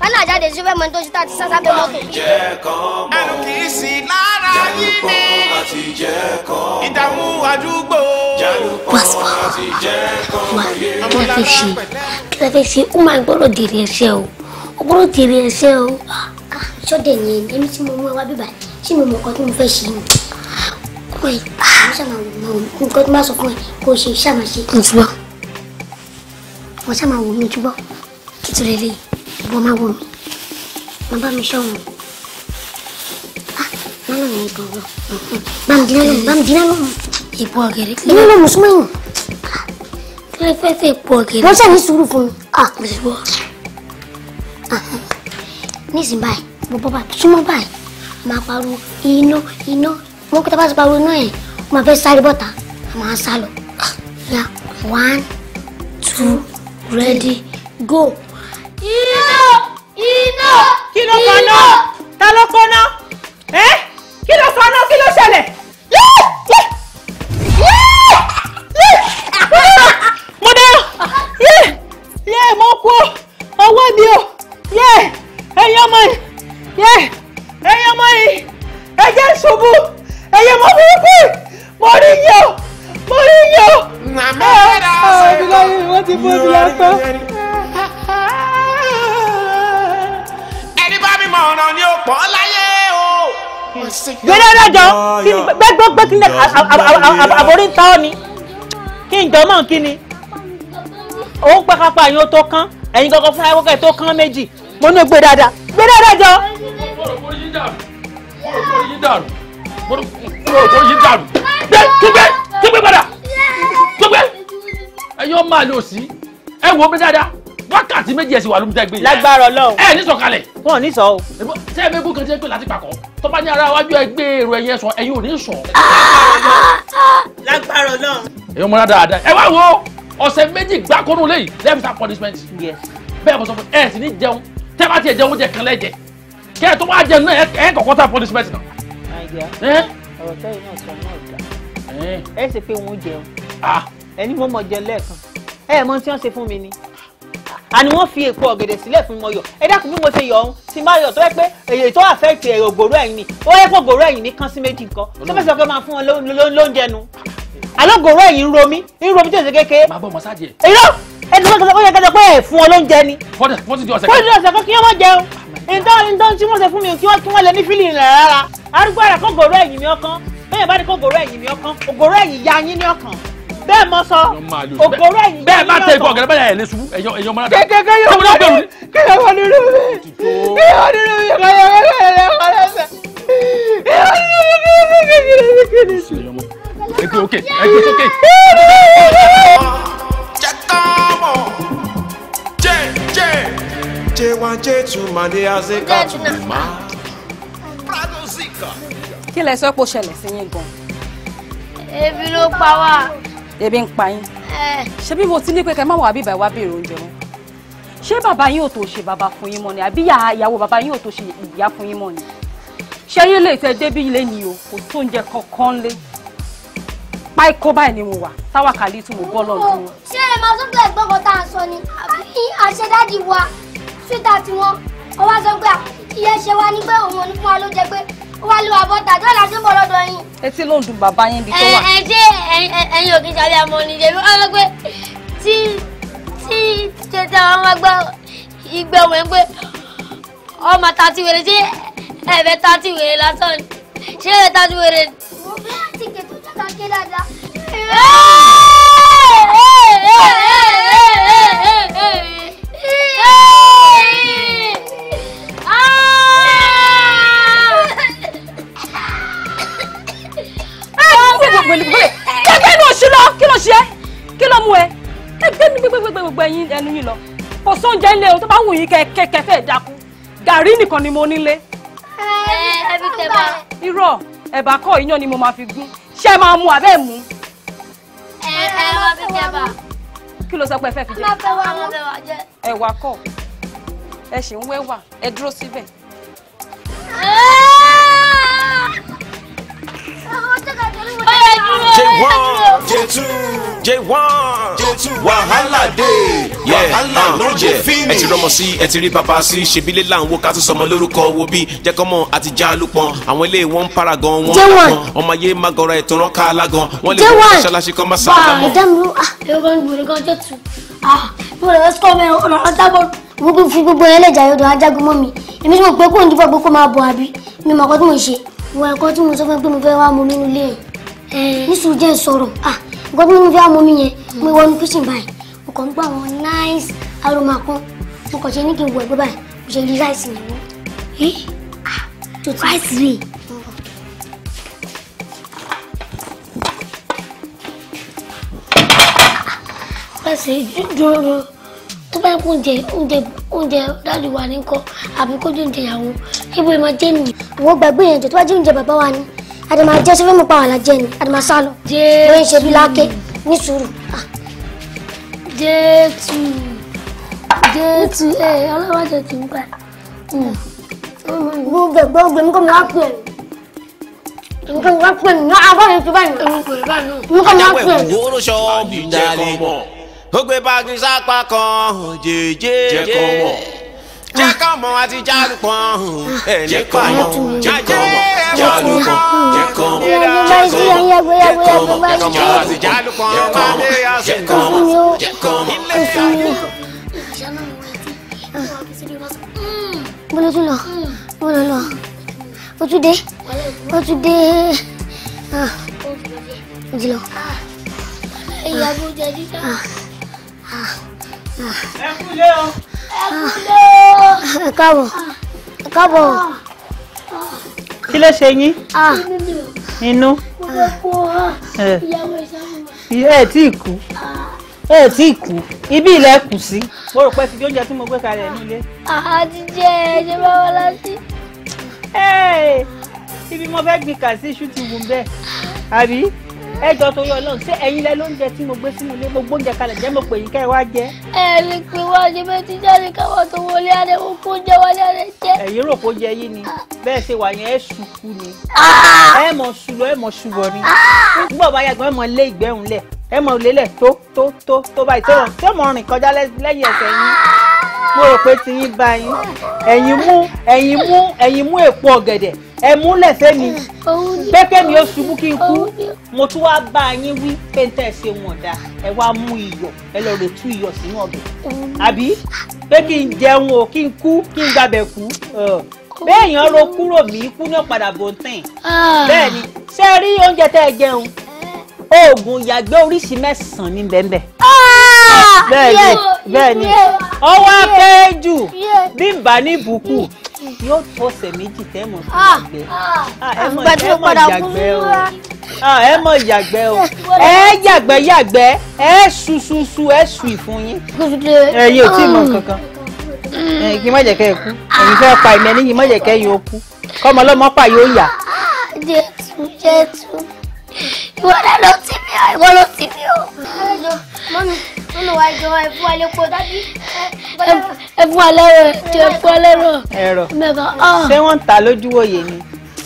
kánà jáde sí fẹ́ẹ́ mọ tó ṣe tá a ti sáṣá pé mọ́tò. ẹnu kì í sí lára yín ni ìdààmú àdúgbò. wàsíwà wà kí lè fẹ́ ṣe kí lè fẹ́ ṣe ó máa gbọ́dọ̀ dèrè ẹsẹ̀ o ó gbọ́dọ̀ dèrè ẹsẹ̀ o. sọ́dẹ̀ ah, ah, ni èmi tí mo mú ẹ wá bíbá tí mo mọ̀ ọ́ tí mo fẹ́ ṣe ni oh ah, kó ẹ ṣe ṣàmà ṣe wọ́n ṣá máa wò mí jùbọ́ kí tó lè lè ìbọn máa wò mí máa bá mi ṣọ́hun lọ́nà ní ìbọn lọ bá mi dínà lọ́hùn bá mi dínà lọ́hùn ìbọn ọ̀gẹ̀rẹ̀ dínà lọ́hùn súnmọ́ yìí kílẹ̀ ìbọn ah, ọ̀gẹ̀rẹ̀ wọ́n ṣá ní sùúrù fún mi ah mo ti wọ́ ah, nísìnyí báyìí mo bọ́ báyìí súnmọ́ báyìí máa pariwo iná iná mo kí tá bá ti pariwo iná yẹn mo máa fẹ́ sáré bọ́ta máa sá lọ ah, ya one two ready go. iná iná kí ló paná ta ló paná ẹ kí ló paná kí ló ṣẹlẹ̀. mo dá yé mo kú ọwọ́ mi o yé ẹ̀yin ọmọ yìí yé ẹ̀yin ọmọ ṣubú ẹ̀yin ọmọ burúkú mo rí yín o mo rí yọ. màmá rà á sọ èmi láyé wọ́n ti fún mi lápá. ẹni bá mi mọ̀ ọ̀ràn ni ó pọ̀ láyé o. gbẹdẹ lọjọ gbẹgbẹ gbẹkínlẹ àbórí ń ta ọ ni kí n jọ mọ kí ni òun pàkàpà yín ó tó kán ẹ̀yin gangan fún ayéwọ́kẹ́ tó kán méjì mo ní gbé dáadáa gbé dáadáa jọ. mo rò pé yín dàrú mo rò pé yín dàrú. gbé kígbé ẹ̀yin ọmọ àlè òsì ẹ wo mi dáadáa wákàtí méjì ẹ̀sìn wà lómi tẹ́gbẹ́ yìí. lágbára Ọlọ́run. ẹ ní sọ̀kalẹ̀. wọn ò ní o. ṣé ẹ bẹ bú kan tí ẹ pè láti pàkọ́ tó bá ní ara wájú ẹ gbé èrò ẹ̀yẹ sọ ẹ̀yin ò ní sọ. lágbára Ọlọ́run. ẹ̀yin ọmọ dáadáa ẹ wá wo ọ̀sẹ̀ méjì gbákónú lẹ́yìn lẹ́fisa punishment. bẹ́ẹ̀ mo sọ fún ẹ sì ní jẹun tẹ́ bá tiẹ̀ jẹun oúnjẹ kan lẹ́jẹ̀ kẹ́ ẹ tó wá jẹun náà ẹ ẹ ẹni mo mọ̀ jẹ lẹ́ẹ̀kan ẹ mọ tí wọ́n ṣe fún mi ni àní wọ́n fi èpo ọ̀gẹ̀dẹ̀ sílẹ̀ fún mọ́yọ̀ ẹ dákun bí mo ṣe yọ ọ̀hún tí má yọ̀ tó yẹ pé èyí tó àfẹ́ẹ̀tì ẹ̀rọ ògbòrò ẹ̀yìn ni ó yẹ kó ògbòrò ẹ̀yìn ní kán sí méjì nǹkan tó fẹ́ sọ pé máa fún wọn lóúnjẹ nu alógòrò ẹ̀yìn ń romi ń romi tó ṣe kékeré. màá bọ̀ mọ́ sáàjì ẹ̀. èyí ló ẹni tó ó yẹ kẹ́tọ̀ pé ẹ̀ fún wọn lóúnjẹ ni. fọ́tẹ̀ fọ́tẹ̀ di ọ̀sẹ̀ kan. fọ́tẹ̀ di ọ̀sẹ̀ kan kí wọ́n mọ̀ jẹun. ìtọ́ tí wọ́n ṣe mi kí wọ́n lè ní fílì rẹ̀ rárá. arúgbó mi ọkàn bẹ́ẹ̀ bá ní kó mi ọkàn ògòrò ẹ̀yìn ya yín ní bẹ́ẹ̀ mọ sọ ògòrò ẹ̀yìn bẹ́ẹ̀ bá tẹ ikọ̀ ọ̀gẹ̀dẹ̀ bẹ́ẹ̀ yẹn lè ṣubú ẹ̀yọ ẹ̀yọ ọmọ náà. kékeré kékeré wọn ni kékeré wọn ni rúbi kékeré wọn ni rúbi kékeré wọn ni rúbi kékeré wọn ni ẹgbẹ́ òkè ẹgbẹ́ sókè. jẹ́ káàmọ̀ jẹ́ jẹ́ jẹ́ wá jẹ́ tuma ní azeka tuma. kí lẹ sọ pé ó ṣẹlẹ̀ sí yín gan. ebi ló pa wá ebi ń pa yín eh. ṣé bí mo ti ní pé kẹ má wà bíbá wá béèrè oúnjẹ wọn ṣé bàbá yín ò tó ṣe bàbá fún yín mọ́ ni àbí ìyàwó bàbá yín ò tó ṣe ìyá fún yín mọ́ ni ṣé yín lè tẹ débí ilé ni o kò tó oúnjẹ kankan lé páíkó báyìí ni mo wà táwa kàlí tí mo bọ́ lọ́dún. ṣé ẹ máa tún bẹ̀rẹ̀ tá a sọ ni àbí àṣedáàdì wa ṣúta tiwọn ọwọ́ sọ pé wá lu àbọ̀tà tí wọ́n lásán bọ̀ lọ́dọ̀ yín. etí ló ń dùn bàbá yín bí tó wà. ẹ ṣé ẹ̀yin òkè sàlẹ̀ àmọ́ nìyẹn mi wọ́n lọ pé tí tí tètè àwọn ọmọ ẹgbẹ́ ìgbẹ́ ọmọ ẹgbẹ́ ọmọ tàti wèrè ṣé ẹ̀fẹ̀ tàti wèrè lásán ni ṣé ẹ̀fẹ̀ tàti wèrè. mo fẹ́ àtìkè tó jọ́ kàkẹ́ dáadáa. gbogbo ẹyin ẹnu yìí lọ kò sóúnjẹ ńlẹ o tó bá wù yín kẹkẹkẹ fẹẹ dákú gàrí nìkan ni mo nílé. ẹ ẹbí tẹ bá. irọ́ ẹ̀bà kọ́ iyán ni mo máa fi gún ṣé máa mu àbẹ́ mú. ẹ ẹ wá bí tẹ bá. kí ló sọ pé ẹ fẹ́ fi jẹ. ẹ wá kọ́ ẹ ṣì ń wẹ́wà ẹ dúró síbẹ̀. J1 J2 J1 wàhálà dé wàhálà ló jẹ ẹ ti rọmọ sí ẹ ti rí papa sí ṣebílẹ̀ là ń wo ká tún sọmọ lórúkọ wo bí jẹ́kọ́mọ àti já lùpọ̀n àwọn ilé wọn ń para gan wọn lápọn ọmọ ayé má gọra ẹ̀tàn rán ká lágan wọn lè wọ ṣáláṣí kan má sáà lámọ. ẹ̀rọ ń gbòòrò kan jẹ́ tu mo rẹ̀ ẹ́sìkọ́ mi ọ̀nà ọ̀dàbọ̀ mo kún fi gbogbo yẹn lẹ́jà yọ̀dọ̀ ajagun mọ́ mi èmi tí mo pé kó ń dífọ̀ pé máa bọ̀ àbí mi mọ̀ ọkọ tí mo ṣe ìwọ̀n ẹ̀kọ́ tí mo sọ fún ẹ pé mo fẹ́ wá mo nínú ilé yẹn. Eh. nísìnyí jẹ́ sọ̀rọ̀ ah nǹkan tí mo fi àmọ́ mi yẹn mo wọ inú kíchìn báyìí mo kàn ń gbọ́ àwọn nice aroma kan mo kàn ṣe ní kí n wọ ẹgbẹ́ báyìí mo ṣe rí ráìsì yẹn mọ́. ráìsì rèé. ráìsì rèé dúró dúró tó bá yẹ kó oúnjẹ oúnjẹ oúnjẹ dáàdì wà ní kọ àbí kó oúnjẹ ìyàwó ibo ìmọ̀ jẹ́ nìyí. ìwọ gbàgbé yẹn jọ tó bá jẹ oúnjẹ bàbá wa ni àdèmà jẹ́ sọ́fẹ́ mi pa wàhálà jẹ́ ni àdèmà sá lọ bóyá ń ṣe bí láàké ní sùúrù. Ah. jésù jésù ẹ ọlọ́wọ́ jẹ kì í pa gbogbo gbẹmí kò ní wá pè é nǹkan ní pè é ní abọ́yé tó báyìí nǹkan ní wá pè é. ìwúrú ṣọ́ọ̀bù dalẹ̀ ó gbé báàgì sápá kan jẹ́jẹ́ jẹ́ kọ́ mọ̀ jẹ́ kọ́mọ àti jálùpọ̀n jẹ́ kọ́mọ jẹ́ kọ́mọ jálùpọ̀n jẹ́ kọ́mọ jẹ́ kọ́mọ jẹ́ kọ́mọ àti jálùpọ̀n jẹ́ kọ́mọ jẹ́ kọ́mọ jẹ́ kọ́mọ. mo lọ tún lọ mo lọ lọ o tún dé o tún dé o ti lọ. ìyàwó jẹ jíjà. ẹ kú lé o ẹ Kabo. ẹ káàbọ̀. kí Ah. Inu. yín. inú. Eh. ẹ tí ì kú ah. ẹ tí ì ibi ilẹ̀ kù sí. mo rò pé ti di oúnjẹ tí mo gbé kalẹ̀ nílé. àti ah, jẹ ẹ̀jẹ̀ bá wá láti. ibi mo fẹ́ gbìn kà sí iṣu ti wù bẹ́ẹ̀ àbí ẹ jọ torí Ọlọ́run ṣé ẹ̀yin lẹ lóúnjẹ tí mo gbé sínú ilé gbogbo oúnjẹ kalẹ̀ jẹ́ mo pè yín kẹ́ ẹ wá jẹ. ẹ lè pè wá ṣe bẹ́ẹ̀ tí jáde káwọn tó wọlé adé mo kó jẹ wọlé adé jẹ. ẹ̀yin rò kó jẹ yín ni ah. bẹ́ẹ̀ ṣe wà yẹn ẹ ṣùkú ni ah. ẹ mọ̀ ṣùlọ ẹ mọ̀ ṣùbọ̀ ni nígbà bá yàgbọ́n ẹ mọ̀ lé ìgbẹ́ òun lẹ̀ ẹ mọ̀ lélẹ̀ tó tó tó tó báyìí tó tó mọ̀ rìn kọjá lẹ́yìn ẹsẹ̀ yín mo rò pé ti yín bá yín ẹ̀yin mú ẹ̀yin mú ẹ̀yin mú èpo ọ̀gẹ̀dẹ̀ ẹ mú lẹ́sẹ̀ mi mi ó ṣubú kí n kú mo tún wáá bá yín wí pé n tẹ́ ṣe wọn ọ̀dà ẹ wá mú iyọ̀ ẹ lọ rè tú iyọ̀ sínú ọbẹ̀ àbí pé kí n jẹun o kí n kú kí n gbàbẹ̀ kú béèyàn ro kúrò mí kú ní ọ̀padà bòńtẹ̀ ah. bẹ́ẹ̀ ni ṣé rí oúnjẹ tẹ́ ẹ jẹun oògùn ìyàgbẹ́ oríṣi mẹ́sàn-án ní bẹ́ẹ̀nbẹ́. Ah! bẹ́ẹ̀ni bẹ́ẹ̀ni ọwọ́ akẹ́jù bí n bá ní ìbùkù mm. yóò tó ọ̀sẹ̀ méjì tẹ́mọ̀ sí ah, ìyàgbẹ́ ah. ẹ mọ̀ ìyàgbẹ́ o ẹ mọ̀ ìyàgbẹ́ o ẹ yàgbẹ́ yàgbẹ́ ẹ ṣuṣuṣu ẹ su ìfun yín ẹ̀yin ò tí ì mọ̀ kankan mm. kí má jẹ́ kẹ́ ẹ kú ẹ̀yin fẹ́ pa ẹ̀mí ẹni yìí má jẹ́ kẹ́ ẹ̀yin ó kú kọ́mọ ọlọ́mọ pààyè yà ìwọ náà ló ti mí o ìwọ ló ti mí o. ẹjọ mọ́mi mọ́mi wàá jọ ẹ̀fún alẹ́ pọ̀ dájú. ẹ̀fún alẹ́ rẹ̀ jẹ́ ẹ̀fún alẹ́ rọ̀. ẹ̀rọ ah. ṣé wọ́n ń ta lójú òye ni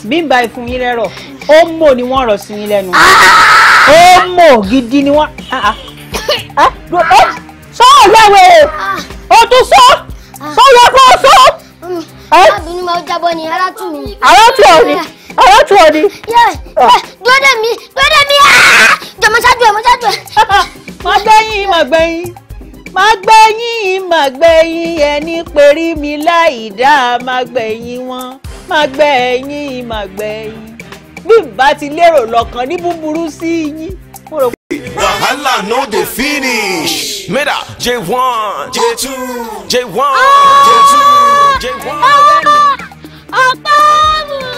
bí n ba ìfun yín rẹ̀ ó mò ni wọ́n rọ̀ sí yín lẹ́nu ah! ó mò gidi ni wọ́n ah, sọ ọ̀lẹ́wẹ̀ o tún sọ sọ yẹ kó sọ. ọmọ mi má bínú máa jábọ́ ni ara tù mí. ara tù ọ ni ọ̀rọ̀ tù ọ ni. dúró mi dúró mi ah! jọmọ ṣáájú ẹ mọ ṣáájú ẹ. má gbẹ̀yìn má gbẹ̀yìn má gbẹ̀yìn má gbẹ̀yìn ẹni perí mi láì dáa má gbẹ̀yìn wọn má gbẹ̀yìn má gbẹ̀yìn bí bá ti lérò lọ́kàn ní búburú sí yín mo no dey finish. Meda j one, j two, j one, ah! j two, j one. Ah! Ọ̀pá ọ̀run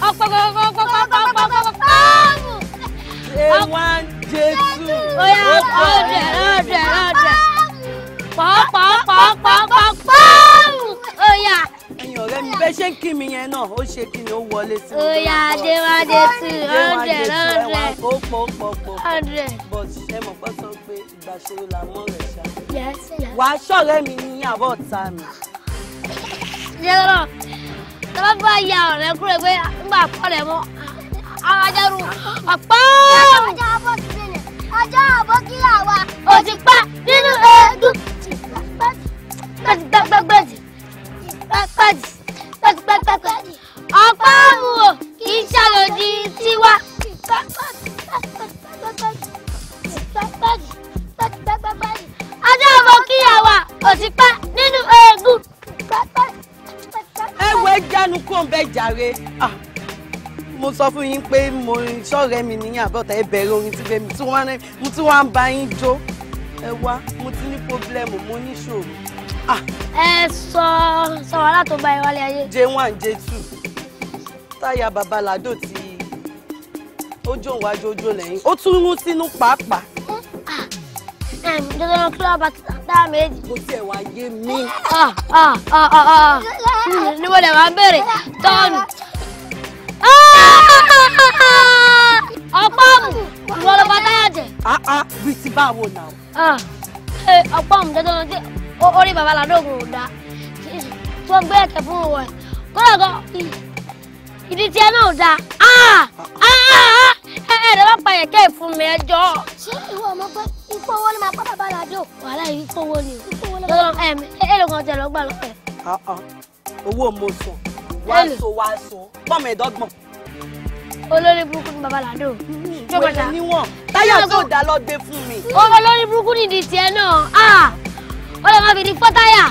ọ̀pọ̀pọ̀pọ̀pọ̀pọ̀pọ̀pọ̀pọ̀pọ̀pọ̀ ewan jésù oya ọdẹ ọdẹ ọdẹ pọpọpọpọpọpọmù oya. ẹ̀yin ọ̀rẹ́ mi bẹ ṣe ń kí mi yẹn náà ó ṣe kí ni ó wọlé sí mi. oya adéwájé tù ọdẹ ọdẹ ọdẹ but ẹ mọ̀ pé sọ pé ìgbà ṣòro là mọ̀ rẹ̀ ṣá. wàá ṣọ̀rẹ́ mi ní àbọ̀ ọ̀tá mi. yẹ́rọ̀ tọ́lá bá ya ọ̀rẹ́ kúrò pé nígbà pọ̀ rẹ̀ mọ́ alájẹrù ọ̀pọ̀. ọjọ́ àbọ̀ kí ni ọjọ́ àbọ̀ kí là wà. o ti pa nínú eegun. gbẹ̀gbẹ̀gbẹ̀gbẹ̀dì gbẹ̀gbẹ̀dì gbẹ̀gbẹ̀gbẹ̀gbẹ̀dì ọ̀pọ̀ àmú o kì í ṣàlòdì tiwa. ọjọ́ àbọ̀ kí là wà o ti pa nínú eegun ẹ wo ẹjánu kó ń bẹ jàre ah, mo sọ fún yín pé mo sọ̀rẹ́ mi ní àbọ̀tà ẹ bẹ̀rẹ̀ orin tí fẹ́ mi tí wọ́n mo ti wá ń ba yín jó ẹ wá mo ti ní pọ́blẹ́mù mo ní ṣòro. Ah. ẹ sọ sọ wàhálà tó bá ẹ wálé ayé. j1 j2 táyà babaládò ti ojú òun wájú ojú lẹ́yìn ó tún rún sínú pàápàá jọjọ lọ kílọ̀ bá dáa méjì. kò tiẹ̀ wá yé mi. Ah, ah, ah, hmm, níbo lè wá bèrè tọ́ọ̀nù. ọ̀pọ̀mù ìwọ ló bá táyà jẹ. bí ti bá wo nà. ọ̀pọ̀mù jọjọ lọ sí orí bàbá ládógún ò dáa tí wọ́n gbé ẹ̀kẹ́ fún wọn kó lọ́gọ́ ìdí tiẹ̀ náà ò dáa ẹ ẹ dábàá pa ẹ̀kẹ́ fún mi ẹjọ́. ṣé ìwọ ọmọ pé ipò owó ni màá pọ́ bàbá làdó wàhálà yìí ipò owó ni ipò owó ni. ẹ ẹ lọ́kàn jẹ lọ́gbà lọ́pẹ́. owó mo sọ wá sọ wá sọ pọ́ọ̀mù ẹ̀dọ́gbọ̀n. olórí burúkú ni bàbá làdó. wẹ́rẹ́ níwọ̀n táyà tó dá lọ gbé fún mi. olórí burúkú nìdí tiẹ̀ náà ah, ọlọ́mọ fi ní fọ́táyà.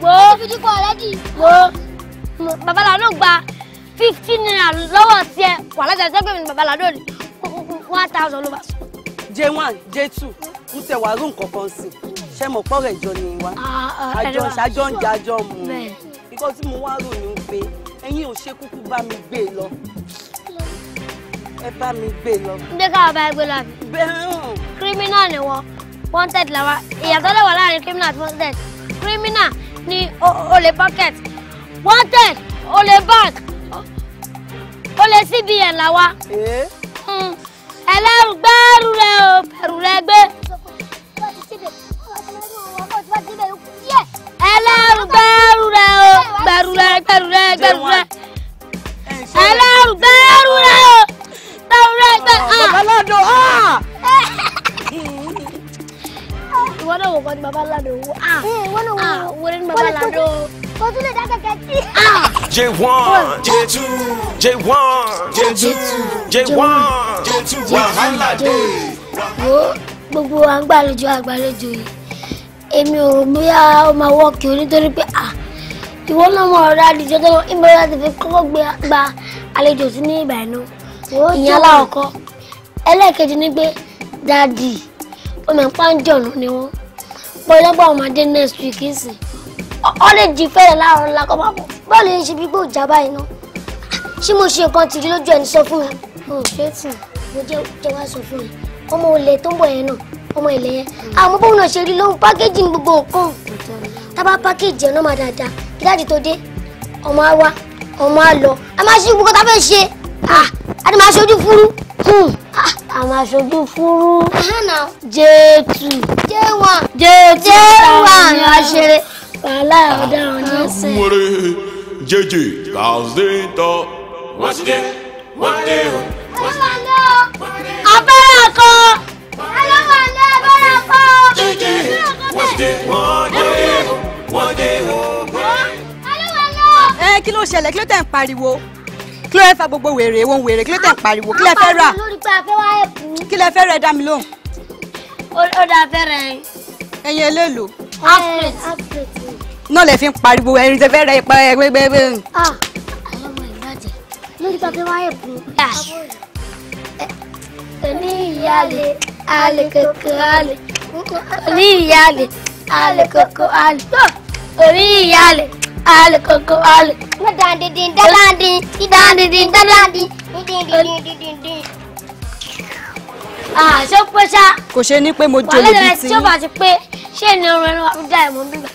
wo bàbá làdó gba fifteen naira lọ́wọ́ sí ẹ wàhálà tẹ̀sán pé mi ni bàbá làdó ni one thousand ló bá sọ. j one j two ń tẹ wàá rú nǹkan kan sí ṣe mọ̀ pọ́rọ̀ ìjọ ni wa àjọ ah, ah, ah, ṣàjọ ń jẹ àjọ mu ikọ́ tí mo wá rò ní pé ẹ̀yin ò ṣe kúkú bá mi gbé e lọ ẹ bá mi gbé e lọ. ǹjẹ́ káwọn bá ẹ gbé e lọ àbí. kírímínà ni wọ́n wanted làwa ìyàtọ̀ lè wà láàrin kírímínà àti wanted kírímínà ni olè pocket wanted olè bank ó lè cbn là wá. ẹlẹ́rù gbẹ́rù rẹ o bẹ̀rù rẹ gbé. ẹlẹ́rù gbẹ́rù rẹ o gbẹ̀rù rẹ gbẹ̀rù rẹ gbẹ̀rù rẹ. ẹlẹ́rù gbẹ́rù rẹ o gbẹ̀rù rẹ gbẹ̀rù rẹ. bàbá lọ́dọ̀ ìwọ náà wò kọ́ ni bàbá ládò wò. ìwọ náà wò kọ́ ah, ni bàbá o tún lè J1 J2 J1 J2 J1 J2 wàhálà dé. wo gbogbo àgbàlejò àgbàlejò yìí èmi ò bóyá ó máa wọ́ọ̀kì onítorí pé à ìwọ náà mọ̀ ọ̀rẹ́ àdìjọ tó ìmọ̀lẹ́ àti fi kọ́kọ́ gba àlejò sí ní ìbàdàn ìyẹn aláwọ̀kọ́ ẹlẹ́ẹ̀kejì ni pé dáàdì omi àpáǹjọ̀nù ni wọ́n bọ́ọ̀lọ́gbà ọmọdé next week ń sìn ọ lè di fẹ́rẹ̀ láàárọ̀ ńlá kọ́ máa bọ̀ bọ́ọ̀lù yìí ṣe bí pé òjà báyìí ná ṣé mo ṣe nǹkan tìrí lójú ẹni sọ fún mi mo ò ṣe é tì mo jẹ́ wá sọ fún mi ọmọ olè tó ń bọ̀ yẹn náà ọmọ ilẹ̀ yẹn àmọ́ bóun náà ṣe rí lóhun pákéjì ní gbogbo nǹkan tábà pákéjì ẹ̀ máa dáadáa kí dáàdì tó dé ọmọ á wá ọmọ á lọ a máa ṣe gbogbo tá a fẹ́ ṣe a ti máa ṣojú fúrú hmm. a máa ṣojú fúrú jẹ́ tù jẹ́ wà ni a ṣeré wàhálà ọ̀daràn ní ẹsẹ̀. nwere jẹjẹ kàzé tọ. wọ́n ti dé wọ́n dé o. abẹ́rẹ́ kan aláwọ̀ alẹ́ abẹ́rẹ́ kan. jẹjẹ wọ́n ti dé wọ́n dé o wọ́n dé o. ẹ kí ló ṣẹlẹ̀ kí ló tẹ̀ ń pariwo kí ló fẹ́ fa gbogbo wèrè wọn wèrè kí ló tẹ̀ ń pariwo kí lẹ fẹ́ rà kí lẹ fẹ́ rẹ̀ dá mi lóhùn. ó dá fẹ́ rẹ̀. ẹ̀yin eléèlò. No, eh, afrètì. náà lè fi ń pariwo ẹ̀rín tẹ fẹ́ rẹ ipa ẹgbẹ́ gbẹ́gbẹ́. àyọ̀ ah, mọ̀ ìbàjẹ́ lórí tàbí wáyé bù. òní ìyáálé alè kòkó alè òní ìyáálé alè kòkó alè òní ìyáálé alè kòkó alè. mo dàn dídín dán láǹdín dídán dídín dán láǹdín dídín dídín dídín dídín àṣé ah, pé ṣá. kò ṣe ní pé mo jòlè bíi ti. wàhálà tí ó bá ti pé ṣé ìní ọrùn ẹnu wa fi dá ìmọ̀ bíbá.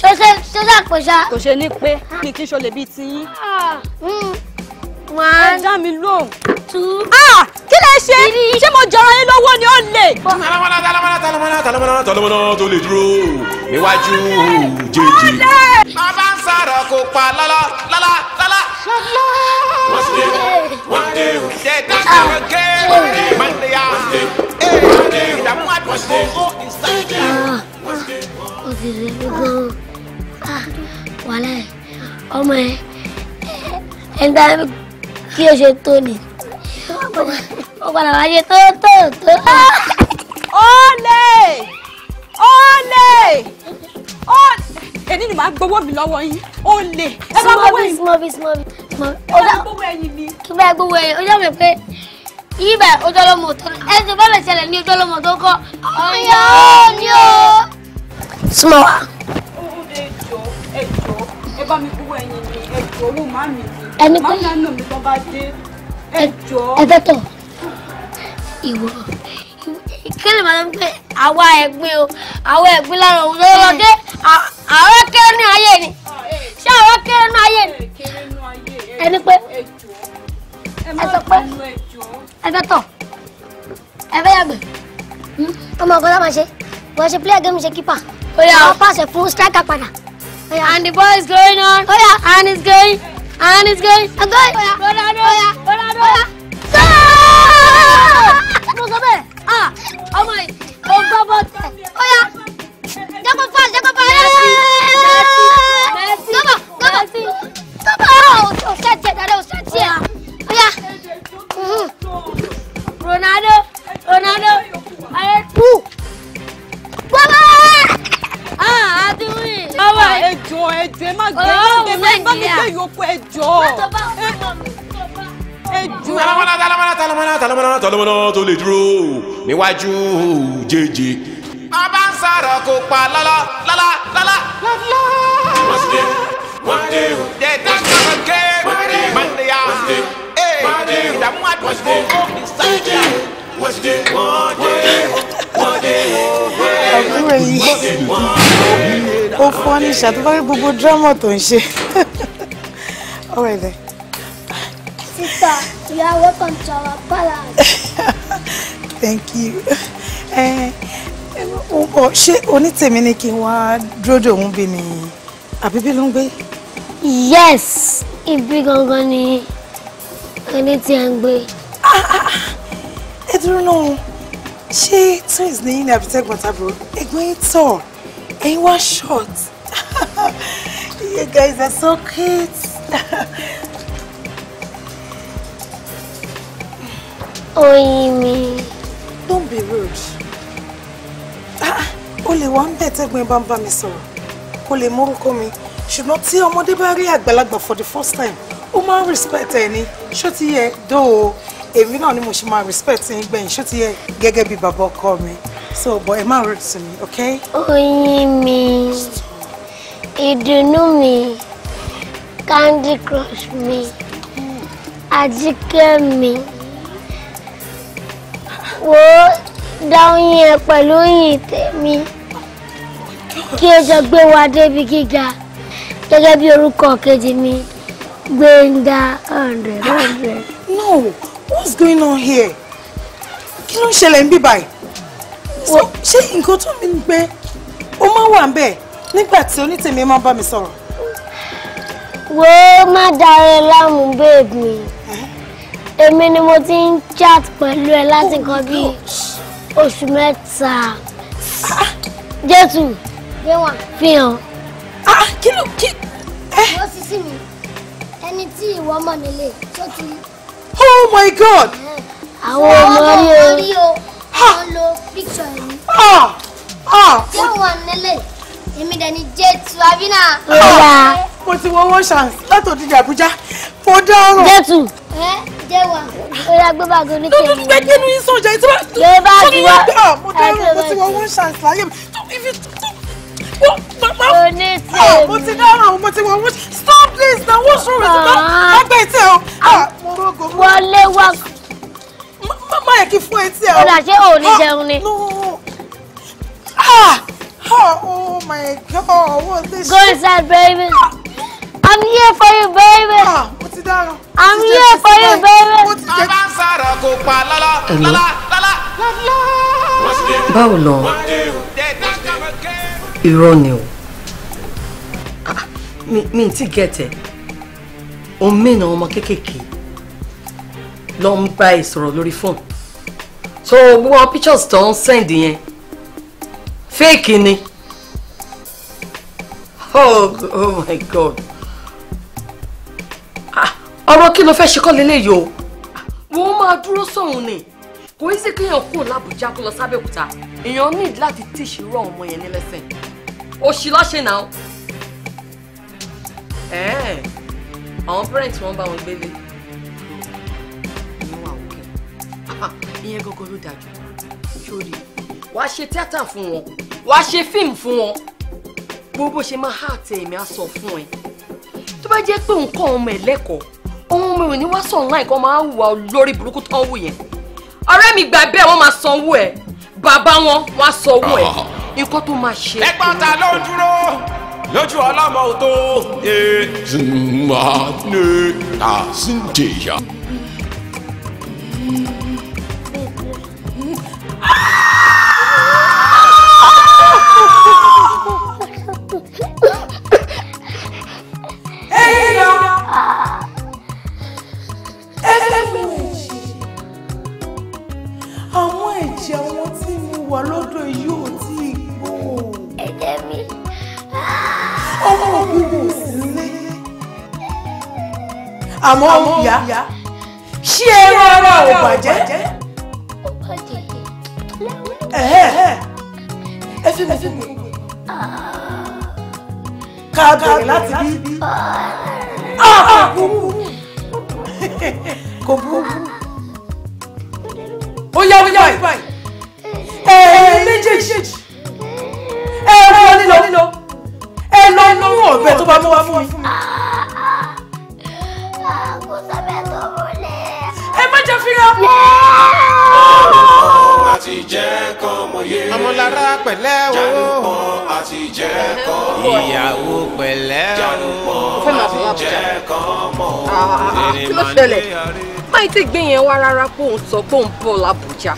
ṣọṣẹ́ ṣọṣẹ́ pé ṣá. kò ṣe ní pé kí n ṣọlẹ̀ bíi ti yín. Ah, hmm one. ẹ dá mi lóhùn. two. ah kí lè ṣe ṣé mo jọra yín lọ́wọ́ ni ó lè. talamana talamana talamana talamana talamana tó lè dúró níwájú jèjì. bàbá ń sọ̀rọ̀ kó pa lọ́lọ́ lọ́lọ́ lọ́lọ́. wọ́n ti dé wọ́n ti dé. ṣe dákàrọ̀ gé mọ̀ndé yá. ìdààmú àdúgbò ó ìsàkè. ó ti rí gbogbo ah, wàhálà ọmọ ẹ ẹ ń dá kí o ṣe tó ni ó padà wá ṣe tó tó tó. olè olè olè èyí ni màá gbowó mi lọ́wọ́ yín olè ẹ bá gbowó yín. small bit small bit small bit. ó dá gbowó ẹyin mi. kí bá gbowó ẹyin ó dá mi pé ibà ojú ọlọmọ tó ní ẹsẹ bá lè ṣẹlẹ̀ ní ojú ọlọmọ tó kọ o. súnmọ́ ẹni pé ẹfẹ tọ ìwọ kí lè máa ń pè àwa ẹ̀gbin o àwa ẹ̀gbin lára òun ló lọ dé àwa kéré ní ayé ni ṣé àwa kéré ní ayé ni ẹni pé ẹ sọ pé ẹfẹ tọ ẹfẹ yàgbẹ́ hmm? ọmọ ọgọ láwọn ṣe wọn ṣe player game ṣe keeper wọn pàṣẹ fún striker padà. and the ball is going on oh, yeah. and it's going. And it's going. I'm going. Oya. Ronaldo. Oya. Ronaldo. Oya. Mo sọ bẹ́ẹ̀. Ah! Ọmọ yìí. Ọgbọ́n bọ́ tẹ̀. Oya. Jẹ́ kó pa. Jẹ́ kó pa. Mẹ́sì. Gọ́bọ̀. Gọ́bọ̀. Gọ́bọ̀. Oṣù ẹ̀jẹ̀ dáadé. Oṣù ẹ̀jẹ̀. Oya. Mm-hmm. Ronaldo. Ronaldo. Ayé. Wú àádúrì. àwa ẹjọ ẹjọ ẹ má gbé ẹ má bá mi gbé yòókù ẹjọ. ẹjọ. talamana talamana talamana talamana talamana tó lè dúró níwájú jèjì. bàbá ń sọ̀rọ̀ kó pa lọ́lọ́ lọ́lọ́ lọ́lọ́ lọ́lọ́. wọ́n ti dé wọ́n ti dé o. jẹ̀dá kan ké mọ́ndé mọ́ndé yá. ìdààmú àdúgbò ó kì í sáyé àbúrò yìí ó fọ́ ní ìṣàtúbárí gbogbo dírámà tó ń ṣe ọ̀rẹ́ rẹ̀. Sister, you are welcome to our palace. Thank you. Ṣé onítèmi ni kí n wá dúró de òun bí ni àbíbí ló ń gbé? Yes, ibi gangan ni ẹni tí a ń gbé. Ah, ah, ah ẹ dúró náà ṣé twins ní ní àbí tẹ́gbọ̀n tàbúrò ẹ̀gbọ́n yín tọ̀ ẹ̀yin wá short you guys are so cute. oyin mi. don't be rude. Ah, o lè wá ń bẹ̀ tẹ́gbọ̀n bá ń bá mi sọ̀rọ̀ kó lè mórúkọ mi ṣùgbọ́n tí ọmọdé bá rí àgbàlagbà for the first time ó máa ń respect ẹni ṣó ti yẹ dóò èmi náà ni mo ṣe máa respect yín gbẹ̀yìn ṣó ti yẹ gẹ́gẹ́ bí bàbá ọkọ mi so but ẹ má rude to me okay. oyin mi ìdùnnú mi Candy Crush mi àjíkẹ́ mi wo dá oyin ẹ pẹ̀lú oyin tèmi kí o jọ gbé wa débi gíga gẹ́gẹ́ bí orúkọ kejì mi Gbénga hundred hundred. no what's going on here kí ló ń ṣẹlẹ̀ ń bí báyìí ṣé nǹkan tó mi ń gbé ó máa wà ń bẹ̀ nígbà tí onítèmi máa bá mi sọ̀rọ̀. wo má dáre láàmú bẹ́ẹ̀bù èmi ni mo ti ń chat pẹ̀lú ẹ láti oh nǹkan bí oṣù mẹ́ta ah, ah. jésù fi hàn. Ah, kí ló kí. Eh? wọ́n sì sí mi ẹni tí ìwọ mọ̀ nílé tó ti oh my god. àwọn ọmọ rí o wọ́n lo píṣọ yìí. tí ó wà nílẹ̀ èmi dẹ̀ ni jẹ́tù abínà. mo ti wọ one chance láti òdìjà Àbújá mo dárò. jẹ́tù. ẹ jẹ́ wa ọ̀yà gbé báàgì oníkèémù. lọ́dún gbé kínú yín sọ̀jà ìtura. gbé báàgì wa ah, mo dárò mo ti wọ one chance láyé mi. oníṣègùn. Ah, mo ti dárò mo ti wọ one please now what's wrong with you má bẹ̀ tẹ̀ o. wọlé wá. má yẹ kí fún etí ẹ o. Oh. ọ̀dà ṣé o ní ah, jẹun ni. Ah, ah, oh my God, what's this? Go inside, baby. I'm here for you, baby. Ah, mo ti I'm here for you, baby. Mo ti jẹ́. Bàbá ń sára kò pa lọ́lá lọ́lá lọ́lá Báwo lọ? Irọ́ ni o mi mi ti gẹ̀tẹ̀ òun mìíràn ọmọ kéékèèké ló ń bá ẹ sọ̀rọ̀ lórí fóònù so gbogbo pictures tó ń send yẹn fake ni oh oh my god ah, ọ̀rọ̀ kí ló fẹ́ ṣe kọ́ lélẹ́yìí o wọ́n máa dúró sóhun ni kò í sì kéèyàn kúrò lábùjá kó lọ sábẹ́òkúta èèyàn ní láti tíṣì rọ ọmọ yẹn ní lẹ́sìn ó ṣì láṣẹ náà àwọn parents wọn bá wọn gbélé ìyẹn wà òkè ìyẹn gọ́gọ́ ló dájú sórí wàá ṣe tíátà fún wọn wàá ṣe fíìmù fún wọn gbogbo ṣe máa há àtẹ èmi á sọ fún ẹ tó bá jẹ́ pé nǹkan ọmọ ẹ̀ lẹ́kọ̀ọ́ ohun ọmọ ẹ̀ ní wá sọ̀rọ̀ láì kan máa wà lórí burúkú tán wù yẹn ọ̀rẹ́ mi gbà bẹ́ẹ̀ wọ́n máa sanwó ẹ̀ bàbá wọn wọ́n á sanwó ẹ̀ nǹkan tó máa ṣe. ẹ̀gbọ́n lójú ọlọ́mọ tó ṣe. zùmọ̀ ní àṣìjẹyà. àwọn ẹ̀jẹ̀ wọn tí mo wà lọ́dọ̀ yóò àmọ́ ìyá ṣé ẹrú ara ò bàjẹ́. ẹ fi mi fi mi ká bẹ̀rẹ̀ láti bí ah, kò burú kò burú ó yá wí báyìí ẹ̀ẹ́n méjèèjì ẹ wọ nílò ẹ lọ mú ọ̀bẹ tó bá mú wá fún mi. àfihàn pọ̀. ọ̀rọ̀ àti pẹ̀lẹ́ o. ìyàwó pẹ̀lẹ́ o. jàǹpọ̀ àti jẹ́ kí ló ṣẹlẹ̀ máì tí gbé yẹn wá rárá pé òun sọ pé òun bọ̀ làbújá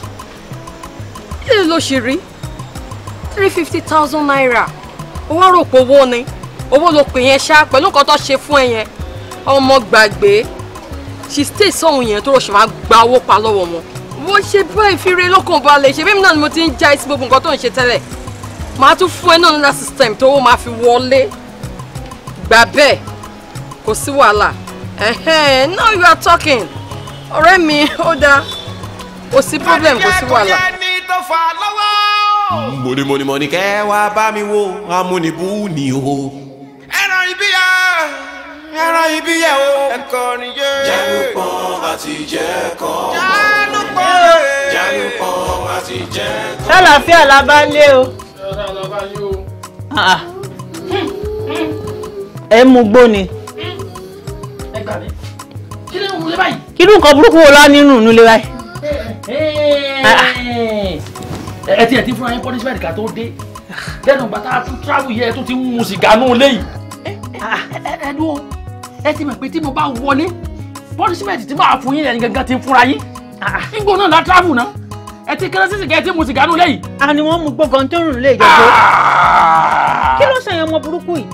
ilé ló ṣe rí three fifty thousand naira owó àròpọ̀ owó ni owó ló pè yẹn ṣá pẹ̀lú nǹkan tó ṣe fún ẹ yẹn ọmọ gbàgbé she stay sọ́hun yẹn tó rọ̀ ṣe máa gba owó pa lọ́wọ́ wọn. wọ́n ṣe báyìí fi re lọ́kàn balẹ̀ ṣe bẹ́ẹ̀ náà ni mo ti ń já ìsìn gbogbo nǹkan tó ń ṣe tẹ́lẹ̀ màá tún fún ẹ náà nílá system tó wọ́n máa fi wọlé gbà bẹ́ẹ̀ kò sí wàhálà now you are talking ọ̀rẹ́ mi ó dáa kò sí problem kò sí wàhálà. mọ̀nìmọ̀nìmọ̀nì kẹ́ wàá bá mi wo amúnibú ni o. ẹran ibi ẹran ibi yẹ o ẹ̀kọ́ ni yé. jẹnupọn àti jẹkọ. jẹnupọn. jẹnupọn àti jẹkọ. sálàáfíà la bá lé sálàáfíà la bá lé o. Ah. ẹ mú gbó ni. ẹ gbà mí kí ló ń wọlé báyìí. kí ló ń kọ burúkú wo lọ nínú ìnulẹ̀ báyìí ẹ ti ẹ ti fúnra yín punishment ká tó dé lẹ́nu gbàtà tún travel yẹ ẹ tún ti ń mu sìgá nù lẹ́yìn. ẹ ẹ ẹ dúró ẹ ti mọ̀ pé tí mo bá wọlé pọ́nísímẹ́ǹtì tí máa fún yín ẹni gangan ti ń fúnra yín ah. nígbà náà la travel náà ẹ ti kéré sísìkẹ́ ẹ ti mu sìgá nù lẹ́yìn. a ni wọ́n mu gbọ́ngàn tó rùn lé ìjọba ah. kí ló ṣe ọmọ burúkú yìí.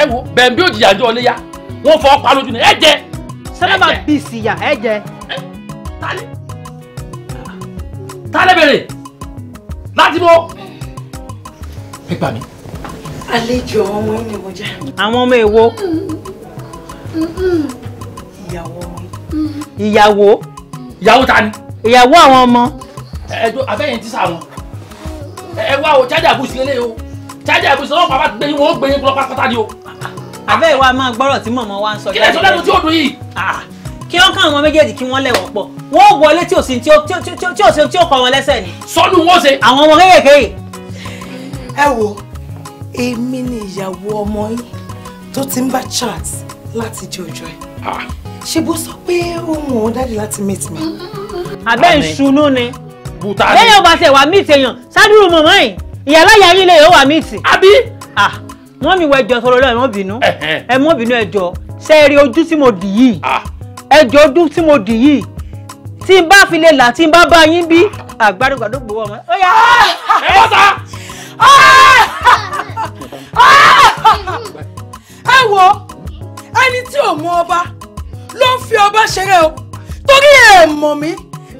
ẹ wo bẹ̀ẹ̀bí òjìyà jọ ọ léyà wọ́n fọ ọ̀pá lójú ni ẹ jẹ. sẹ́rẹ́mà bíi ìsìyà ẹ jẹ. tálẹ̀ bèrè láti bọ́. ẹ gbà mí. àlejò ọmọ yín àwọn ọmọ èwo. Mm ìyàwó mi. ìyàwó. ìyàwó ta ni. ìyàwó àwọn ọmọ. ẹ jọ abẹ́yẹn ti sá wọn ẹ wá o chájà bùsì lélẹ̀ o chájà bùsì ọlọ́pàá bá ti gbẹ̀yìn wọn ó gbẹ̀yìn lọ pátápátá ni o. àbẹ́ ìwà máa gbọ́rọ̀ tí mọ̀mọ́ wa ń sọ. kílẹ̀ sọ lẹ́nu tí ó dùn yìí. Ah, kí wọ́n kàn wọn méjèèjì kí wọ́n lẹ̀ wọ́n pọ̀ wọ́n ó wọlé tí ò sí tí ó kọ wọn lẹ́sẹ̀ ni. sọ́nù wọn ṣe. àwọn ọmọ kéékèèké. ẹ wo èmi ni ìyàwó ọmọ yín tó ti ń bá chat láti jẹ ọjọ́ ẹ̀. ṣé bó sọ pé ó mú ọ dáàdi láti meet me. àbẹ́ ìṣunú ni lẹ́yìn ọba tẹ̀ wá meet èèyàn ṣáàdúró mọ̀mọ́ yìí ìyàláyà yín lè wá meet. àbí. wọ́n mi wọ ẹjọ́ sọ̀rọ̀ lọ́wọ́ ẹ mọ́ bínú ẹ mọ́ bínú ẹjọ́ ṣe é rí ojú tí mo dì yìí ẹjọ́ ojú tí mo dì yìí tí n bá fi lè là tí n bá bá yín bí àgbàdùgbàdù gbowó ọmọ. ẹ bọ́ ta. ẹ wo ẹni tí ò mú ọba ló ń fi ọba ṣeré o torí ẹ mọ̀ mí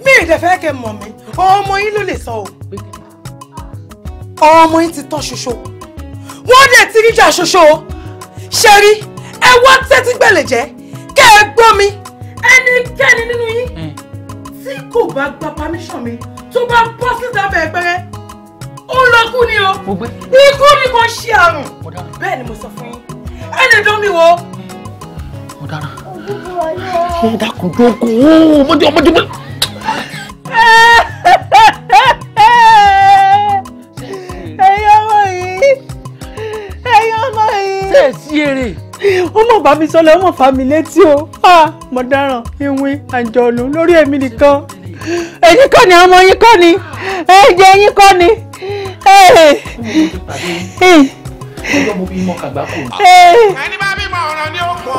mi ì dẹ̀fẹ́ kẹ mọ̀ mí ọmọ yín ló lè sọ o ọmọ yín ti tán ṣoṣo wọ́n dẹ̀ ti ríjà ṣoṣo ṣe rí ẹ wá tẹ́tí gbẹ̀lẹ̀ jẹ́ kẹ́ ẹ gbọ́ mi ẹnikẹ́ni nínú yín tí kò bá gba pamíṣàn mi tó bá bọ́ síta bẹ́ẹ̀ pẹ́rẹ́ ó lọ kú ni o ikú ni kò ṣe àrùn bẹ́ẹ̀ ni mo sọ fún yín ẹ lè dán mi wò ó ọ̀daràn ó dákun dókun ó ọmọdé ọmọdé ọmọdé. ẹ̀yin ọmọ yìí ẹ̀yin ọmọ yìí. ṣé èsì èrè. ó mọ̀ bá mi sọ́lẹ̀ ó mọ̀ fà mí létí o mọ̀ dáràn ìwìn àjọ̀nù lórí èmi nìkan èyí kọ́ ni ọmọ yín kọ́ ni ẹ̀jẹ̀ yín kọ́ ni ọjọ́ mo bímọ kàgbá kò ní. ẹni bá bímọ ọ̀rọ̀ ni ó pọ̀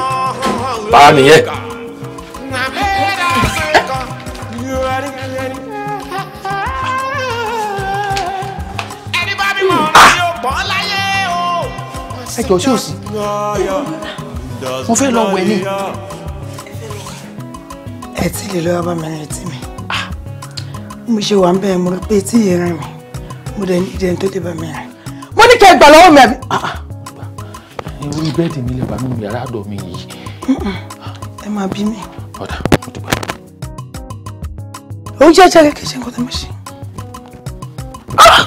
ọ̀hún. bá a nìyẹn. ẹni bá bímọ ọ̀rọ̀ ni ó pọ̀ láyé o. ẹ jọ sí òsì mo fẹ́ lọ wẹ̀ ni. ẹ tí lè lọ́wọ́ bá mi rìn tí mi ah, mo ṣe wà ń bẹ́ẹ̀ mo rí pé tí yẹn rìn mi mo dẹ̀ ní ìdẹ́ni tó dé bá mi rìn mo ní kí ẹ gbà lọ́wọ́ mi àbí. Ah, ah. orí bẹ́ẹ̀dì mi lè bá nínú yàrá àdọ̀ mi yìí. ẹ máa bí mi. ọ̀dà mo ti gbà. ó jẹ́ jẹ́ kékeré ṣe nǹkan tó ń ṣe. Oh,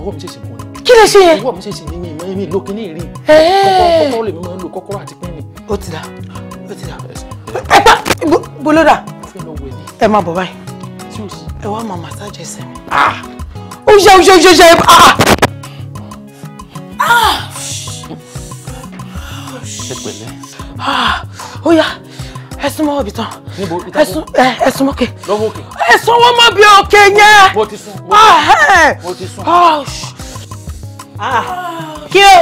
ọwọ́ mi ṣèṣì kún un. kí ló ṣe yẹn. ọwọ́ mi ṣèṣì ní mi ìmọ̀ ẹ̀mí lókè ní ìrì. kọ́kọ́rọ́ lèmi máa ń lo kọ́kọ́rọ́ àti pín ó ti dà ó ti dà ẹ bá bolódà ẹ máa bọ̀ báyìí ẹ wá máa màsáàjì ẹsẹ̀ mi. ó ṣe ó ṣe ó ṣe ṣe ẹ pẹ̀lẹ́. ó yá ẹ súnmọ́ òbí tán ẹ súnmọ́ òkè ẹ súnmọ́ má bí òkè yẹn. mo ti sún mo ti sún. kí o.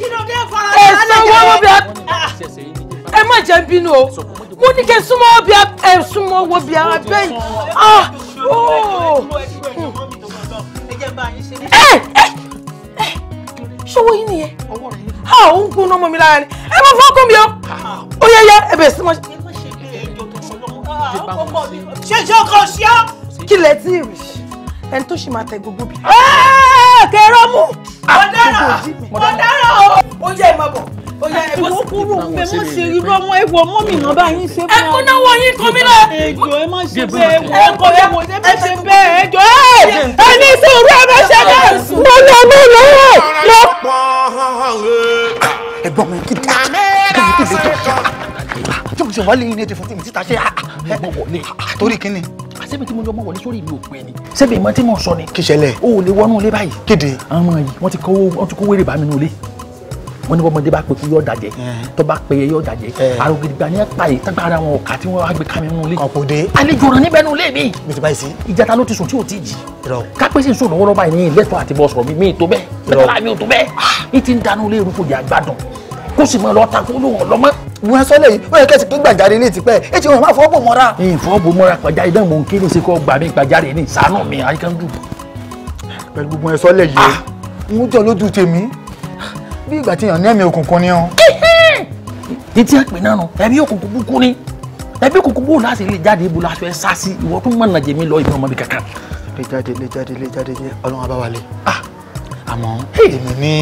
kí ló dé ẹ̀sán wọn wọ́n bí a ẹ má jẹ́ bínú o mo ní kí n súnmọ́ wọ́n bí a ẹ súnmọ́ wọ́n bí a abẹ́ yìí ah ooo. Oh! ẹ ẹ ṣọwọ́ yín nìyẹn a ò ń gun ọmọ mi lára ni ẹ má fọ́ kún mi o ó yẹ yẹ ẹ bẹ̀rẹ̀ sí mọ́. ṣe jẹ́ ọkọ̀ ṣíà. kí lẹ tí rí ẹni tó ṣì máa tẹ gbogbo bí. Ah! èké rọ́mù. ọ̀daràn ah. ọ̀daràn o. ó yẹ ẹ máa bọ̀ ó yẹ ẹ bọ́ sí. kúrò ń bẹ mọ́ sí irú ọmọ ẹ wọ mọ́mì náà bá yín ṣe fún wa. ẹ kúnná wọ yín kan mi lọ. ẹjọ ẹ má ṣe bẹ́ẹ̀ wọ ọkọ ẹ wò ṣe bẹ́ẹ̀ ṣe bẹ́ẹ̀ ẹjọ ẹ ẹ ní sùúrù mo lọ mo lọ wọ. ẹ̀gbọ́n mi kí dáa kí dáa kí ṣe wà lẹ́yìn ní eight fourteen títa ṣe mọ wọlé torí kíni. àṣẹ́bí tí mo jọ mọ wọlé sórí ìlú òpin ni ṣẹ́bí ìmọ̀ tí mo sọ ni. kìṣẹ̀lẹ̀ o ò lè wọnú ilé báyìí. kéde. àwọn ọmọ yìí wọ́n ti kó wéré bá mi nù ilé wọ́n ní bọ́mọdé bá pẹ̀kú yóò dàjẹ́ tó bá pẹ̀yẹ yóò dàjẹ́ àrò gidigba ní ẹ̀pà yìí tágbà ara wọn ọ̀kà tí wọ́n wá gbé ká mi nínú ilé. ọ̀pọ̀dé. àlejò rẹ̀ níbẹ̀ nínú ilé mi. mi ti báyìí sí. ìjàta ló ti sùn tí ò tí ì jì. kápẹ́ sì ń sùn lọ́wọ́lọ́wọ́ báyìí ní ìlẹ́tọ̀ àti bọ́ sọ̀rọ̀ mi mi tó bẹ́ẹ̀ mẹ́tàlá mi ò tó bẹ́ẹ̀. Ah. ní ti ń danú ilé irúfò jẹ́ àgbàdùn kó sì mọ́ lọ́ọ́ ta kó lóhùn ọlọ́mọ́ wọ́n sọ lẹ́yìn ó yẹ kẹ́sì pé gbàjáre ní ìtìpẹ́ ẹ ti wọn máa fọwọ́ bò mọ́ra. ẹyìn fọwọ́ bò mọ́ra gbàjáre náà mò ń kéde sí kọ́ gbà mí gbàjáre ní sànù mi àyíkánjú. pẹ̀lú gbogbo ẹ sọ lẹ́yìn o. n jọ lójú tèmi bí ìgbà tí yàn ní ẹ̀mí òkùnkùn ni o. títí àpè náà nù ẹ̀mí òkùnkùn kúkú ni ẹ̀mí òkùnkùn bò láti lè jáde ibo láṣọ ẹ sá sí ìwọ tún mọ̀nà jẹ̀mí lọ ìbọn ọmọbi kankan. lè jáde lè jáde lè jáde ọlọ́run abáwálé. Ah! àmọ́ èmi ní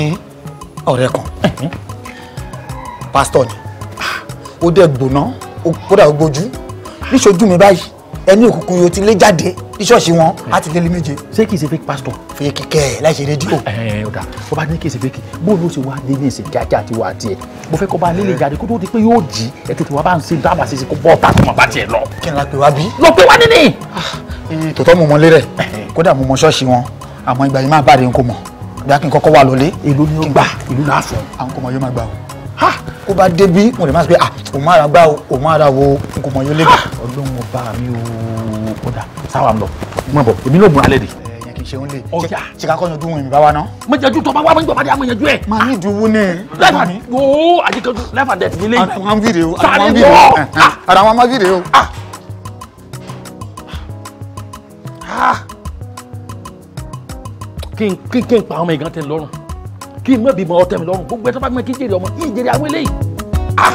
ọ̀rẹ́ kan pásítọ̀ ni ó dẹ̀ gbóná kódà ó gbójú níṣojú mi báyìí ẹni òkùnkùn yóò ti lé jáde ní ṣọ́ọ̀ṣì wọn á ti délé méje. ṣé kìí ṣe fake pastor. fake kẹ ẹ láì ṣe rédíò. ẹ ẹ ọ̀dà bó bá ní kìí ṣe fake bó ló ṣe wá dé ní ìsìn kíákíá tiwa àti ẹ mo fẹ́ kọ́ bá nílé jáde kó tó di pé yóò jí ẹ tètè wá bá ń ṣe dábàá ṣe ṣe kó bọ́ ọ̀tá tó máa bá tiẹ̀ lọ. kí n la pè wá bí. lọ pé wá níní. Ah, eh, tòótọ́ mo mọ lé rẹ̀ kódà mo mọ ṣọ́ọ̀ṣì wọn àmọ́ ìgbà yìí má bàrẹ̀ n a kì í kọ́kọ́ wà lọ́lé. èlò ni ó gbà èlò náà fún. àwọn ha ó bá débi mo lè má sọ pé ah òun máa ra gbá o òun máa ra wo n kò mọ yóò lébà. Ah! ọlọ́run ọba mi ò kódà sáwà ń lọ mọ̀ bọ̀ èmi ló mú alẹ́ rè. ẹ̀yẹ kì í ṣe ń lè ọjà ṣìkà kọ́ yanjú wọn ìbáwá náà. mo jẹjú tọ́ bá wá nígbà padà mo yanjú ẹ̀. màá ní ìdúró ní. Ah! lẹ́fà ni wo àdìkẹ́jú lẹ́fà dẹ̀ ti lé. Ah! ara wọn fìdí o ara wọn fìdí o. kí n pa ọmọ ìgàn tẹ lọ́rùn kí n mọ̀ bí mọ ọtẹ mi lọ́rùn gbogbo ẹ tó bá gbẹ kí jèrè ọmọ yìí jèrè àwọn eléyìí. Ah!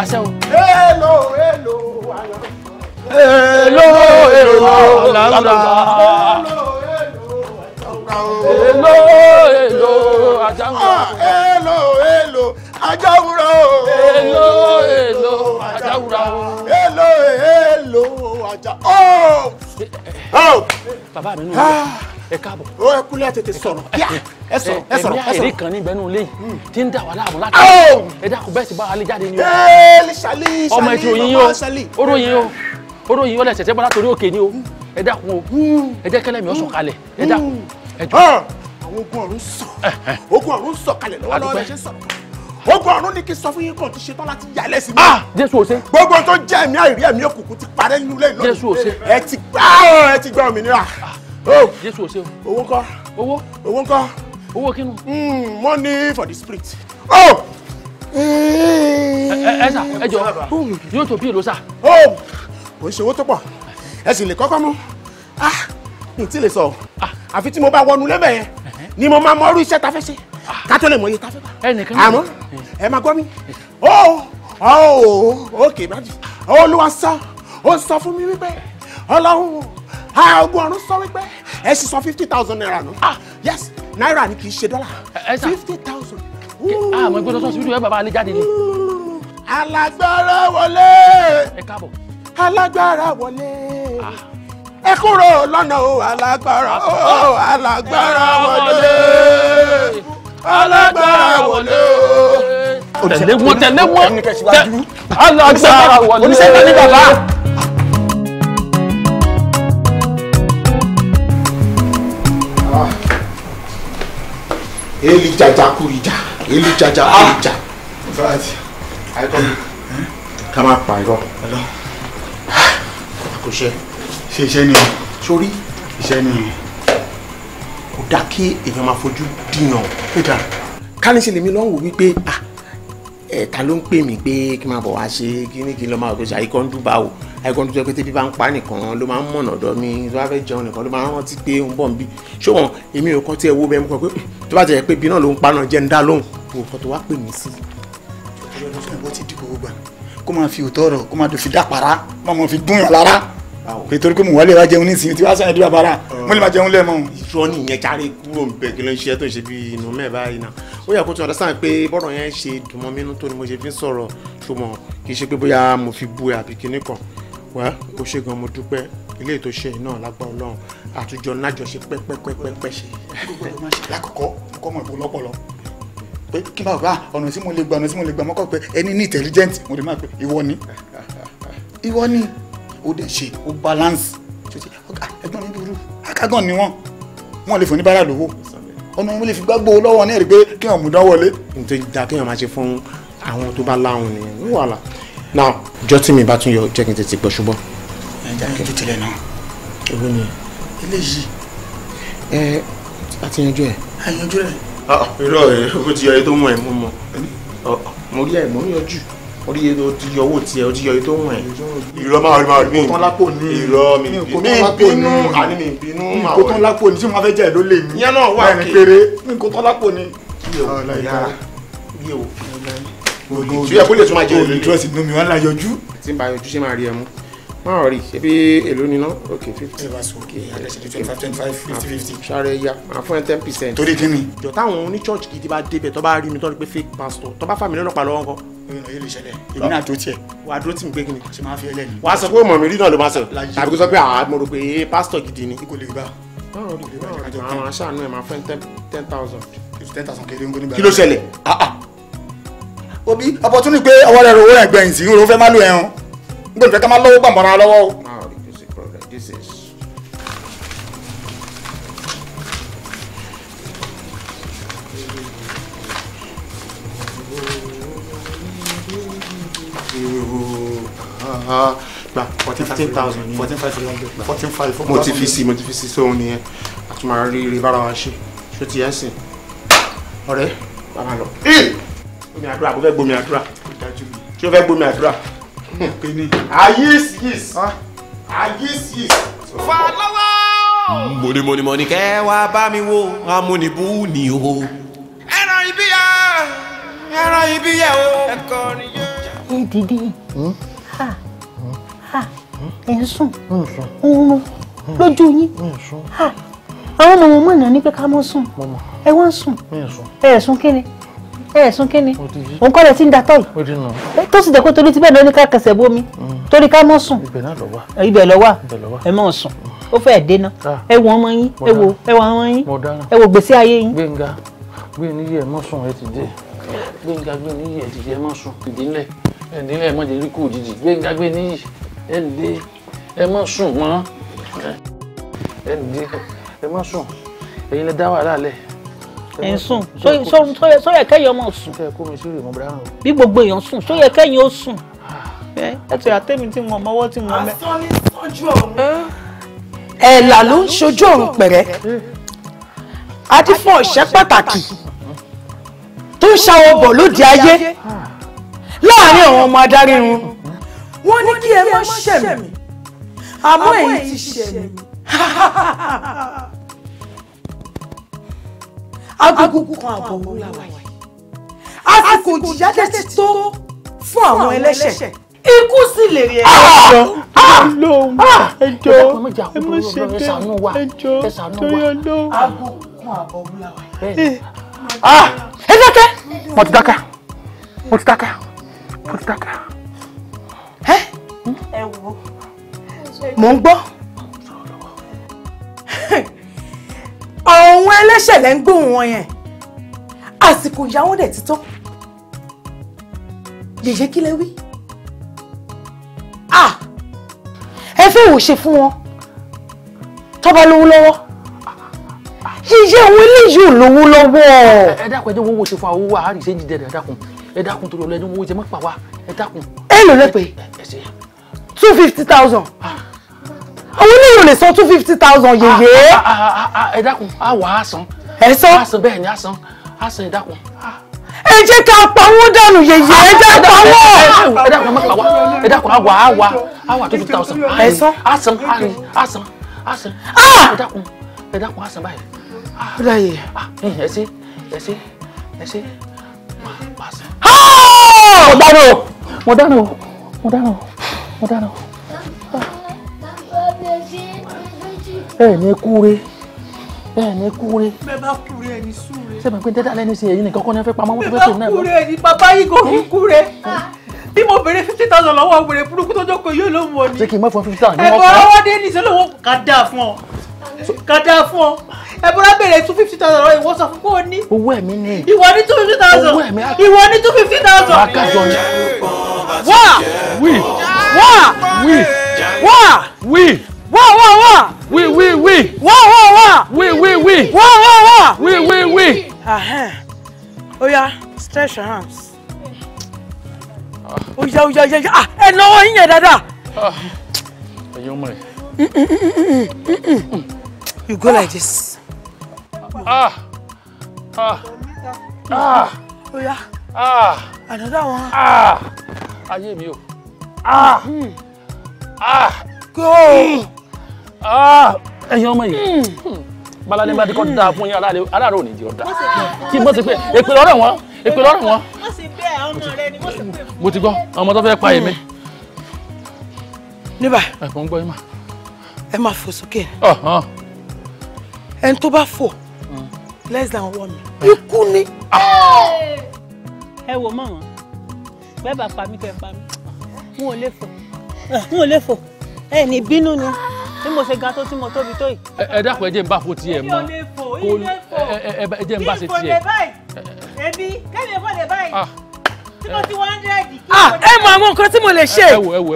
àṣẹ o. èèlò èèlò àyàn èlò èlò làwùrà èlò èlò àjàwùrà èlò èlò àjàwùrà èlò èlò àjàwùrà èlò èlò àjà ó. bàbá mi nù ah. ẹ káàbọ̀. ó ẹ kúlẹ̀ tètè sọ̀rọ̀ kíá ẹ sọ̀rọ̀ ẹ sọ̀rọ̀ ẹ sọ̀rọ̀. ẹ̀rí kan ní ìbẹ́nu ilé yìí hmm. tí ń dà wà láàmú láti. ẹ dákun bẹ́ẹ̀ sì bá wa lé jáde ni o. ọmọ ètò yìí o ó ròyìn o oróyìn ọlẹ ṣẹ̀ṣẹ̀ bọ́ látòrí òkè ni o hmm. ẹ dákun o hmm. ẹ jẹ́ kẹ́lẹ́mì ó sọ̀kalẹ̀ ẹ hmm. dákun ẹ jọ. Ah, àwọn ogun ọ̀run sọ ogun ọ̀run sọ kalẹ̀ lọ́wọ́lọ́wọ́ lẹ́sẹ̀ sọ ogun ọ̀run ní kí sọ fún yín kan ti ṣe tán láti yà lẹ́sìn mi. Ah, jésù ò gbogbo tó jẹ́ ẹ̀mí àìrí ẹ̀mí òkùnkùn ti parẹ́ nínú ilé ìlọrin. jésù ò ẹ ti gbá ẹ ti gbá òmìnira. Ah, oh. jésù ò o. owó ńkọ́. owó. owó ńkọ́. owó kínú. money for the spirit. ẹ ẹ sà ẹ jọ yóò tó bí èlò sà kò ń ṣe owó tó pọ̀ ẹ sì lè kọ́kọ́ mú ah n tí lè sọ ah. àfi tí mo bá wọnú lébẹ̀ yẹn ni mo máa mọrú iṣẹ́ ta ṣe ah. ká tó lè mọ iye ta bá àmọ́ ẹ máa gbọ́ mi ó ó òkè bá jù olúwa sọ ó sọ fún mi wípé ọlọ́run ogun ọ̀run sọ wípé ẹ sì sọ fifty thousand naira nù ah. yes naira, ni kì í ṣe dọ́là fifty thousand. àmọ́ ẹgbẹ́ tó sọ síbi tó yẹ bàbá alẹ́ jáde ni. alágbára wọlé. ẹ káàbọ̀ alágbára wọlé ah. ẹ kúrò lọ́nà o alágbára o ah. Ah. alágbára wọlé alágbára wọlé o. tẹ̀lé wọn tẹ̀lé wọn alágbára wọlé oníṣẹ́ ìgbà ní bàbá. eli jaja kurija eli jaja kurija. ká má pa irọ́ kò ṣe ṣe ni o sórí iṣẹ́ ni o kò dá kí èèyàn máa fojú dìyàn péjà kánísì lèmi lọ́hùn wípé ah, ẹ̀ta ló ń pè mí pé kí n máa bọ̀ wá ṣe kíní kí n lọ máa gbèsè àìkọ́ ń dúbà o àìkọ́ ń dúbà pé tẹ́bí bá ń pa nìkan ló máa ń mọ̀nà ọ̀dọ̀ mi tó bá fẹ́ jẹun nìkan ló máa ń rántí pé ń bọ̀ ń bí ṣùgbọ́n èmi ò kọ́ tí ẹ wo bẹ́ẹ̀ mú kọ́ pé hmm, tó bá jẹ́ pé bí náà ló ń pa náà jẹ́ ń dá lóhùn òkò tó wá pè mí sí i. ìwọ ti dìbò gbà kó máa fi òótọ́ ọ̀rọ̀ kó máa fi dàpàrà kó máa fi dún yàn lára pé torí pé mo wálé wá jẹun nísìnyí tí wàá sàn ẹdí bàbá rà mo lè máa jẹun lẹ́ẹ̀mọ́. ìṣọ́ nìyẹn járe kúrò ń bẹ̀ kí ló ń ṣe tó ń ṣe bí inú mẹ́ẹ̀ báyìí náà ó yẹ kó tún ọ̀dọ́ sáà pé bọ́rọ̀ yẹn ṣe dùnmọ́ mínú tó ni mo ṣe fi ń sọ̀rọ̀ ṣùgbọ́n kì í ṣe pé bóyá mo fi bu àbí kinní kan wá ó ṣe gan mo dúpẹ́ ilé ètò ṣe náà lágbá ọlọ́run àtúnjọ nájọ ṣe pẹ́pẹ́pẹ́pẹ́ ṣe pé kí n bá wò pé ah, ọ̀nà tí mo lè gba ọ̀nà tí mo lè gba mọ́kọ́ pé ẹni ní intelligent mo lè máa pé ìwọ ni ìwọ ni ó dẹ̀ ṣe ó balance ẹgbọ́n mi burú akágàn ni wọ́n wọ́n lè fún ní bára lówó ọ̀nà mo lè fi gbàgbó lọ́wọ́ ní ẹ̀rí pé kí wọ́n mú dán wọlé. n tó da kéèyàn máa ṣe fún àwọn tó bá láwọn nìyẹn ní wàhálà now jọ tí mi bá tún yọ jẹ́ kí n tètè gbọ́ ṣùgbọ́n. ẹ jẹ́ kí n tó tilẹ̀ náà. èwo ni eléyìí. ẹ àtìyànjú ẹ. Ah, irọ́ ẹ̀ ó ti yọ iye tó mọ̀ ẹ̀ mú mọ́ mo rí ẹ̀ mo ń yọjú orí ètò ti yọ owó tiẹ̀ ó ti yọ èyí tó wọ̀n ẹ̀. irọ́ máa rí máa rí mi irọ́ mi bínú àní mi bínú máa wọ̀ ẹ̀. mi kò tán lápò ní tí mo fẹ́ jẹ́ ẹ̀ ló lè mí. yẹn náà wà kí péré mi kò tán lápò ní. yíyẹ o yíyẹ o tí yẹ kó lè tún máa jẹ òye. olùdúrọ̀sì nù mí wọn la yọjú. tí n bá yọjú ṣé máa rí ẹ mú máa rí ṣe bí èlò níná ok fifty. ẹ̀rọ àsòkè àdẹ̀sẹ̀dẹ̀ twenty five twenty five fifty ah, fifty. sáré ya máa fún ẹ ten percent. torí kí ni. jọ táwọn oní church gidi bá débẹ̀ tó bá rí mi tó rí pé fake pastor tó bá fà mí lọ́lọ́pàá lọ́wọ́ kọ́. ìròyìn lè ṣẹlẹ̀ èmi náà tó tiẹ̀. wà á dúró tì mí pé kí ni. ṣe máa fi ẹlẹ́ni. wàá sọ pé mọ̀ mi rí náà ló máa sọ tàbí kó sọ pé àá ah, mo rò pé pastor gidi ni. kò lè gbà. àwọn aṣáánú ẹ̀ máa fẹ́ ten thousand. ten thousand kéré ń gbóni gbà. kí ló ṣẹlẹ̀? Ah, obi opportunity pé ọwọ́ rẹ̀ rò owó rẹ̀ gbẹ̀yìn sí ń ro fẹ́ má lò ẹ̀hún nígbà tó ká má lọ́wọ́ gbàmọ́ra lọ́wọ́ o. This is fourteen thousand fourteen five fourteen five four. mo ti fi si mo ti fi si sóhun nìyẹn a tún máa rí rí bára wa ṣe ṣó ti yẹn sìn ọ̀rẹ́ bàbá lọ. omi àdúrà kò fẹ́ gbomi àdúrà ṣé o fẹ́ gbomi àdúrà ayis yis ah. ayis yis. fa lọ́wọ́. mọ̀nìmọ̀nìmọ̀ ni kẹ́ wa ba mi wo amuni bu ni o. ẹran ibi ya, ẹran ibi ya. o. ẹ̀kọ́ ni yẹ. Hmm? Hmm? Hmm? ẹ ha ha ẹ ń sùn oorun lójú yín ha àwọn ọmọ wọn mọ̀nà ní pé ká mọ́ sùn ẹ wọ́n sùn ẹ sùn kí ni ẹ̀sùn kíni òun kọ́ lẹ ti ń da tọ́ yìí tó sì jẹ́ pé torí ti bẹ́ẹ̀ lọ ní ká kẹsẹ̀ bómi mm. torí ká mọ̀ sùn ibẹ̀ lọ wà ẹ mọ̀ sùn mm. ó fẹ́ dènà ah. ẹ wọ ọmọ yín ẹ wo ẹ wọ ọmọ yín ẹ wo gbèsè ayé yín. gbẹ̀ngà gbẹ̀ni yìí ẹ mọ̀ sùn ẹ ti dé gbẹ̀ngà gbẹ̀ni yìí ti dé ẹ mọ̀ sùn ìdílé ẹ mọ̀ jẹ́ ríkù òjijì gbẹ̀ngà gbẹ̀ni yìí ẹ dé ẹ mọ̀ sùn mọ́ ẹ dé ẹ mọ̀ sùn ẹ̀yin lẹ dá wàhálà lẹ̀ ẹ̀ ń sùn sóyẹ kẹ́yìn ọmọ sùn bí gbogbo èèyàn sùn sóyẹ kẹ́yìn ó sùn ẹ ti àtẹ́mi tí wọ́n mọ́wọ́ tí wọ́n mẹ́. asán ní sójú ọ̀run. ẹ̀là ló ń ṣojú ọ̀run pẹ̀rẹ́ adífọ̀ ọ̀ṣẹ́ pàtàkì tó ń ṣàwọ̀ bọ̀ lóde ayé láàárín àwọn ọmọ adarí run. wọ́n ní kí ẹ má ṣẹ̀mí àmọ́ èyí ti ṣẹ̀mí. agogo kan àbọ̀ òun la wà yìí àsìkò ìjìyà tètè tó fún àwọn ẹlẹ́ṣẹ̀ ikú sì lè rí ẹjọ́ lóhùn ẹjọ́ ẹ má ṣe bẹ́ẹ̀ ẹjọ́ torí ọlọ́hùn. agogo kan àbọ̀ òun la wà yìí. Eh. Ah! ẹ dákẹ́ mo ti dákẹ́ mo ti dákẹ́ mo ti dákẹ́. ẹ ẹ wo mo ń gbọ́. àwọn ẹlẹ́ṣẹ̀ lẹ́ ń gbóhùn wọn yẹn àsìkò ìyà wọn dẹ̀ ti tán yèyé kí lẹ wí ah ẹ fẹ́ wò ṣe fún wọn tọ́ba lówó lọ́wọ́ yíyé àwọn eléyìí ò lówó lọ́wọ́. ẹ dákun ẹ jẹ́ owó ṣe fún àwọn owó àárí ṣe ń jí dẹ̀dẹ̀ ẹ dákun ẹ dákun torí ọlọ́ọ̀dún owó ṣe má pa wá ẹ dákun. ẹ lò lẹ́pẹ́ two fifty thousand. Ah àwọn oníyòó lè san two fifty thousand ah, yèyé. Ah, ah, ẹ dákun a wà á san. ẹ san a san bẹ́ẹ̀ ni a san a san ẹ dákun. ẹ jẹ́ ká pa wọ́n dànù yèyé ẹ jẹ́ pa wọ́n. ẹ dákun ẹ má pa ẹ dákun a wà á wà á wà two fifty thousand. ẹ san a san a ní a san a san. ẹ dákun ẹ dákun a san báyìí. ó dà yìí. ẹ ṣe ẹ ṣe ẹ ṣe máa pa san. mo dáná o mo dáná o mo dáná o mo dáná o. ẹ ní kúre ẹ ní kúre. bẹ́ẹ̀ bá kúre ẹ ní súre. ṣé bàbá dẹ́dá lẹ́nu sí ẹ̀yìn nìkan kọ́ ni wọ́n fẹ́ pamọ́ wọ́n fẹ́ tó náà. bẹ́ẹ̀ bá kúre ẹ bàbá yìí kò kí kúre bí mo béèrè fifty thousand lọ́wọ́ wèrè burúkú tó jókòó yóò lóun wọ ni. ṣé kì í mọ̀ fún fifty thousand ní wọ́n fún ọ. ẹ̀bùn ọwọ́ dé ní ìṣẹ́lẹ̀ ká dáa fún ọ ká fún ọ ẹ̀bùn abèrè two fifty thousand lọ́wọ́ ìwọ sọ fún kó ní. owó ẹ̀mí ni. ìwọ ní two fifty thousand. owó ẹ̀mí àti. ìwọ ní two fifty thousand. akájọ ni. wá wí wá wí wá wí wá wá wá. wí wí wí. wá wá wá. wí wí wí. wá wá wá. wí wí wí. oya stretch your arms. oya oh, oya oh, oya ah ẹ náwó yín yẹn dáadáa. Ah. ẹyẹ ọmọ rẹ. you go like this. ah ah ah. oya. Oh, ah another one. ah ayé mi o. ah. Mm. Ah! Go! Hmm. Ah! ẹ̀yin ọmọ yìí hmm. balade bá ti kọ́ da fún yín aláàrọ̀ ò ní di ọ̀dà kí bó ti pé èpè lọ́rọ̀ wọn èpè lọ́rọ̀ wọn. mo ti gbọ́ ọmọ tó fẹ́ pa èmi. Hmm. níbà ẹ̀kọ́ ń gbọ́ yín mà. ẹ máa fò sókè. ẹni tó bá fò hmm. less than one ikú ni. Ah! ẹ wo mọ̀ wọ́n bẹ́ẹ̀ bá pa mí kẹ́ pa mí n ò lè fò n ò lè fò ẹ ní bínú ni bí mo ṣe ga tó tí mo tóbi tó yìí. ẹ dákun ẹ jẹ́ n bá fo tiẹ̀ mọ́ kò ẹ jẹ́ n bá ṣe tiẹ̀. èmi kẹ́mi fò lè báyìí tí mo ti one hundred kí mo lè. ẹ mọ àwọn nǹkan tí mo lè ṣe. ẹ wò ẹ wò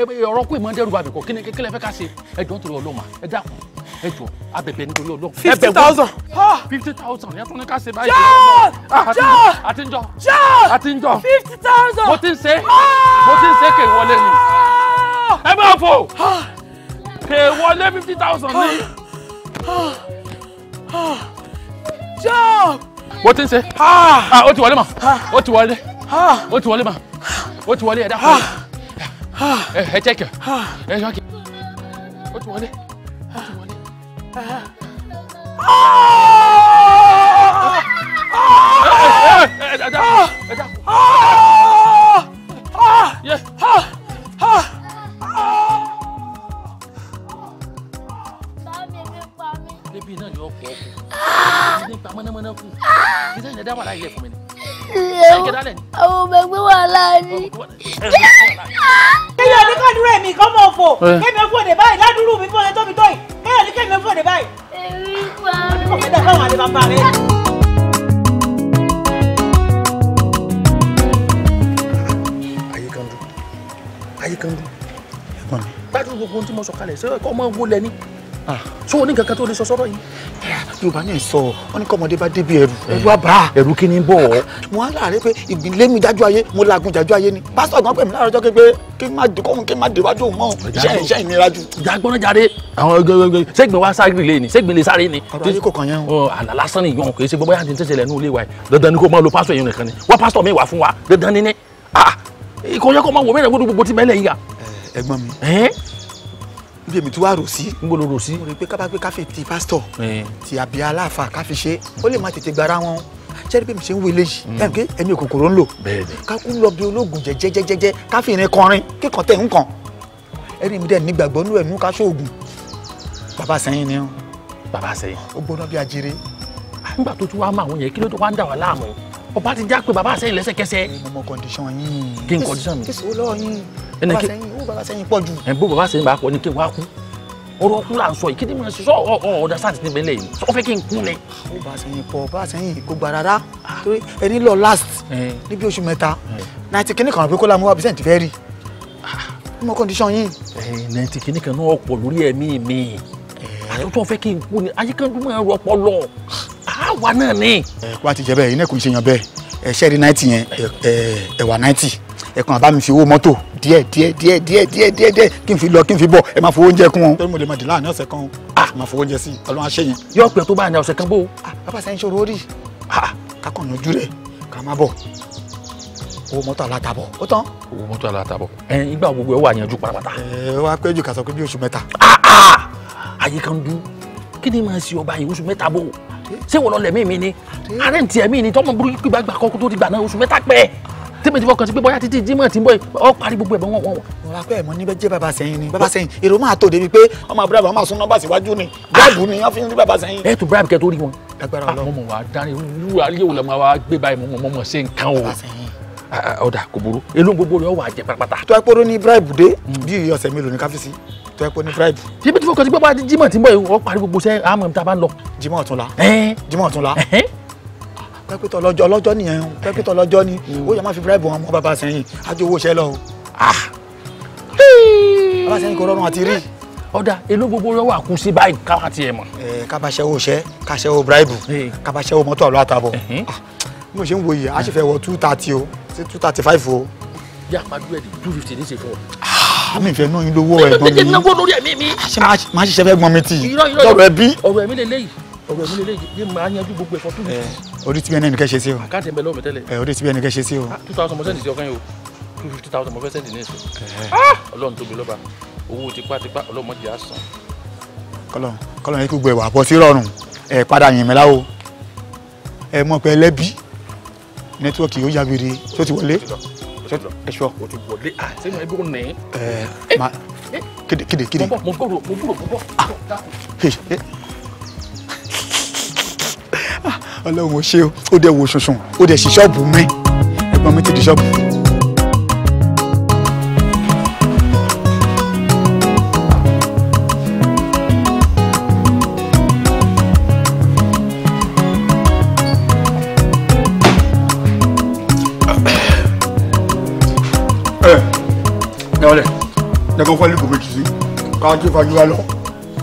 ẹ ọ̀rọ̀ kó ìmọ̀ dẹ́rù bàbí kọ kí ni kí lẹ fẹ́ ká ṣe ẹ jọ nítorí Ọlọ́run ẹ dákun ẹ jọ abẹ̀bẹ̀ nítorí Ọlọ́run. fifty thousand. fifty thousand ẹ tún ní ká ṣe báyìí. jọ jọ àti ń jọ àti ń jọ fifty thousand. mo ti ń ṣe mo ti ń ṣe kè wọlé ni ẹ máa fò pè wọlé fifty thousand ní. bó ti ń ṣe ó ti wọlé mà ó ti wọlé ó ti wọlé mà ó ti wọlé ẹ dákun ẹ jẹ́ kí ẹ jọ́ kí ó ti wọlé ó ti wọlé. ẹ dákun ẹ dákun. débi náà ni ọkọ̀ ọkọ̀ ní ah! ipa mọ́nàmọ́ná kù kí ah! sẹ́yìn dá wàhálà ilẹ̀ fún mi ni. àwọn ọmọ ẹgbẹ́ wàhálà ni. kéèyàn ní kádúrà èmi kan mọ̀ fò eh. kéèmí fò dé báyìí ládùúrù mi fò lè tóbi tóyì kéèyàn ní kéèmí fò dé báyìí. èmi pa mi. ọmọ mi dá fáwọn àlè bàbá rẹ. ayé kan dún ayé kan dún. gbádùn gbogbo ohun tí mo sọ kalẹ̀ sẹ́wọ̀n ọmọ wo lẹ ní. Ah. so oní kankan tó lè sọ sọ́rọ̀ yìí. yorùbá náà sọ wọn ní kọ́mọdé bá débi ẹrù ẹrù àbá ẹrù kí ni bọ̀ ọ́. mo á láàárẹ̀ pé ìgbìlẹ̀ mi dájú ayé mo laagun jájú ayé ni pásítọ̀ gan pè mí láàárọ̀ jọ́ pé kí n má dé kọ́hún kí n má dé wájú òun mọ́ iṣẹ́ iṣẹ́ ìnira jù. ìjà gbọ́dọ̀ jáde. àwọn gbẹgbẹgbẹ ṣégbìn wa sáré lé ni ṣégbìn lè sáré ni. ọ̀rọ̀ ayé kò kàn yẹn o. àlà lásán ni ìyọ̀n kò ṣe gbọ́dọ̀ yàtí tẹ̀sẹ̀ lẹ́nu ilé wa yìí dandan ni kò máa lo pásítọ̀ yẹn nìkan ni wọ́n pásítọ̀ mi wà fún wa dandan ni ní. Ah, ah, ìkọ̀yẹ́kọ̀ máa wò mí rẹ̀ gbọ́dọ̀ gbogbo ti mẹ́lẹ̀ yìí bí èmi tí wàá rò sí. n gbọ́dọ̀ rò o mo rí i pé kábàá pé káfí ti pásítọ̀ ti àbí aláàfà káfí ṣe ó lè má tètè gbára wọn ṣé bí mi ṣe ń wele yìí mm. ẹ̀ pé ẹ̀mí kòkòrò ń lò kákú lọ bí ológun jẹ́jẹ́jẹ́jẹ́ káfí irin kọrin kíkan tẹ̀ ń kàn ẹ̀rí mi dẹ̀ nígbàgbọ́ nú ẹ̀mú ká ṣoògùn bàbá sẹ́yìn ni bàbá sẹ́yìn ó gbóná bí ajere. nígbà tó tún wá máa wọ̀nyẹn kí ló tó wá ń dà wá láàmú ọba ti já pé bàbá sẹ́yìn lẹ́sẹ̀kẹsẹ̀. ọmọ kọndíṣàn yín. kí n kọndíṣàn mi. kí lọ́wọ́ yín bàbá sẹ́yìn o jù. ẹ̀ bó bàbá sẹ́yìn bá pọ̀ ni kí n wá kú ọ̀rọ̀ ọkùnrin à ń sọ yìí kí ni mo ṣe sọ ọ o ọdà sáà ti ti bẹlẹ yìí sọ fẹ́ kí n kú ni. ó bá a sẹ́yìn pọ̀ bá a gba rárá ah. torí ẹni lọ last níbi oṣù mẹ́ta náìtì kìíní kan àbí kó lámú wá bísẹ̀ ti fẹ́ rí ọmọ kọ́ndíṣàn yìí. náìtì kìíní kan náà pọ̀ lórí ẹ̀mí mi àtúntò fẹ́ kí n kú ni ayé kan dúró ẹ̀rọ ọpọlọ wà náà ni. ẹ wá ti jẹ bẹ́ẹ̀ iná kò ń ṣe yan bẹ́ẹ̀ ẹ ṣẹẹri náìtì yẹn ẹ ẹwà náìtì ẹ kàn bá mi fi owó mọ́tò díẹ̀ díẹ̀ díẹ̀ díẹ̀ díẹ̀ díẹ̀ díẹ̀ kí n fi lọ kí n fi bọ̀ ẹ máa fowó oúnjẹ kún wọn. torí mo lè máa dì láàrin ọ̀sẹ̀ kan ah máa fowó oúnjẹ sí i ọlọ́run á ṣe yẹn. yóò pẹ́ tó bá àná ọ̀sẹ̀ kan bó o. Ah! bàbá sáyẹn ṣòro rí ah! kákan yanjú rẹ̀ ká má bọ̀ owó mọ́tò alátabọ̀ ó tán. owó mọ́tò alátabọ̀ ẹ ìgbà gbogbo ẹ wà yanjú pátápátá. ẹ wá pẹ́ jù ká sọ pé bí oṣù mẹ́ta. Ah, ayé kan dún kí ni màá ṣe ọba yìí oṣù mẹ́ta bò ṣé wọ́n lọ lẹ̀mí mi ni àárẹ̀ ntì ẹ̀mí ni tọ́mọ burúkú gbàgbà kọ́kọ́ tó ti gbà náà oṣù mẹ́ta pẹ́ tẹ́mi fọkàn sí pé bóyá títí Jímọ̀ ti ń bọ̀ ọ́ parí gbogbo ẹ̀bọ̀n wọn. wọn la pẹ́ ẹ̀mọ́ níbẹ̀ jẹ́ bàbá sẹ́yìn ni bàbá sẹ́yìn èrò máa tó débi pé ọmọ abúlé àwọn máa sún nọ́mbà síwájú ni bíráàbù ni wọ́n fi ń rí bàbá sẹ́yìn. ẹ tó bíráàbù kẹ tó rí wọn. agbára Ọlọ́run àwọn ọmọ wa dáná irú ayé wo la máa wá gbé báyìí mọ̀mọ́ ṣe nǹkan o. bàbá sẹ́yìn Ah, ọ̀dà kò burú elú gbogbo rẹ̀ wà jẹ́ pátápátá. tó ẹ pọ́n ní bribe dé bí ọ̀sẹ̀ mélòó ní káfíìsì tó ẹ pọ́n ní bribe. tíbi tí fọkàn sí pápá jimọ̀ tí ń bọ̀ ọ́ parí gbogbo sẹ́ àmọ́ tá a bá ń lọ. jimọ̀ ọ̀tún la jimọ̀ ọ̀tún la pẹ́pẹ́tọ̀ lọ́jọ́ ọlọ́jọ́ nìyẹn o pẹ́pẹ́tọ̀ lọ́jọ́ ni mm. ó yẹ má fi bribe wọn mọ́ bàbá sẹ́yìn àjọ owó iṣẹ́ lọ o. Ah. bàbá sẹ́yìn kò rọrùn àti rí. ọ̀dà elú gbogbo rẹ̀ wà kú sí báyìí káwá tiẹ̀ mọ̀. ẹ kábàṣẹ́wò iṣẹ́ káṣẹ́wò bribe kábàṣẹ́wò mọ́tò àlọ́ àtàbọ̀ mo ṣe ń wo yìí a sì fẹ́ wọ two thirty o sí two thirty five o. yà máa dúró ẹ̀dì two fifty ní ṣe fún ọ. Ah, mi fẹ́ náà yín lówó ẹ̀gbọ́n mi. náwó lórí ẹ̀mí mi. Ah, ṣé máa ṣiṣẹ́ fẹ́ gbọ́n mi tì í ẹbí. ọ̀rọ̀ ẹ̀mí lélẹ́yìí ọ̀rọ̀ ẹ̀mí lélẹ́yìí yé máa yanjú gbogbo ẹ̀fọ́ tó yìí. orí tí bí ẹni nìkẹ́ ṣe sí o. àkáǹtì ẹ̀mẹ́ lọ́wọ́ tẹ́lẹ̀. Eh, orí tí bí ẹni nìkẹ́ ṣe sí o. Ah, two thousand mo fẹ́ sẹ́ndì ní èso. Eh. ọlọ́run tóbi lọ́ba owó tipátipá ọlọ́mọ jẹ́ àsán. kọ́lọ̀ kọ́lọ̀ yẹn kí gbogbo ẹ̀wà sí rọrùn ẹ̀ padà yìn mí láwo ẹ̀ mọ̀ pé ẹlẹ́bí nẹ́tíwọ́ọ̀kì ó yagiri tó ti wọlé ẹ̀ṣọ́. o ti wọlé a sẹ́nu ẹgbẹ́ òun nẹ̀. ẹ ma eh, kéde kéde kéde. mo bọ̀ mo gbòòrò mo gbòòrò mo bọ̀. Ah, ọlọ́run ò ṣe ó dẹ̀ wo ṣunṣun ó dẹ̀ si ṣọ́ọ̀bù mi ẹ̀gbọ́n mi ti di ṣọ́ọ̀bù. ẹ ọlẹ lẹkọọ fọlẹ kò méjì sí ká jẹ fàjúwa lọ.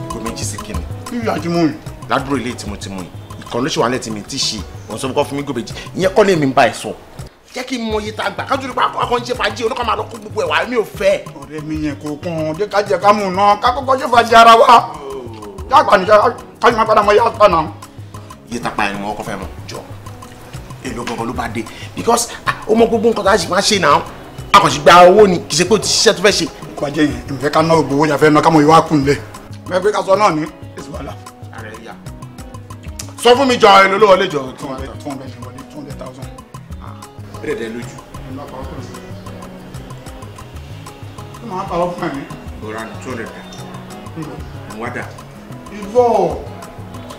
kò méjì sí kí ni. kí ni àti mú yìí. ládùúgbò ilé tìmùtìmù yìí ìkànnì ṣe wà lẹ́tì mi ti ṣe òun sọ fún kọ́ fún mi gòbèjì ìyẹn kọ́ lè mi bá ẹ sọ. jẹ́ kí n mọ iye tá a gbà kájú nípa akọ́ ń ṣe fàájì oníkọ́ máa lọ kó gbogbo ẹ̀ wá mi ò fẹ́. ọ̀rẹ́ mi yẹn kò kún un dé kájẹ ká mú un náà ká kọ́kọ́ ṣe fàájì ara wa. yàgbà nìyà kájú máa padà mọ yàgbà padà. iye tá a pa ẹni wọn kọ́ fẹ́ mọ jọ èlò gangan ló bá dé because ah, ó mọ gbogbo nǹkan tá a sì máa ṣe náà akọ̀sí gba owó ni kì í ṣe pé o ti ṣiṣẹ́ tó fẹ́ ṣe. ìpàjẹ́ yẹn ìfẹ́ ká ná ògbówó yàfẹ́ náà kámọ̀ ìwà kùn lẹ̀. bẹ́ẹ̀ pé ká sọ náà ní èsì wàhálà. sọ fún mi jọ èlò ló wọlé jọ two hundred two hundred wọlé two hundred thousand. bẹ́ẹ̀ ah, dẹ̀ lójú. ṣé màá pa ọkùnrin mi. lọ́ra two hundred wádà. ìbọ̀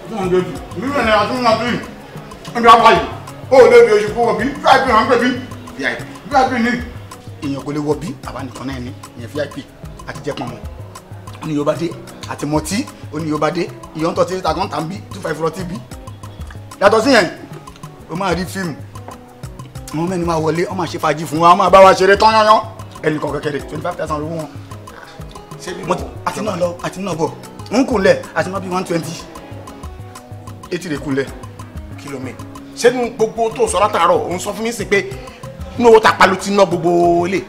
two hundred mílíọ̀nù náírà tún náà tún yìí. ẹ̀mí apá yìí ó lé mi oṣù fún wọn bí vip náà ń pè bí èèyàn kò lè wọ bí àwa nìkan náà ni ìyẹn vip àti jẹ pọnmọ ó ní yóò bá dé àti mọtí ó ní yóò bá dé ìyọ̀ ń tọ́ títa kan tà ń bí two five rọtí bí yàtọ̀ sí yẹn o máa rí fíìmù àwọn mẹ́rin máa wọlé wọ́n máa ṣe fàájì fún wa wọ́n máa bá wa ṣeré tán yányán ẹnìkan kékeré twenty five thousand owó wọn àti náà lọ àti náà bọ̀ ń kúnlẹ̀ àti má bí one twenty eighty rẹ̀ kúnlẹ̀. kìlómẹ̀ ṣé ní gbogbo tó sọ látàárọ̀ òun sọ fún mi sí pé nínú owó tá a pa ló ti ná gbogbo ilé.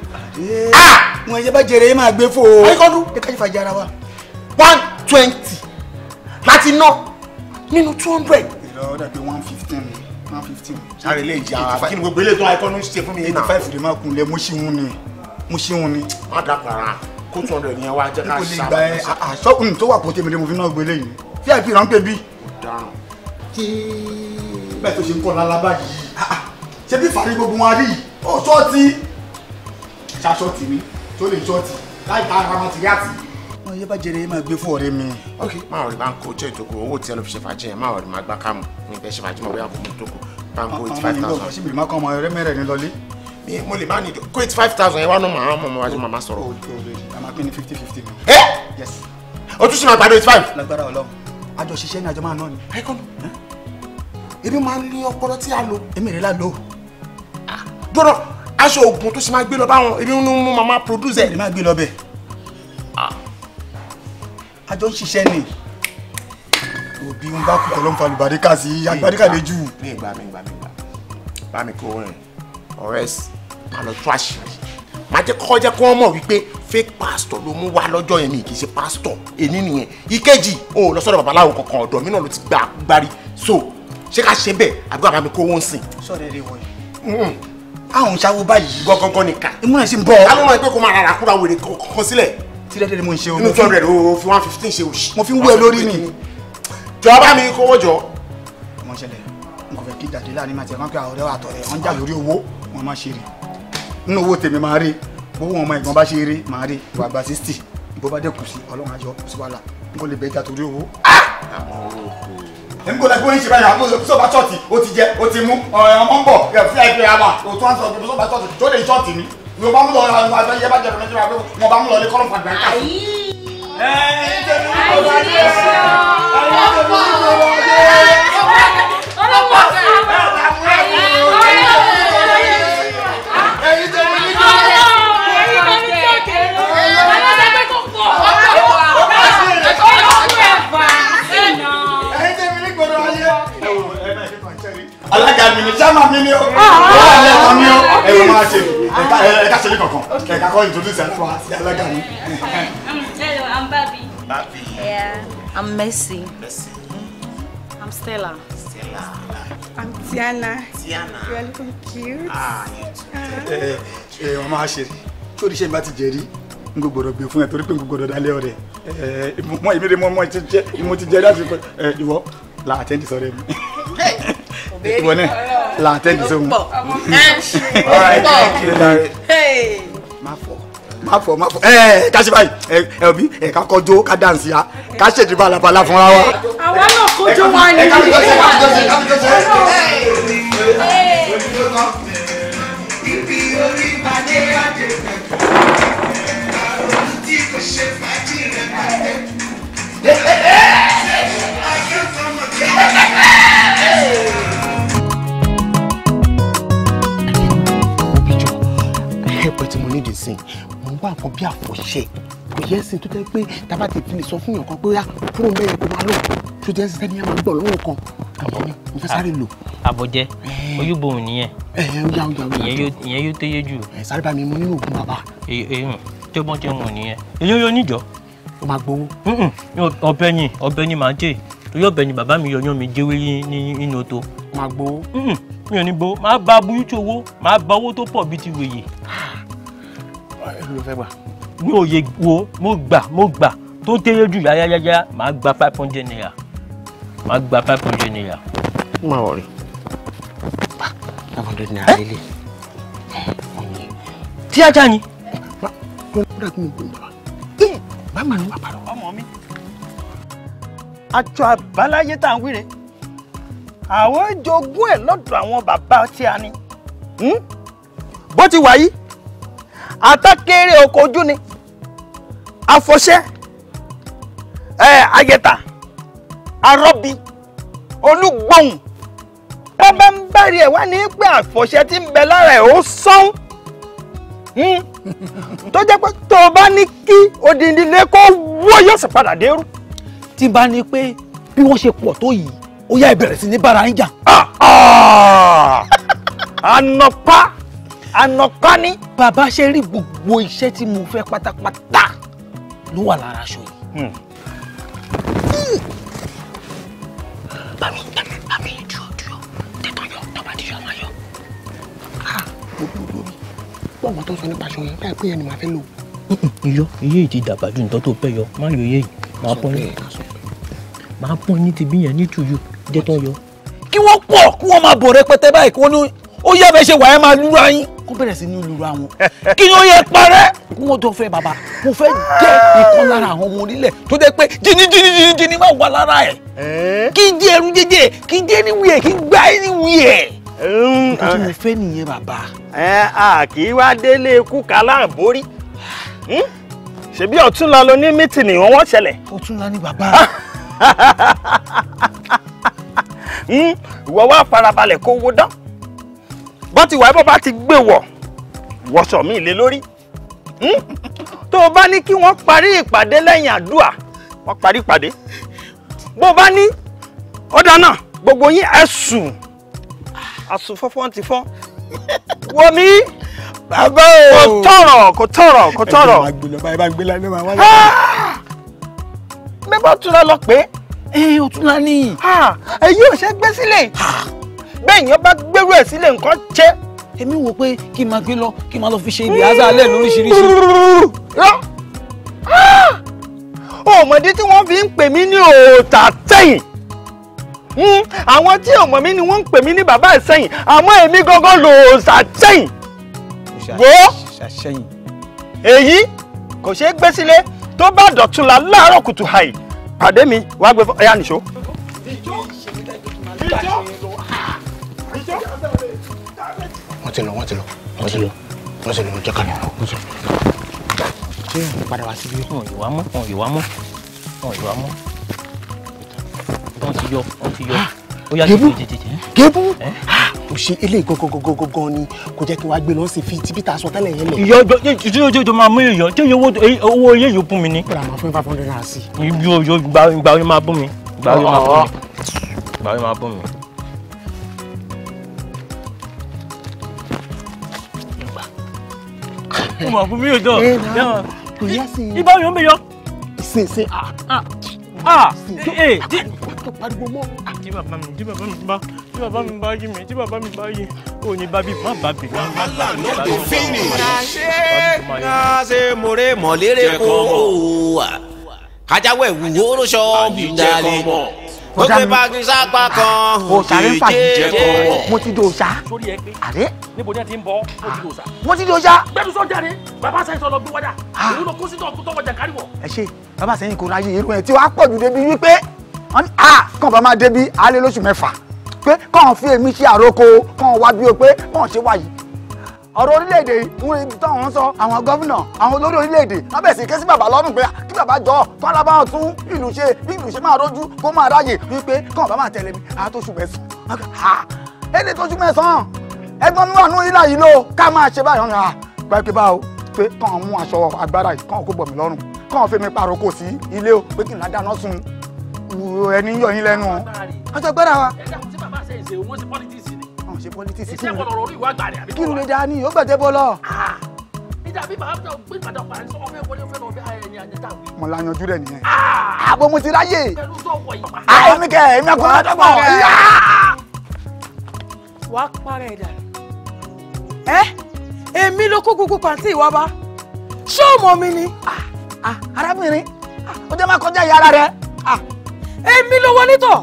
Ah! Ah! wọn ìjọba jèrè máa gbé fò. ayíkọ́dún ẹ ká ìfàjà ara wa. one twenty láti ná nínú two hundred. ìlọ dàbí one fifteen one fifteen. sáré lè jà kí ni gbogbo ilé tó ayíkọ́dún ṣe fún mi. eighty five lè má kunlẹ̀ mo ṣì ń ni mo ṣì ń ni. má dàpara kó two hundred yẹn wá jẹ́ ká ṣá. ìkòlè ìgbà ẹ àṣọkùn tó wà pọ̀tẹ́mi lé mo fi náà gbélé yìí vip ránpẹ́ bí. ọ̀daràn. bẹ́ẹ̀ tó ṣe ń kọ́ lálábàá yìí ṣé bí fàárí gbogbo wọn á rí yìí ó ṣọ́ọ̀tì ṣàṣọ́ọ̀tì mi tó lè ṣọ́ọ̀tì láì ta ara wọn ti rí àtì. wọn yé bá jẹrẹ yé máa gbé fún ọ̀rẹ́ mi. ok máa rí báńkò ojú ìjókòó owó tí ẹ lọ fi ṣe fàájì ẹ máa rí máa gbá kámù ní bẹ ṣe fàájì mọ bóyá fún mi jókòó báńkò eighty five thousand. ọkàn mi ló kọ́ ọmọ ẹrẹ́ mẹ́rẹ̀ ní lọlé. mo lè má ní kó eighty five thousand yẹn wá nù màá mọ̀ wájú màmá sọ̀rọ̀. ojúṣe máa gbàdọ̀ eighty five. lágbára Ọlọ́run àjọṣiṣẹ́ ni àjọ máa ná ni. ebi máa ń ní ọpọlọ tí a lò. èmi rẹ̀ la lò gbọ́dọ̀ aṣọ oògùn tó sì máa gbé lọ báwọn èmi ń mú màmá produce ẹ̀. èmi máa gbé lọ bẹ́ẹ̀ àjọ ah. ń ṣiṣẹ́ ni òbí ń bá kúkọ ló ń fa àlùbáríkà sí àlùbáríkà lè jù. mi ìgbà mi ìgbà mi ìgbà bá mi kó rìn ọ̀rẹ́ máa lọ tó àṣírí máa jẹ́ kọ́kọ́ jẹ́ kí wọ́n mọ̀ wípé fake pastor ló mú wá lọ́jọ́ yẹn mi kì ṣe pastor èní nìyẹn ìkejì o lọ sọ́dọ̀ babaláwo kankan ọ̀dọ̀ mi náà ló ti gbà gbárí so ṣé ká ṣe bẹ́ẹ̀ àbí bàbá kó wọ́n sìn. sọ̀rọ̀ èrè wọ̀nyí àwọn ṣàwọ báyìí. gọgọgọ nìkan. ìmúra ẹ̀ sì ń bọ̀. àwọn ọmọ ẹgbẹ́ kò máa rà kúra wèrè kọ̀ọ̀kan sílẹ̀. tílẹ̀ tẹ́lẹ̀ mo ń ṣe o. inú two hundred o fi one fifteen ṣe òṣì. mo fi ń wẹ̀ lórí ni. jọba mi kówó jọ. ọmọ ṣẹlẹ̀ n kò fẹ́ kí dàdé láàrin máa tẹ̀ wọ́n pé àwòrán àtọ̀rẹ̀ wọ́n jà lórí owó wọn máa ṣe rè nínú owó tèmi máa rí bówó wọn ọmọ ẹ̀gbọ́n bá ṣe rí máa rí wà gba sixty bó bá dẹ̀ sí ọlọ́run àjọ sí wàhálà n kò lè bẹ́ẹ̀ jà torí owó. Ah! àwọn owó èmi kò lọ fún oníṣẹ́ báyìí àwọn sọ́ba ṣọ́ọ̀tì ó ti jẹ ó ti mú ọmọ ń bọ̀ fíà ìfẹ́ àwà òtún àti ọ̀gbìn sọ́ba ṣọ́ọ̀tì tó lè ṣọ́ọ̀tì mi mo bá mú lọ àjọ yẹ bá jẹ ọ̀dọ̀ méjìlá mo bá mú lọ ilé kọ́lọ́mù àgbà ká. ẹ ẹ ń tẹ̀lé ń bọ̀ wá dé ẹ ń tẹ̀lé ń bọ̀ wá dé. chairman mi ni o ó wà lẹ́kọ̀ọ́ ni o ah, ah, ah, ẹ̀rọ máa ṣe ẹ̀ka ṣe ní kankan ẹ̀ka kọ́ introduce ẹ̀ fún alága mi. Mm, hello i'm babi. babi. yeah. i'm mercy. mercy. i'm stella. stella. i'm tiana. tiana. you are looking cute. ah you too. ẹ ẹ ṣe tí ti jẹ rí n kò gbọ́dọ̀ gbé fún ẹ torí pé n kò gbọ́dọ̀ dalẹ ọ̀rẹ́ ẹ mọ èmi rẹ mọ mọ ti jẹ mo ti jẹ láti ẹ ìwọ la àtẹ̀ǹdì sọ̀rọ̀ mi. ìwọ náà lantern is omi. all right thank you larry. má fọ má fọ má fọ ẹ ká ṣe báyìí ẹ ẹ òbí ẹ ká kọjó ká dànsì ya ká ṣètì balabala fúnra wa. àwa náà kọjó wa ni. ẹ ká kọjó ká kọjó ká kọjó. ibi orí ìpàdé help tí mo nídìí sí mo ń wá nǹkan bí àfọ̀ṣẹ kò yẹ sí tó jẹ́ pé tábà ti fi lè sọ fún yàn kan pé ah, kúrò mẹ́rin kò máa lò tó jẹ́ sísẹ́ ní àwọn gbọ̀ lọ́wọ́ kan àwọn ni mo fẹ́ sáré lò. àbọ̀jẹ́ oyúbọ òun nìyẹn ìyẹn yóò téye jù. sáré bá mi mú nínú oògùn bàbá. tí ó bọ́ tí wọn nìyẹn èyí yóò níjọ́. ó máa gbowó. ọbẹ̀ yìí ọbẹ̀ yìí máa jẹ́ torí ọbẹ̀ yìí bàbá mi yọ yán mi jẹ́wé nínú oto. ó máa gbowó mi ò ní bo máa ba burúkú owó máa ba owó tó pọ̀ bíi ti wèyè. Ah, mi ò yẹ wo mo gbà mo gbà tó tẹ́yẹ jù yáyáyáyá máa gba five hundred naira máa gba five hundred naira. má wọrí ah, five hundred naira lélẹ̀. tí ajá ni. ọmọ mi aṣọ àbáláyé tá à ń wíre àwọn jogún ẹ̀ lọ́dọ̀ àwọn bàbá tí a ní. Hmm? bó ti wà yìí atákéré ọkọ̀ ojú ni afọṣẹ́ ẹ̀ ayẹta arọ́bí olúgbòhùn bàbá ń bẹ̀rẹ̀ ẹ̀ wá ní pé àfọ̀ṣẹ́ tí ń bẹ lára ẹ̀ ó sán hmm? tó jẹ́ pé tó o bá ní kí odindi ilé kó wọ́ yóò sì padà dérú. tí bá ní pé bí wọ́n ṣe pọ̀ tó yìí ó yá ìbẹ̀rẹ̀ sí ní bára ń jà. Ah, ah. ànàpá ànàpá ni. bàbá ṣe rí gbogbo iṣẹ́ tí mo fẹ́ pátápátá ló wà lára aṣọ yìí. bàmí hmm. bàmí dúró dúró tètò yọ tọba tí yọ máa yọ. Ah, gbogbo ọmọ tó sọ nípa aṣọ yẹn báyìí pé ẹni màá fẹ́ lò. iyọ iye ìdí dàgbà ju tó pẹ́ yọ má yọ iye yìí máa pọ́n yìí màá pọ́n yín ti bí yẹn ní tùyù jẹ́ tó ń yọ. kí wọ́n pọ̀ kí wọ́n máa bọ̀ rẹpẹtẹ báyìí kí wọ́n ní ó yẹ fẹ́ ṣe wà ẹ́ máa lura yín kó bẹ̀rẹ̀ sí ní lura wọn kí ni ó yẹ parẹ́ kí wọ́n jọ fẹ́ bàbá mo fẹ́ jẹ́ ìkan lára àwọn ọmọ orílẹ̀ tó jẹ́ pé jìnnì jìnnì jìnnì jìnnì máa wà lára ẹ̀ kí n jẹ́ ẹrú jẹjẹ kí n jẹ́ níwìyẹ kí n gbá níwìyẹ nǹkan tí mo fẹ́ nìyẹn bàbá. ẹ à kì í wá délé ikú kàláàbórí hm? ṣebí ọ̀túnla ló ní mítìnì wọn wọ́n ṣẹlẹ̀. ọ̀túnla ni bàbá. Ah! Hmm? ìwọ wá farabalẹ̀ kó wo dán bó ti wà bó bá ti gbé wọ̀ wọ̀ṣọ̀ mi lé lórí hmm? tó o bá ní kí wọ́n parí ìpàdé lẹ́yìn àdúà wọ́n parí ìpàdé bó o bá ní ọ̀dà náà gbogbo yín ẹ àsùn fọ́fọ́ ti fọ́ wọ́n mi kò tọrọ kò tọrọ kò tọrọ. ẹ jẹ́ máa gbé báyìí bá ń gbé lánàá máa wá bẹ́ẹ̀ túnra lọ pé ó túnra ní. èyí ò ṣe gbé sílẹ̀ bẹ́ẹ̀ yẹn bá gbérú ẹ̀ sílẹ̀ nǹkan jẹ́ èmi wò pé kí n máa gbé lọ kí n máa lọ fi ṣe ibi àzá alẹ́ lóríṣiríṣi. rọ òmòdé tí wọ́n fi ń pè mí ní òòtà tẹ̀yìn àwọn tí òmò mi ni wọ́n ń pè mí ní bàbá ìsẹ̀yìn àmọ́ èmi gangan lòòtà tẹ̀yìn. wo èyí kò ṣeé gbé sílẹ̀ tó bá dọ̀túnla láàárọ̀ kùtù hàì pàdé mi wàá gbé fún ẹ̀yà nìṣó. wọ́n ti lọ wọ́n ti lọ wọ́n ti lọ wọ́n ti lọ jẹ́ ká lọ. ṣé ìwọ̀n padà wá síbi wọn yóò wá mọ́ wọn yóò wá mọ́ wọn yóò wá mọ́ wọn ti yọ wọn ti yọ gébú gébú òṣè eléyìí gangan ni kò jẹ́ kí wàá gbé lọ́sìn fi tí peter sọ tẹ́lẹ̀ yẹn lẹ̀. ìyá ọjọ́ ìtújú ojú ojú máa mú èèyàn tí owó owó ilé yìí bùn mí ni. kódà máa fún five hundred naira sí. yóò yóò gba gba oyún máa bùn mí gba oyún máa bùn mí gba oyún máa bùn mí. mo mọ̀ fún mi ò dán. ìbá mi ò mi yọ. ìsinsìn Ah, eh, pariwo mọ́. tí ah, bàbá mi tí bàbá mi bá tí bàbá mi bá yí mi tí bàbá mi bá yí ò ní bá bí má bá bí. wàhálà ló kò fi ni. ṣé ká ṣe mòrè mọ̀lẹ́rẹ́ kó o wà kájáwé wúwo ló ṣọ́ bí dalẹ̀ òkè pàgì sápá kan òjì jẹ́kọ̀ọ́. mo ti dòòṣà. sórí ẹ pé àdé. níbo ni ẹ ti ń bọ mo ti dòòṣà. mo ti dòòṣà. gbẹdú sọjà ni bàbá sẹyìn sọ lọ gbé wájà ah. èyí ló kó sí tọ tọwọ jàǹkárí wọ. ẹ ṣe bàbá sẹyìn kò ráyè irú ẹ tí wàá pọ̀ jù débi wípé ah, kàn bá máa débi alẹ́ lóṣù mẹ́fà pé kàn fi èmi ṣe àròkọ kàn wá bí o pé kàn ṣe wáyìí ọ̀rọ̀ orílẹ̀-èdè yìí ń tọ́wọ́n sọ àwọn gọ́vùnà àwọn olórí orílẹ̀-èdè lábẹ́ sí kẹ́sí bàbá lọ́rùn pé kí bàbá jọ kọ́lá bá tún ìlú ṣe bí ìlú ṣe máa rójú kó máa ráyè wípé kọ́ọ̀ bá máa tẹ̀lé mi àá tó ṣùgbẹ́ sùn. ẹni tó ṣùgbẹ́ sàn ẹgbọ́n mi wà nú ilà yìí ló ká máa ṣe báyọ̀ nà gbàgbé bá o pé kàn mú aṣọ agbára yìí kàn kó bọ̀ mí lọ́rùn kàn fi mi paroko sí ilé o pé kí n dáná sun ẹni yọ yín lẹ́nu. aṣọ agbára wa. ẹ dàkún tí bàbá ṣe ìṣèwọ́n sí politics ò ṣe politics kí ni kí ni dání ó gbẹ̀dẹ̀ bọ́ lọ. Ah, mo la yanjú rẹ nìyẹn. Ah! àbọ̀ mo ti ráyè. Ah, èmi kẹ èmi kò rẹ dọ́gbọ̀. wà á parẹ́ ẹ̀dà. ẹ èmi ló kó kúkú pàǹtí ìwà bá ṣé o mọ̀ mi ni. arábìnrin ó jẹ́ máa kọjá ìyá ara rẹ. èmi ló wọlé tọ̀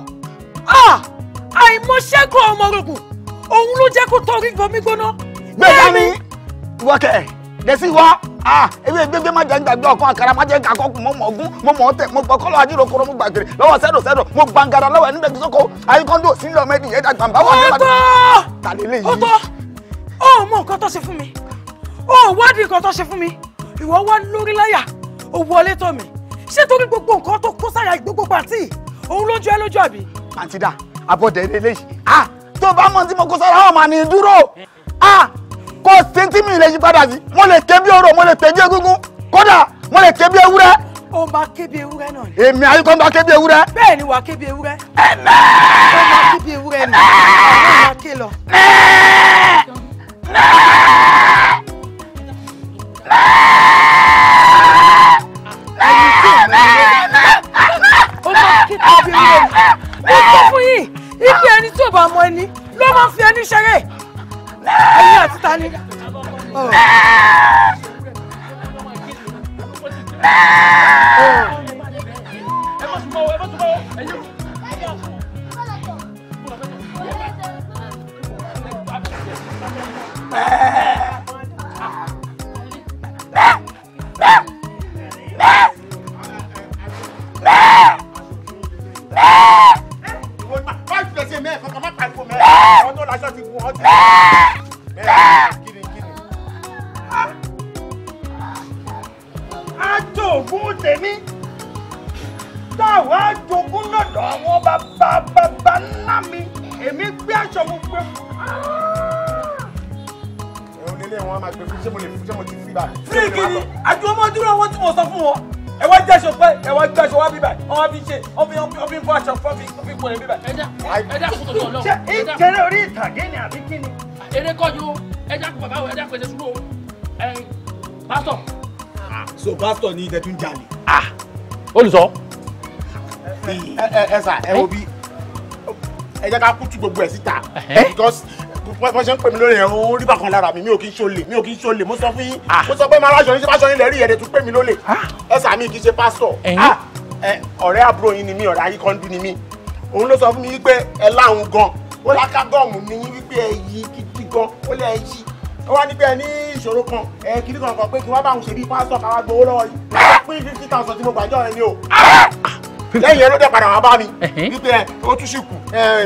àìmọ̀ṣẹ́kọ̀ọ́ ọmọ rògbò òun ló jẹ́ kó torí gbọmí gbóná. bẹ́ẹ̀ ni wọ́kẹ́ dẹ́sí wá ewé gbégbé má jẹ́ gbàgbé ọ̀kan àkàrà má jẹ́ gàkọ́ mọ́ mọ́ ọ̀gún mọ́ mọ́ ọ̀tẹ̀ mo gbọ́ kọ́lọ́ ajírò kọ́rọ́ mo gbàgèrè lọ́wọ́ sẹ́dọ̀ sẹ́dọ̀ mo gbàǹgàrà lọ́wọ́ ẹni dẹ́gbẹ́ sọ́kọ́ ayíkọ́ńdò sílẹ̀ ọmọ ẹni ìyẹ́dà gbàǹbá wà ní ìbàdàn. ọ̀tọ̀ ọ̀tọ̀ ó mọ nǹkan tó ṣe fún mi ó wádìí nǹkan tó ṣe fún mi ìwọ wá lórí láyà ó wọlé tọ̀ mí ṣé torí gbogbo nǹkan tó kó sáyà gbogbo pàtì òun lójú ẹ lójú àbí. àǹtí tó bá mọ̀ tí mo kó sára ọmọ ni dúró a kò sí tí mi lè yí padà sí mo lè ké bí oró mo lè ké bí egúngún kódà mo lè ké bí ewúrẹ́. o máa ké bí ewúrẹ́ náà ni. èmi àyíkọ́ máa ké bí ewúrẹ́. bẹ́ẹ̀ ni wàá ké bí ewúrẹ́. ẹ̀mẹ́. o máa ké bí ewúrẹ́ ni. o máa ké lọ. mẹ́ẹ̀ẹ́ mẹ́ẹ̀ẹ́ mẹ́ẹ̀ẹ́ mẹ́ẹ̀ẹ́ o ké bí ewúrẹ́ ni. o sọ fún yìí ibi ẹni tí ò bá mọ ẹni ló máa ń fi ẹni ṣeré ẹyin àti tani. Ah! tẹ́ tún jalè. ah olùsọ. ẹ ẹ ẹ sà ẹ wo bí ẹ jẹ́ ká kútu gbogbo ẹ̀ síta because bọ́n ṣe ń pè mí lórí ẹ̀rọ orí bàkan lára mi mi ò kí ń ṣolè mi ò kí ń ṣolè mo sọ fún yín ah. mo sọ pé màá ráṣọ yín ṣe báṣọ yín lẹ́rí ẹ̀rẹ́ tún pè mí lólè ah. ẹ sàmì kì í ṣe pásítọ̀ ah, ọ̀rẹ́ àbúrò yín ni mí ọ̀rẹ́ ayíkọ́ndún ni mí òun ló sọ fún mi wípé ẹ láhùn gan ó láká gọ́ọ̀mù ní yín wípé ẹ yí gidi gan ó lẹ́ ẹ yí ó wá níbẹ̀ ní ìṣòro kan ẹ kiri kan kan pé kí wọ́n bá òun ṣe bí pásítọ̀ káwá gbowó lọ́wọ́ yìí pín fifty thousand tí mo gbàjọ́ rẹ ni o lẹ́yìn ẹ ló dẹ̀ padà wá bá mi wípé ẹ ó tún sì kù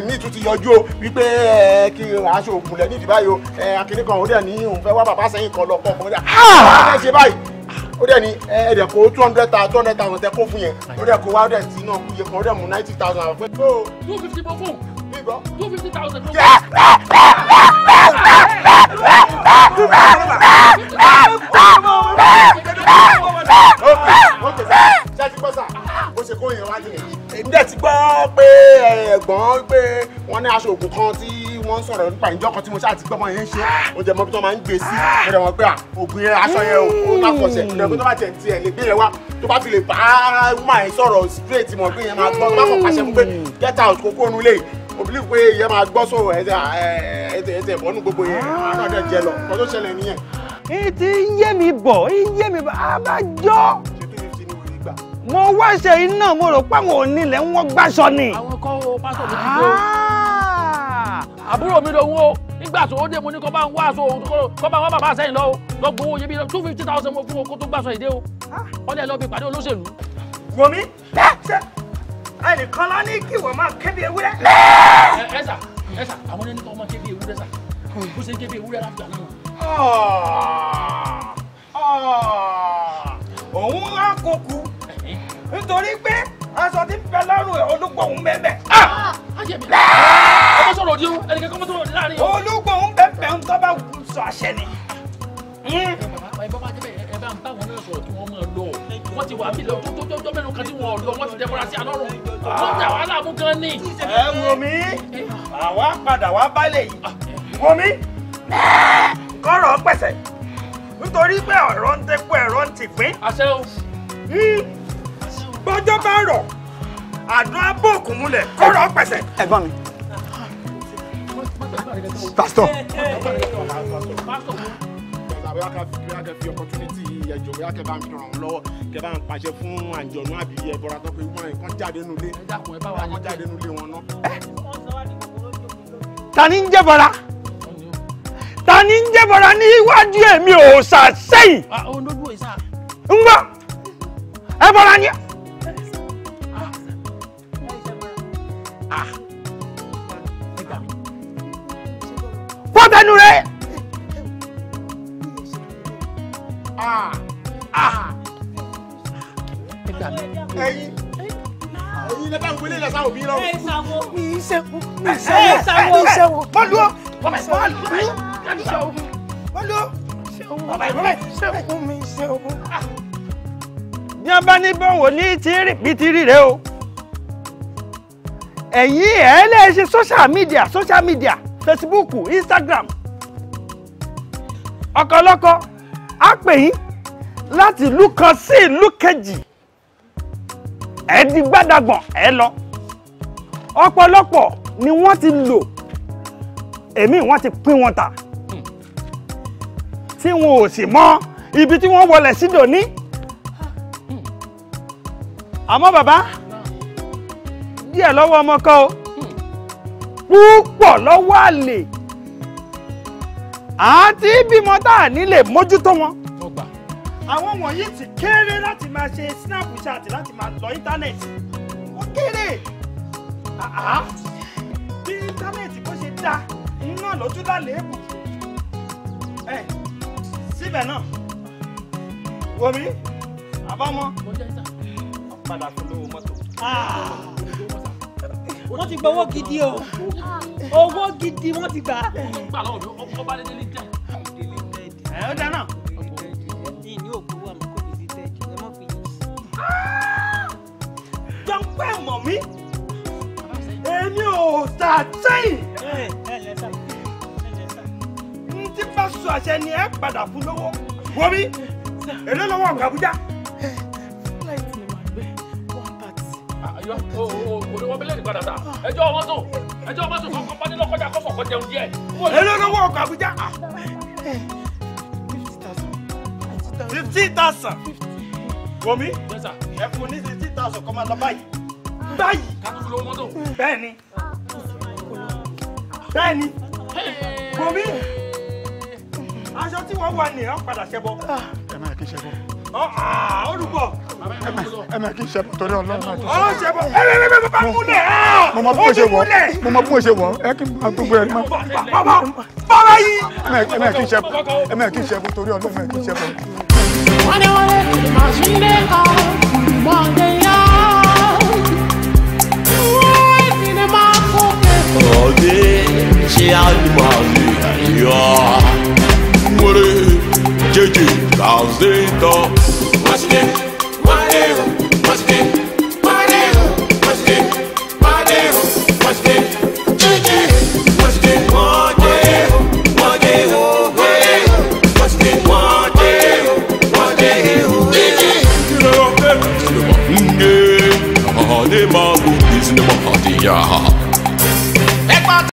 mi tún ti yọjú o wípé ẹ kí n aṣọ òògùn lẹ nídìí báyìí o akínní kan ó dẹ̀ ní òun fẹ́ wá bàbá sẹ́yìn kan lọ kọ́ ọkùnrin dà á fẹ́ ṣe báyìí ó dẹ̀ ní ẹ̀ẹ́dẹ̀ kó two hundred thousand two hundred thousand tẹ kó fún yẹn ó dẹ̀ kó wá ó dẹ̀ sí iná kúye kan ó dẹ̀ mú ninety thousand àwọn fẹ́. two fifty mo fún two fifty thousand ok ok ṣe ti gbọ́ sà bó ṣe kó yẹn wá nìyẹn. èmi dẹ̀ ti gbọ́ pé ẹ̀gbọ́n pé wọ́n ní aṣọ òògùn kan tí wọ́n ń sọ̀rọ̀ nípa ìjọ kan tí mo ṣáà ti gbọ́ mọ yẹn ṣe ó jẹ́ mọ́ bí wọ́n máa ń gbé sí mo dẹ̀ wọ́n pé òògùn yẹn aṣọ yẹn ò bá kọsẹ̀ mo dẹ̀ pé tó bá tẹ̀ tiẹ̀ lè gbé yẹn wá tó bá fi lè bá wúmà yẹn sọ̀rọ̀ straight mọ̀ pé yẹn máa gbọ́ bá kọ̀ pàṣẹ fún pé get out kókó onú lè òbílí pé yẹn máa gbọ́ sọ̀rọ̀ ẹ̀ ẹ̀ ẹ̀ ẹ̀ bọ́nú gbogbo yẹn àwọn àdàjẹ lọ kọ́ tó ṣẹlẹ̀ nìyẹn ti ń yé mi bọ̀ ń yé mi bọ̀ abájọ́ mo wáṣẹ iná mo rò páwọn onílẹ̀ ń wọ́n gbàṣọ ni. àwọn kan o pásọ mi ti ah! gbó. àbúrò mi lówó nígbà tó dé mo ní kó bá ń wá aṣọ òun kó bá wọn bàbá sẹ́yìn lọ lọ gbowó iyebíye two fifty thousand mo fún o kó tó gbàṣọ ìdé o ah! ọlẹ́ lọ́ọ́ fi pàdé olóṣèlú. wòmí ṣe ẹnìkan lọ ní kí wọ́n máa ké bí ẹ ẹ sà ẹ sà àwọn ẹni tó máa ké bí sà kó ṣe ké bí láti àná Ah! Ah! òun rákòkù nítorí pé aṣọ tí ń bẹ lọ́rùn ẹ̀ olúgbòhùn ah! bẹ́ẹ̀ ọmọ sọ̀rọ̀ di o ẹnìkan kọ́mọ́tò rọ̀ láàrin. olúgbòhùn bẹ́ẹ̀ ń tọ́ bá sọ àṣẹ ni. bàbá ẹ bá bá ń bá wọn náà tí wọ́n máa lọ wọ́n ti wà á bìlẹ̀ tó tó tó mẹ́nu kan tí wọ́n lọ wọ́n ti dẹ́mọ́ra sí àná rùn wọ́n dà wàhálà mú gan ni. ẹ wò àwa padà wá bá yìí wò mí kọ́rọ̀ pẹ̀sẹ̀ nítorí pé ọ̀rọ̀ ń tẹ́kù ẹ̀rọ ń tìpín. àṣẹ o. gbọ́jọ́ hmm. bá rọ̀ àdún abóòkù múlẹ̀ kọ́rọ̀ pẹ̀sẹ̀. ẹ̀gbọ́n mi. pásítọ̀. bóyá ká fi bóyá ká fi ta ni ń jẹ́ bọ́ra ta ni ń jẹ́bọra níwájú èmi ò sà sẹ́yìn. Ah, olódùn ìsà. ń gbọ́ ẹ bọ́ra ni. fọ́tẹ́nu rẹ̀. ẹyin ẹyin lẹ́tà ń gbélé lẹ́sà òbí lọ. ẹ ṣàwọ̀ ẹ ṣàwọ̀ ẹ ṣàwọ̀. bọ́ọ̀lù o bọ́ọ̀lù o ṣeun bọ́lú ṣeun ṣeun mi ṣeun. bí wọ́n bá ní bọ́wọ̀ ní tíírì rẹ o ẹ̀yin ẹ̀ lè social media social media Facebook Instagram ọ̀kọ̀lọ́kọ̀ á pè yín láti ìlú kan sí ìlú kejì ẹ̀ di gbádàgbọ̀n ẹ̀ lọ ọ̀pọ̀lọpọ̀ ni wọ́n ti lò èmi wọ́n ti pín wọn ta tí wọn ò sì mọ ibi tí wọ́n wọlé sí dòní. àmọ́ bàbá díẹ̀ lọ́wọ́ ọmọ kan o púpọ̀ lọ́wọ́ àlè àti bímọ tá à nílè mójútó wọn. àwọn wọ̀nyí ti kéré láti máa ṣe snapchat láti máa lọ íńtánẹ́ẹ̀tì ó kéré bí íńtánẹ́ẹ̀tì bó ṣe dá iná lójú lálẹ́ èbù síbẹ̀ náà wọmi àbámọ́ padà fún lówó mọ́tò. Ah! wọ́n ti gba owó gidi o owó gidi wọ́n ti gbà. ẹ ó dáná. ní ìní òkú wa mú kó bìbí bẹ́ẹ̀ jù ẹ má fi yín. jọ́pẹ́ mọ̀ mí èmi ò tà sẹ́yìn tí bá sọ àṣẹ ni ẹ padà fún lọ́wọ́ wọ́n èlé lọ́wọ́ Àbújá. èlé lọ́wọ́ Àbújá. fifty thousand. wọ́n ẹ fún ní fifty thousand kọ́ máa lọ báyìí. báyìí. bẹ́ẹ̀ ni bẹ́ẹ̀ ni wọ́n aṣọ tí wọ́n wà ní ọ́ padà ṣẹbọ. ẹ máa kí ṣẹbọ. olùkọ́. ẹ máa kí ṣẹbọ torí ọlọ́run àti. ọ̀rọ̀ ṣẹbọ ẹ lè lè bá múlẹ̀. mo mo mọ bí mo ṣe wọ ẹ kí n máa gbogbo ẹ máa. bàbá bàbá yìí. ẹ máa kí ṣẹbọ ẹ máa kí ṣẹbọ torí ọlọ́run àti ṣẹbọ. wọ́n ní wọlé màá ṣí ilé kan mọ̀ọ́dé yá. Ọdẹ ṣe àlùmọ̀ àlùyà yọ. wéré jeje kazeto. Masike wadero masike wadero masike wadero masike jeje masike wadero wadero jeje. Kí